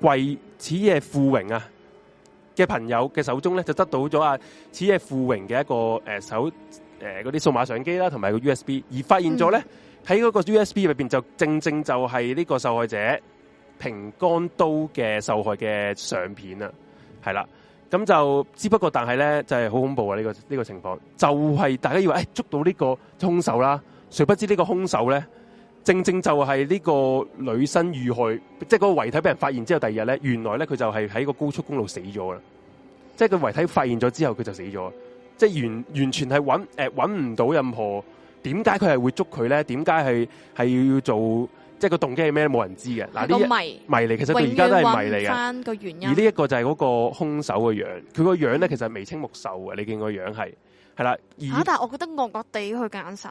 貴此夜富榮啊嘅朋友嘅手中咧，就得到咗啊此夜富榮嘅一個誒、呃、手誒嗰啲數碼相機啦，同埋個 USB，而發現咗咧喺嗰個 USB 裏邊就正正就係呢個受害者平江都嘅受害嘅相片啊，係啦。咁就，之不過但係咧，就係、是、好恐怖啊、這個！呢個呢個情況，就係、是、大家以為誒、哎、捉到呢個凶手啦，誰不知個兇呢個凶手咧，正正就係呢個女生遇害，即、就、係、是、個遺體俾人發現之後，第二日咧，原來咧佢就係喺個高速公路死咗啦。即係個遺體發現咗之後，佢就死咗，即、就、係、是、完完全係搵誒搵唔到任何點解佢係會捉佢咧？點解係係要做？即係個動機係咩？冇人知嘅。嗱，呢個謎嚟，其實到而家都係謎嚟嘅。而呢一個就係嗰個兇手嘅樣，佢個樣咧其實眉清目秀嘅。你見個樣係係啦。但係我覺得惡惡地佢嘅眼神。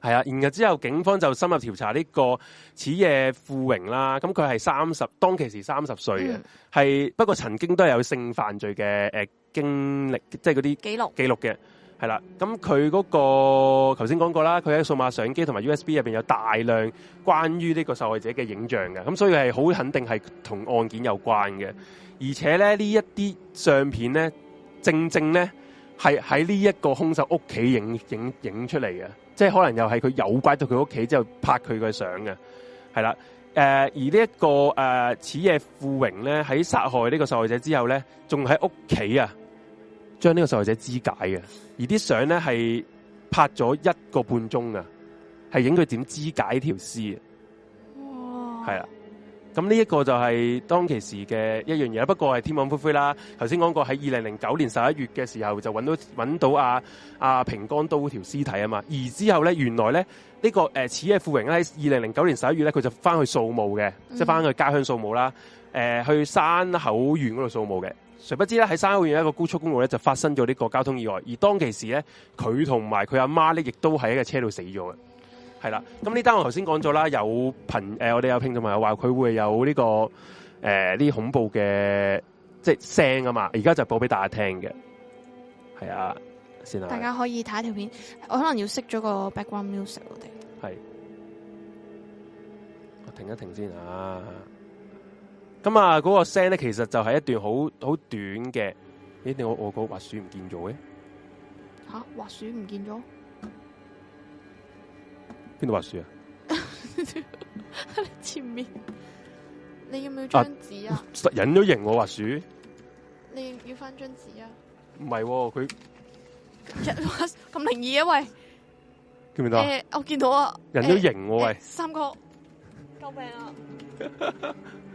係啊，然後之後警方就深入調查呢個此夜富榮啦。咁佢係三十，當其時三十歲嘅，係不過曾經都係有性犯罪嘅誒經歷，即係嗰啲記錄記錄嘅。係啦，咁佢嗰個頭先講過啦，佢喺數碼相機同埋 USB 入面有大量關於呢個受害者嘅影像嘅，咁所以係好肯定係同案件有關嘅。而且咧呢一啲相片咧，正正咧係喺呢一個兇手屋企影影影出嚟嘅，即係可能又係佢有拐到佢屋企之後拍佢嘅相嘅，係啦。誒、呃、而呢、這、一個誒、呃、此夜富榮咧喺殺害呢個受害者之後咧，仲喺屋企啊，將呢個受害者肢解嘅。而啲相咧係拍咗一個半鐘噶，係影佢點肢解條屍，係啊！咁呢一個就係當其時嘅一樣嘢，不過係天網恢恢啦，頭先講過喺二零零九年十一月嘅時候就揾到揾到阿阿平江都條屍體啊嘛。而之後咧，原來咧呢、呢個誒似嘅富榮咧喺二零零九年十一月咧佢就翻去掃墓嘅，即係翻去家鄉掃墓啦，誒、呃、去山口縣嗰度掃墓嘅。誰不知咧喺三號有一個高速公路咧就發生咗呢個交通意外，而當其時咧佢同埋佢阿媽咧亦都喺一個車度死咗嘅。係啦，咁呢單我頭先講咗啦，有朋誒、呃，我哋有聽眾朋友話佢會有呢、這個誒呢、呃、恐怖嘅即係聲啊嘛，而家就播俾大家聽嘅。係啊，先啊，大家可以睇下條片，我可能要熄咗個 background music 我哋。係，我停一停先啊。咁、嗯、啊，嗰、那個聲咧，其實就係一段好好短嘅。咦、欸，點我我個滑鼠唔見咗嘅？吓，滑鼠唔見咗？邊、啊、度滑，滑鼠啊？ 前面。你要唔要張紙啊？隱咗形我滑鼠？你要翻張紙啊？唔係、哦，佢。咁靈異啊！喂，見唔見到、欸？我見到啊。隱咗形喎喂，欸、三哥，救命啊！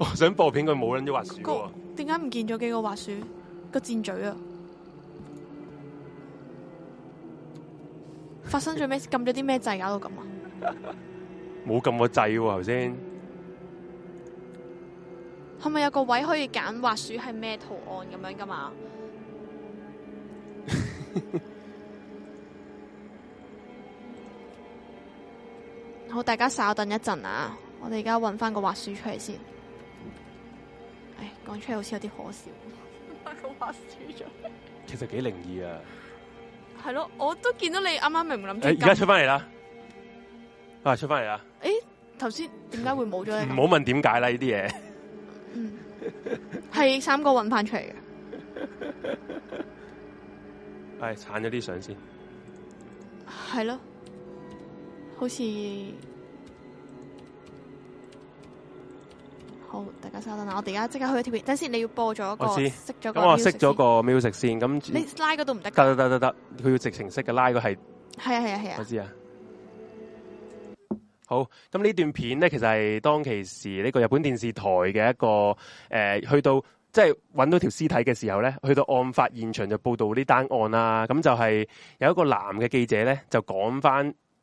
我想播片他沒有人的、那個，佢冇拎啲滑鼠喎。點解唔見咗幾個滑鼠、那個箭嘴 啊？發生咗咩？撳咗啲咩掣搞到咁啊？冇撳個掣喎，頭先可唔可以有一個位置可以揀滑鼠？係咩圖案咁樣噶嘛？ 好，大家稍等一陣啊！我哋而家搵翻個滑鼠出嚟先。講出嚟好似有啲可笑，但係佢話輸咗。其實幾靈異啊，係咯，我都見到你啱啱明諗住。而家出翻嚟啦，啊，出翻嚟啦！誒、欸，頭先點解會冇咗咧？唔好問點解啦，呢啲嘢。嗯，係三個揾返出嚟嘅。係鏟咗啲相先。係咯，好似。好，大家稍等啦，我哋而家即刻去一條片。等先，你要播咗個，熄咗。咁我熄咗個 music 先。咁你拉個都唔得。得得得得得，佢要直情式嘅，拉個係。係啊係啊係啊。我知啊。好，咁呢段片咧，其實係當其時呢個日本電視台嘅一個誒、呃，去到即係揾到條屍體嘅時候咧，去到案發現場就報道呢單案啦、啊。咁就係有一個男嘅記者咧，就講翻。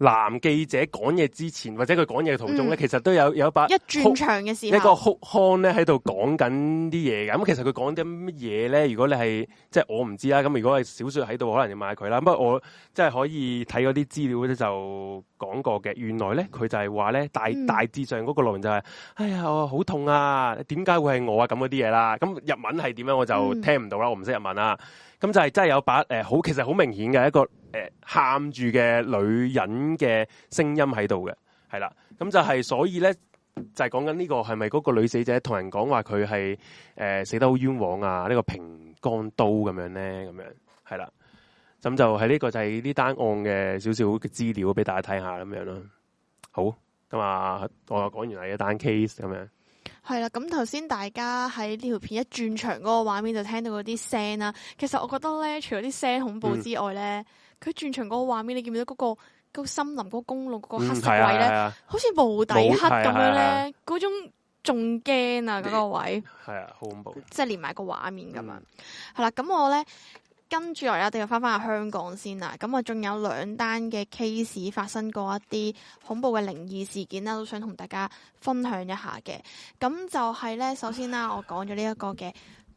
男記者講嘢之前，或者佢講嘢途中咧、嗯，其實都有有一把一轉場嘅時，一個哭腔咧喺度講緊啲嘢嘅。咁其實佢講緊乜嘢咧？如果你係即係我唔知啦。咁如果係小説喺度，可能要買佢啦。不過我即係可以睇嗰啲資料咧，就講過嘅。原來咧，佢就係話咧大大致上嗰個內容就係、是嗯：哎呀，我好痛啊！點解會係我啊？咁嗰啲嘢啦。咁日文係點樣？我就聽唔到啦、嗯。我唔識日文啦。咁就係真係有把誒、呃、好，其實好明顯嘅一個誒喊住嘅女人嘅聲音喺度嘅，係啦。咁就係、是、所以咧，就係、是、講緊、這、呢個係咪嗰個女死者同人講話佢係誒死得好冤枉啊？呢、這個平江刀咁樣咧，咁樣係啦。咁就喺呢個就係呢單案嘅少少嘅資料俾大家睇下咁樣咯。好咁啊，我又講完係一單 case 咁樣。係啦，咁頭先大家喺呢條片一轉場嗰個畫面就聽到嗰啲聲啦。其實我覺得咧，除咗啲聲恐怖之外咧，佢、嗯、轉場嗰個畫面，你見唔到嗰、嗰個嗰個森林嗰、嗰個、公路嗰、嗰個、黑色位咧，好似無底黑咁樣咧，嗰種仲驚啊嗰、嗰個位。係啊，好恐怖。即係連埋個畫面咁樣。係、嗯、啦，咁我咧。跟住我一定要翻返去香港先啦，咁啊仲有兩單嘅 case 發生過一啲恐怖嘅靈異事件啦，都想同大家分享一下嘅。咁就係呢，首先啦，我講咗呢一個嘅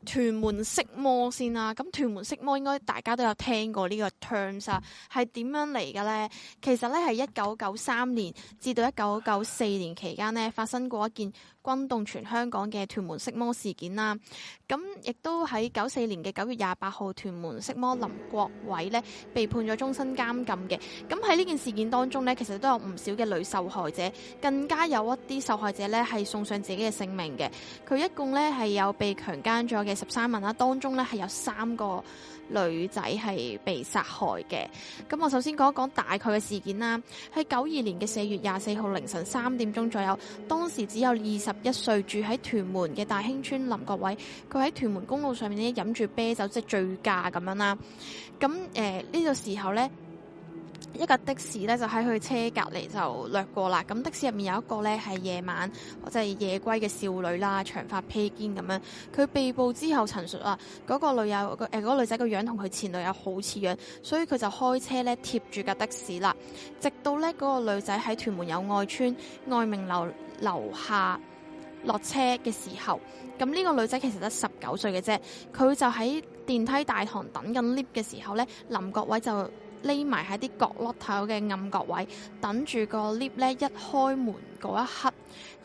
屯門色魔先啦。咁屯門色魔應該大家都有聽過呢個 terms 係點樣嚟嘅呢？其實呢，係一九九三年至到一九九四年期間呢，發生過一件。轟動全香港嘅屯門色魔事件啦，咁亦都喺九四年嘅九月廿八號屯門色魔林國偉呢被判咗終身監禁嘅。咁喺呢件事件當中呢，其實都有唔少嘅女受害者，更加有一啲受害者呢係送上自己嘅性命嘅。佢一共呢係有被強姦咗嘅十三人啦，當中呢係有三個。女仔係被殺害嘅，咁我首先講一講大概嘅事件啦。喺九二年嘅四月廿四號凌晨三點鐘左右，當時只有二十一歲住喺屯門嘅大興村林國偉，佢喺屯門公路上面呢飲住啤酒，即係醉駕咁樣啦。咁誒呢個時候呢。一架的士咧就喺佢車隔離就掠過啦。咁的士入面有一個咧係夜晚，即係夜歸嘅少女啦，長髮披肩咁樣。佢被捕之後陳述啊，嗰個女友個、呃、嗰個女仔個樣同佢前女友好似樣，所以佢就開車咧貼住架的士啦。直到呢，嗰個女仔喺屯門友愛邨愛明樓樓下落車嘅時候，咁呢個女仔其實得十九歲嘅啫。佢就喺電梯大堂等緊 lift 嘅時候呢，林國偉就。匿埋喺啲角落頭嘅暗角位，等住個 lift 咧一開門嗰一刻，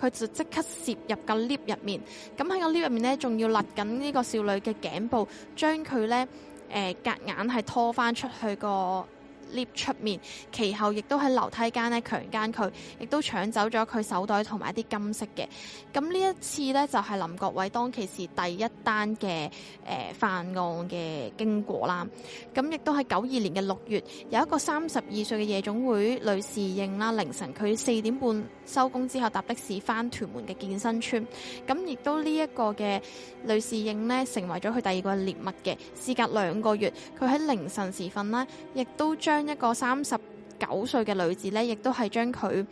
佢就即刻攝入個 lift 入面。咁喺個 lift 入面咧，仲要勒緊呢個少女嘅頸部，將佢咧誒夾硬係拖翻出去個。lift 出面，其後亦都喺樓梯間咧強姦佢，亦都搶走咗佢手袋同埋一啲金色嘅。咁呢一次呢，就係、是、林國偉當其時第一單嘅誒、呃、犯案嘅經過啦。咁亦都喺九二年嘅六月，有一個三十二歲嘅夜總會女侍應啦。凌晨佢四點半收工之後搭的士翻屯門嘅健身村，咁亦都呢一個嘅女侍應呢，成為咗佢第二個獵物嘅。事隔兩個月，佢喺凌晨時分呢，亦都將。將一個三十九歲嘅女子咧，亦都係將佢。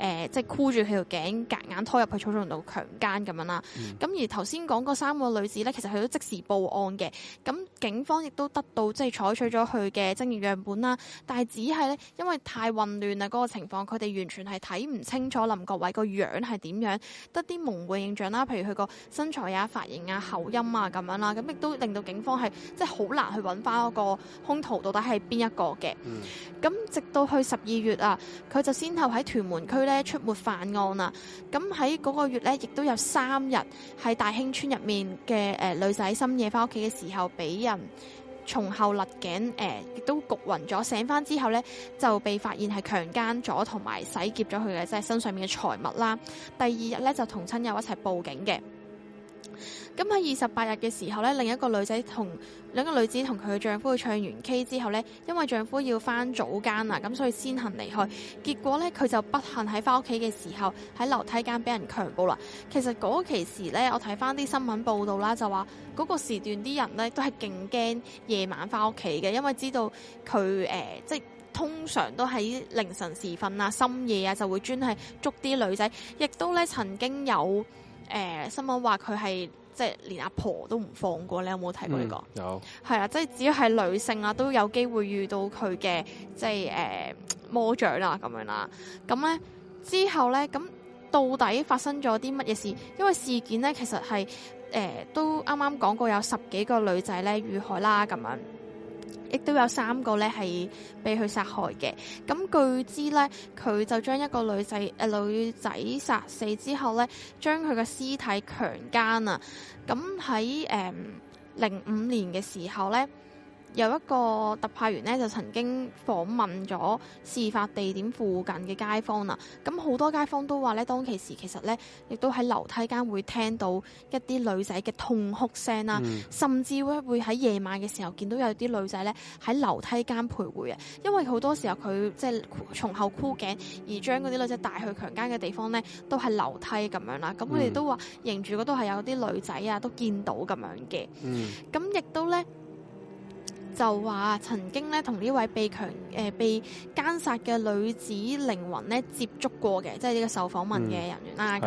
誒、呃，即係箍住佢條頸，夾硬拖入去草叢度強姦咁樣啦。咁、嗯、而頭先講嗰三個女子呢，其實佢都即時報案嘅。咁警方亦都得到即係、就是、採取咗佢嘅精液樣本啦。但係只係呢，因為太混亂啦，嗰、那個情況，佢哋完全係睇唔清楚林國偉個樣係點樣，得啲蒙混印象啦。譬如佢個身材啊、髮型啊、口音啊咁樣啦，咁亦都令到警方係即係好難去揾翻嗰個兇徒到底係邊一個嘅。咁、嗯、直到去十二月啊，佢就先後喺屯門區出沒犯案啦，咁喺嗰個月咧，亦都有三日喺大興村入面嘅誒、呃、女仔深夜翻屋企嘅時候，俾人從後勒頸，誒、呃、亦都焗暈咗，醒翻之後咧就被發現係強姦咗，同埋洗劫咗佢嘅即係身上面嘅財物啦。第二日咧就同親友一齊報警嘅。咁喺二十八日嘅時候呢，另一個女仔同兩個女仔同佢嘅丈夫去唱完 K 之後呢，因為丈夫要翻早更啦，咁所以先行離開。結果呢，佢就不幸喺翻屋企嘅時候喺樓梯間俾人強暴啦。其實嗰期時呢，我睇翻啲新聞報道啦，就話嗰個時段啲人呢都係勁驚夜晚翻屋企嘅，因為知道佢誒、呃，即係通常都喺凌晨時分啊、深夜啊，就會專係捉啲女仔，亦都呢曾經有。誒、呃、新聞話佢係即係連阿婆都唔放過，你有冇睇過呢個、嗯？有，係啊，即係只要係女性啊，都有機會遇到佢嘅即係誒、呃、魔掌啊咁樣啦。咁咧之後咧，咁到底發生咗啲乜嘢事？因為事件咧其實係誒、呃、都啱啱講過，有十幾個女仔咧遇害啦咁樣。亦都有三個咧係被佢殺害嘅，咁據知咧佢就將一個女仔、呃、女仔殺死之後咧，將佢嘅屍體強奸啊，咁喺誒零五年嘅時候咧。有一個特派員呢，就曾經訪問咗事發地點附近嘅街坊啦。咁好多街坊都話呢當其時其實呢，亦都喺樓梯間會聽到一啲女仔嘅痛哭聲啦、啊嗯，甚至會喺夜晚嘅時候見到有啲女仔呢喺樓梯間徘徊嘅，因為好多時候佢即係從後箍頸而將嗰啲女仔帶去強姦嘅地方呢，都係樓梯咁樣啦。咁佢哋都話，迎住嗰度係有啲女仔啊，都見到咁樣嘅。咁、嗯、亦都呢。就話曾經咧同呢位被強、呃、被奸殺嘅女子靈魂咧接觸過嘅，即係呢個受訪問嘅人員啦。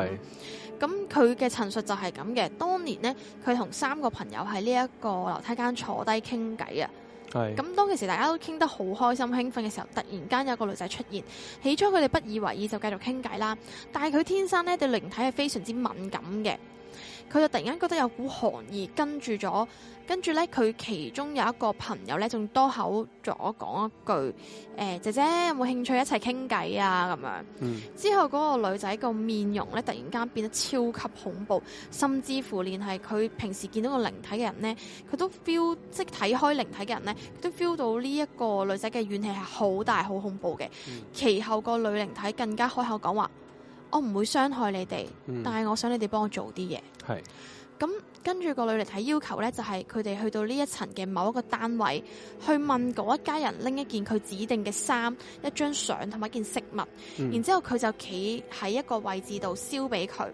咁佢嘅陳述就係咁嘅。當年呢，佢同三個朋友喺呢一個樓梯間坐低傾偈啊。咁當其時大家都傾得好開心興奮嘅時候，突然間有個女仔出現。起初佢哋不以為意，就繼續傾偈啦。但係佢天生呢，對靈體係非常之敏感嘅，佢就突然間覺得有股寒意跟住咗。跟住咧，佢其中有一個朋友咧，仲多口咗講一句，誒、呃、姐姐有冇興趣一齊傾偈啊？咁樣、嗯。之後嗰個女仔個面容咧，突然間變得超級恐怖，甚至乎連係佢平時見到個靈體嘅人咧，佢都 feel 即睇開靈體嘅人咧，都 feel 到呢一個女仔嘅怨氣係好大、好恐怖嘅、嗯。其後個女靈體更加開口講話，我唔會傷害你哋、嗯，但係我想你哋幫我做啲嘢。係，咁。跟住個女嚟睇要求呢，就係佢哋去到呢一層嘅某一個單位，去問嗰一家人拎一件佢指定嘅衫、一張相同埋一件飾物，嗯、然之後佢就企喺一個位置度燒俾佢。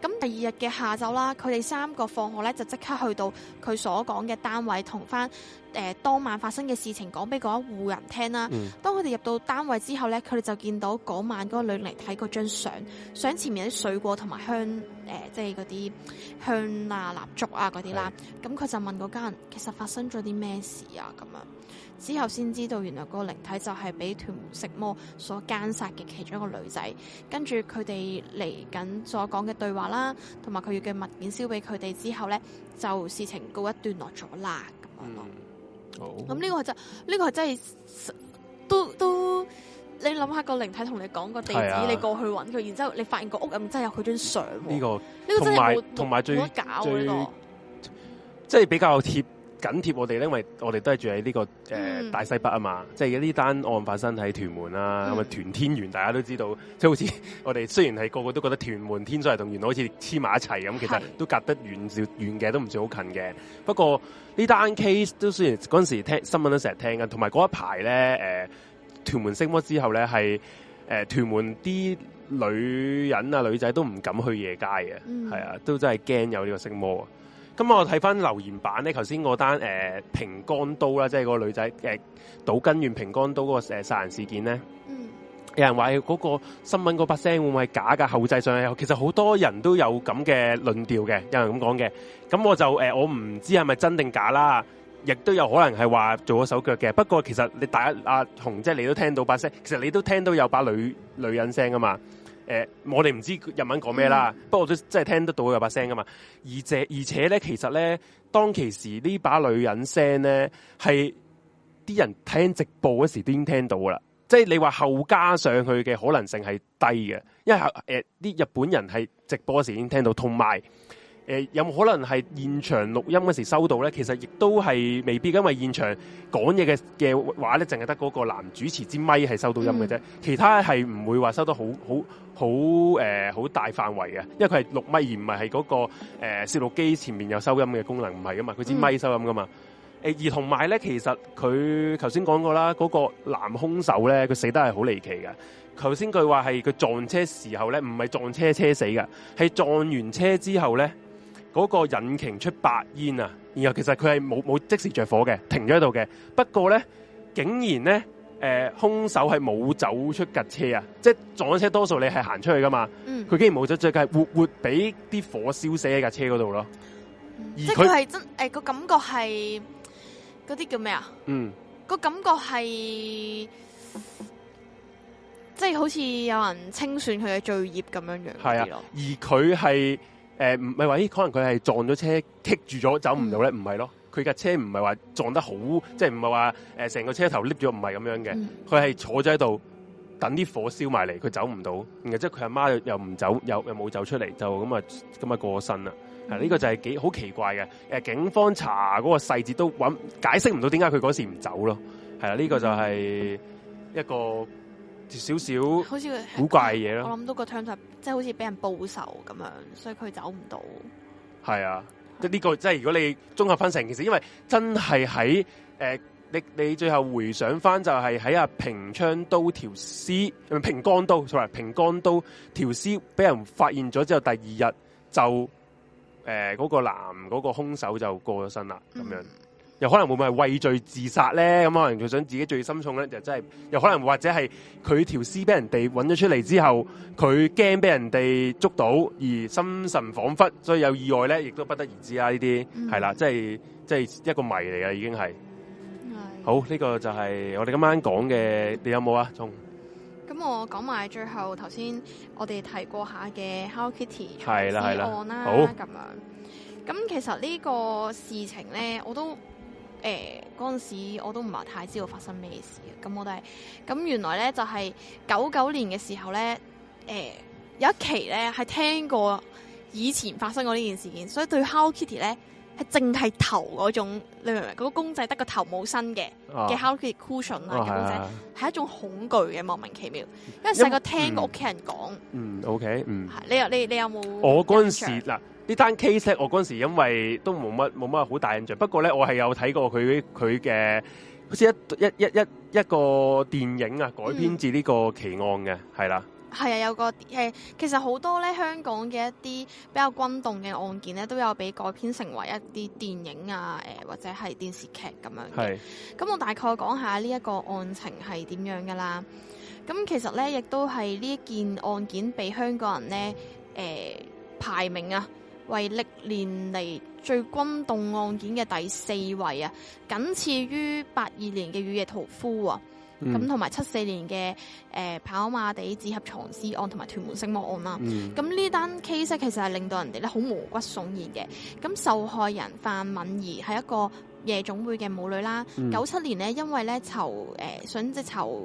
咁第二日嘅下晝啦，佢哋三個放學咧就即刻去到佢所講嘅單位，同翻誒當晚發生嘅事情講俾嗰一戶人聽啦。嗯、當佢哋入到單位之後咧，佢哋就見到嗰晚嗰個女靈體嗰張相，相前面啲水果同埋香誒、呃，即係嗰啲香啊、蠟燭啊嗰啲啦。咁、嗯、佢就問嗰家人，其實發生咗啲咩事啊？咁樣之後先知道，原來個靈體就係俾屯門色魔所姦殺嘅其中一個女仔。跟住佢哋嚟緊所講嘅對話。啦，同埋佢要嘅物件燒俾佢哋之後咧，就事情告一段落咗啦。咁樣咯、嗯。好。咁呢個係真，呢、這個係真係都都，你諗下個靈體同你講個地址，啊、你過去揾佢，然之後你發現個屋入面真係有佢張相。呢、這個呢、這個真係同埋同埋最最，即、這、係、個就是、比較貼。緊貼我哋，因為我哋都係住喺呢、這個誒、呃、大西北啊嘛，mm -hmm. 即係呢單案發生喺屯門啦，咁啊屯天元大家都知道，即係好似我哋雖然係個個都覺得屯門天水圍同元朗好似黐埋一齊咁，其實都隔得遠少遠嘅，都唔算好近嘅。不過呢單 case 都雖然嗰陣時聽新聞都成日聽嘅，同埋嗰一排咧誒屯門色魔之後咧係誒屯門啲女人啊女仔都唔敢去夜街嘅，mm -hmm. 啊，都真係驚有呢個色魔咁、嗯、我睇返留言版咧，頭先嗰單誒、呃、平江刀啦，即係嗰個女仔誒、呃、島根縣平江刀嗰、嗰個誒殺人事件咧，嗯，有人話嗰個新聞個把聲會唔會係假㗎後製上去？其實好多人都有咁嘅論調嘅，有人咁講嘅。咁我就誒、呃，我唔知係咪真定假啦，亦都有可能係話做咗手腳嘅。不過其實你大家阿雄姐你都聽到把聲，其實你都聽到有把女女人聲㗎嘛。誒、呃，我哋唔知日文講咩啦、嗯，不過我都真係聽得到佢有把聲噶嘛。而且而且咧，其實咧，當其時呢把女人聲咧，係啲人聽直播嗰時都已經聽到噶啦，即、就、係、是、你話後加上去嘅可能性係低嘅，因為誒啲、呃、日本人係直播嗰時已經聽到，同埋。誒、呃、有冇可能係現場錄音嗰時收到呢？其實亦都係未必，因為現場講嘢嘅嘅話咧，淨係得嗰個男主持支咪係收到音嘅啫，嗯、其他係唔會話收得好好好誒、呃、好大範圍嘅，因為佢係錄咪，而唔係係嗰個誒、呃、攝錄機前面有收音嘅功能唔係噶嘛，佢支咪收音噶嘛。嗯、而同埋呢，其實佢頭先講過啦，嗰、嗰個男兇手呢，佢死得係好離奇嘅。頭先佢話係佢撞車時候呢，唔係撞車車死嘅，係撞完車之後呢。嗰、那個引擎出白煙啊，然後其實佢係冇冇即時着火嘅，停咗喺度嘅。不過咧，竟然咧，誒、呃，兇手係冇走出架車啊，即係撞咗車，多數你係行出去噶嘛。佢、嗯、竟然冇走出去，即係活活俾啲火燒死喺架車嗰度咯。嗯、他即係佢係真誒個、呃、感覺係嗰啲叫咩啊？嗯，個感覺係即係好似有人清算佢嘅罪孽咁樣樣。係啊，而佢係。誒唔係話，咦？可能佢係撞咗車，棘住咗走唔到咧？唔係咯，佢架車唔係話撞得好，即係唔係話成個車頭擰咗唔係咁樣嘅。佢係坐咗喺度等啲火燒埋嚟，佢走唔到。然後即係佢阿媽又唔走，又又冇走出嚟，就咁啊咁啊過身啦。係呢個就係幾好奇怪嘅。誒警方查嗰個細節都揾解釋唔到點解佢嗰時唔走咯。係啦，呢個就係一個。少少古怪嘢咯，我諗到個 turn 即係好似俾人報仇咁樣，所以佢走唔到。係啊，這個、即呢個即係如果你綜合翻成件事，其實因為真係喺誒，你你最後回想翻就係喺阿平昌刀條屍、呃，平江刀，錯平江刀條屍俾人發現咗之後，第二日就誒嗰、呃那個男嗰、那個兇手就過咗身啦咁樣。嗯又可能會唔會畏罪自殺咧？咁可能佢想自己最心痛咧，就真係又可能或者係佢條屍俾人哋揾咗出嚟之後，佢驚俾人哋捉到而心神恍惚，所以有意外咧，亦都不得而知啊！呢啲係啦，即係即係一個謎嚟嘅，已經係。好，呢個就係我哋今晚講嘅。你有冇啊？鐘？咁我講埋最後頭先我哋提過下嘅 Hello Kitty 的案啦，咁樣咁其實呢個事情咧，我都。誒、欸，嗰陣時我都唔係太知道發生咩事嘅，咁我都、就、係、是，咁原來咧就係九九年嘅時候咧，誒、欸、有一期咧係聽過以前發生過呢件事件，所以對 Hello Kitty 咧係淨係頭嗰種，你明唔明？嗰、那個公仔得個頭冇身嘅嘅 Hello Kitty Cushion 啊，係、哦啊、一種恐懼嘅莫名其妙，嗯、因為細個聽過屋企人講，嗯，嗯，OK，嗯，你有你你，你有冇？我嗰陣時嗱。呢單 case 我嗰陣時因為都冇乜冇乜好大印象，不過咧我係有睇過佢佢嘅好似一一一一一,一個電影啊，改編自呢個奇案嘅。係啦，係啊，有個誒、呃、其實好多咧香港嘅一啲比較轟動嘅案件咧都有俾改編成為一啲電影啊誒、呃、或者係電視劇咁樣嘅。咁我大概講下呢一個案情係點樣噶啦。咁、嗯、其實咧亦都係呢一件案件俾香港人咧誒、呃、排名啊。為歷年嚟最轟動案件嘅第四位啊，僅次於八二年嘅雨夜屠夫啊，咁同埋七四年嘅誒、呃、跑馬地紙盒藏屍案同埋屯門色魔案啦。咁呢單 case 其實係令到人哋咧好毛骨悚然嘅。咁受害人范敏儀係一個夜總會嘅舞女啦。九、嗯、七年呢，因為咧籌誒想即係籌。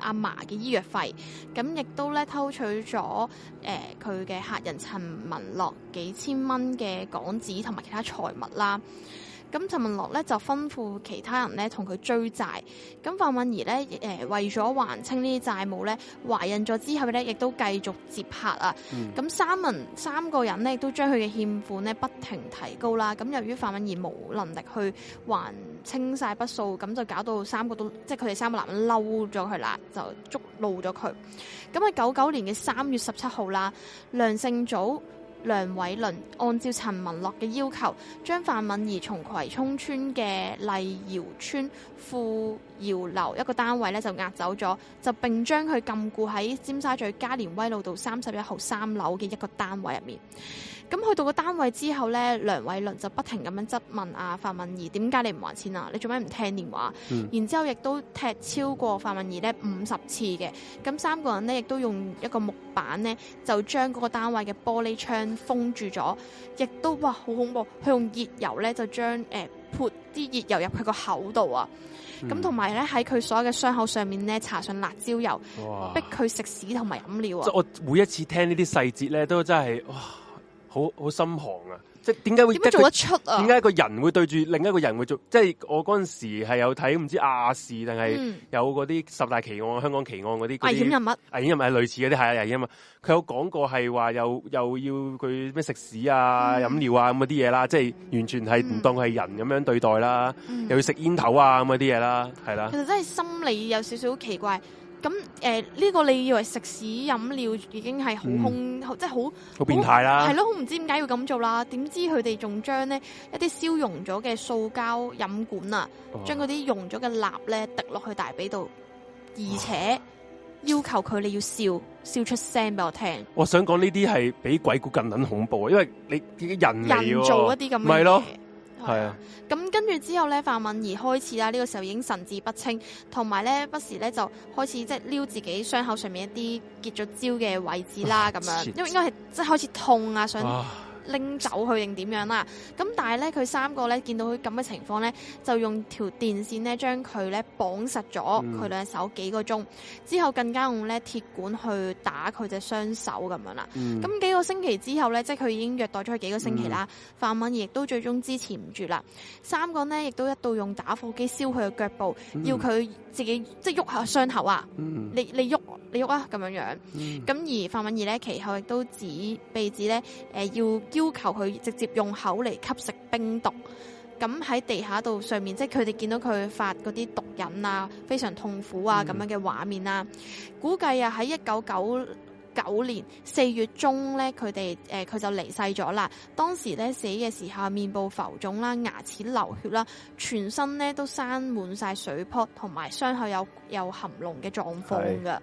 阿嫲嘅醫藥費，咁亦都咧偷取咗誒佢嘅客人陳文樂幾千蚊嘅港紙同埋其他財物啦。咁陳文樂咧就吩咐其他人咧同佢追債，咁范敏儀咧誒為咗還清呢啲債務咧，懷孕咗之後咧亦都繼續接客啊。咁、嗯、三文三個人咧亦都將佢嘅欠款咧不停提高啦。咁由於范敏儀冇能力去還清晒筆數，咁就搞到三個都即係佢哋三個男人嬲咗佢啦，就捉露咗佢。咁喺九九年嘅三月十七號啦，梁勝祖。梁偉倫按照陳文樂嘅要求，將范敏儀從葵涌村嘅麗瑤邨富瑤樓一個單位咧就押走咗，就並將佢禁錮喺尖沙咀加連威老道三十一號三樓嘅一個單位入面。咁去到個單位之後咧，梁偉倫就不停咁樣質問阿、啊、范敏儀，點解你唔還錢啊？你做咩唔聽電話？嗯、然之後亦都踢超過范敏儀呢五十次嘅。咁三個人呢，亦都用一個木板呢，就將嗰個單位嘅玻璃窗封住咗。亦都哇，好恐怖！佢用熱油呢，就將誒潑啲熱油入佢個口度啊。咁同埋咧，喺佢所有嘅傷口上面呢，搽上辣椒油，逼佢食屎同埋飲料啊！即係我每一次聽細節呢啲細節咧，都真係哇！好好心寒啊！即係點解會點做得出啊？點解個人會對住另一個人會做？即係我嗰陣時係有睇唔知亞視定係有嗰啲十大奇案、嗯、香港奇案嗰啲危險人物、危險人物係類似嗰啲係啊危險啊！佢有講過係話又又要佢咩食屎啊、飲尿啊咁嗰啲嘢啦，即係完全係唔當係人咁樣對待啦，嗯、又要食煙頭啊咁嗰啲嘢啦，係啦。其實真係心理有少少好奇怪。咁誒、呢、呃這個你以為食屎飲料已經係好兇，即係好好變態啦，係咯，好唔知點解要咁做啦。點知佢哋仲將咧一啲燒溶咗嘅塑膠飲管啊，將嗰啲溶咗嘅蠟咧滴落去大髀度，而且要求佢你要笑笑出聲俾我聽。我想講呢啲係比鬼故更撚恐怖啊，因為你人、哦、人做一啲咁嘅嘢。係啊，咁跟住之後咧，范敏儀開始啦，呢、這個時候已經神志不清，同埋咧不時咧就開始即係撩自己傷口上面一啲結咗焦嘅位置啦，咁、呃、樣，因為應該係即係開始痛啊，想。啊拎走佢定點樣啦？咁但係咧，佢三個咧見到佢咁嘅情況咧，就用條電線咧將佢咧綁實咗佢兩隻手，幾個鐘之後更加用咧鐵管去打佢隻雙手咁樣啦。咁、嗯、幾個星期之後咧，即係佢已經虐待咗佢幾個星期啦、嗯。范敏儀亦都最終支持唔住啦。三個咧亦都一度用打火機燒佢嘅腳部，要佢自己即係喐下傷口、嗯、啊！你你喐你喐啊！咁樣樣，咁、嗯、而范敏儀咧其後亦都指被指咧誒要。要求佢直接用口嚟吸食冰毒，咁喺地下度上面，即係佢哋見到佢發嗰啲毒癮啊，非常痛苦啊咁樣嘅畫面啊，嗯、估計啊喺一九九九年四月中咧，佢哋誒佢就離世咗啦。當時咧死嘅時候，面部浮腫啦，牙齒流血啦、嗯，全身咧都生滿晒水泡，同埋傷口有有含膿嘅狀況嘅。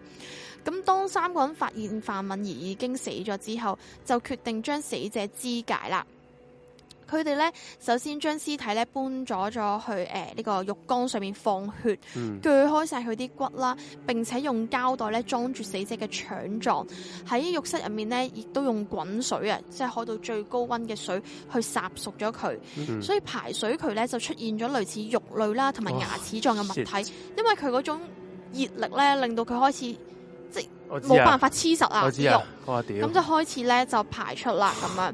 咁當三個人發現范敏儀已經死咗之後，就決定將死者肢解啦。佢哋呢，首先將屍體呢搬咗咗去誒呢、呃這個浴缸上面放血，鋸、嗯、開晒佢啲骨啦，並且用膠袋呢裝住死者嘅腸臟喺浴室入面呢，亦都用滾水啊，即係開到最高溫嘅水去烚熟咗佢、嗯，所以排水渠呢，就出現咗類似肉類啦同埋牙齒狀嘅物體，oh, 因為佢嗰種熱力呢，令到佢開始。冇、啊、辦法黐實啊！咁、啊嗯、就開始咧，就排出啦咁樣。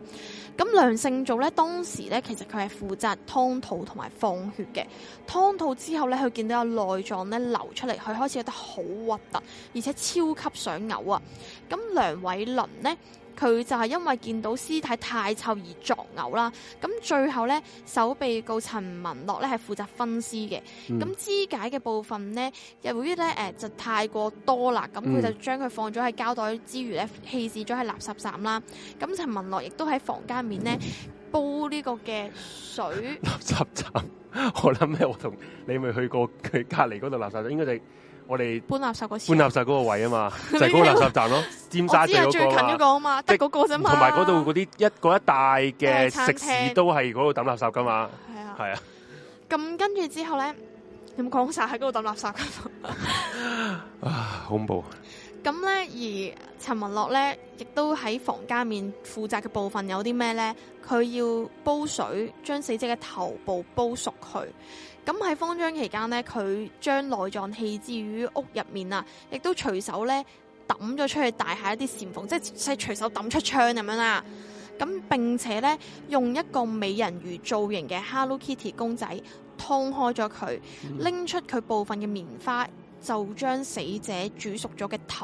咁梁聖祖咧，當時咧，其實佢係負責劏肚同埋放血嘅。劏肚之後咧，佢見到有內臟咧流出嚟，佢開始覺得好核突，而且超級想嘔啊！咁梁偉麟呢。.佢就係因為見到屍體太臭而作嘔啦，咁最後咧，首被告陳文樂咧係負責分屍嘅，咁、嗯、肢解嘅部分咧，由於咧誒就太過多啦，咁佢就將佢放咗喺膠袋之餘咧，棄置咗喺垃圾站啦。咁陳文樂亦都喺房間面咧、嗯、煲呢個嘅水。垃圾站，我諗咧，我同你未去過佢隔籬嗰度垃圾站，應該就是我哋搬垃圾嗰時搬垃圾嗰個位啊嘛，就係、是、嗰個垃圾站咯，尖沙咀嗰即係最近嗰個啊嘛，得嗰個啫嘛。同埋嗰度嗰啲一嗰一帶嘅食肆都係嗰度抌垃圾噶嘛。係、嗯、啊，係啊。咁跟住之後咧，你有冇講晒喺嗰度抌垃圾噶？ 啊，恐怖！咁咧，而陳文樂咧，亦都喺房間面負責嘅部分有啲咩咧？佢要煲水，將死者嘅頭部煲熟佢。咁喺慌張期間咧，佢將內臟棄置於屋入面啊！亦都隨手咧抌咗出去大廈一啲簷篷，即係隨手抌出窗咁樣啦。咁並且咧，用一個美人魚造型嘅 Hello Kitty 公仔，劏開咗佢，拎出佢部分嘅棉花，就將死者煮熟咗嘅頭。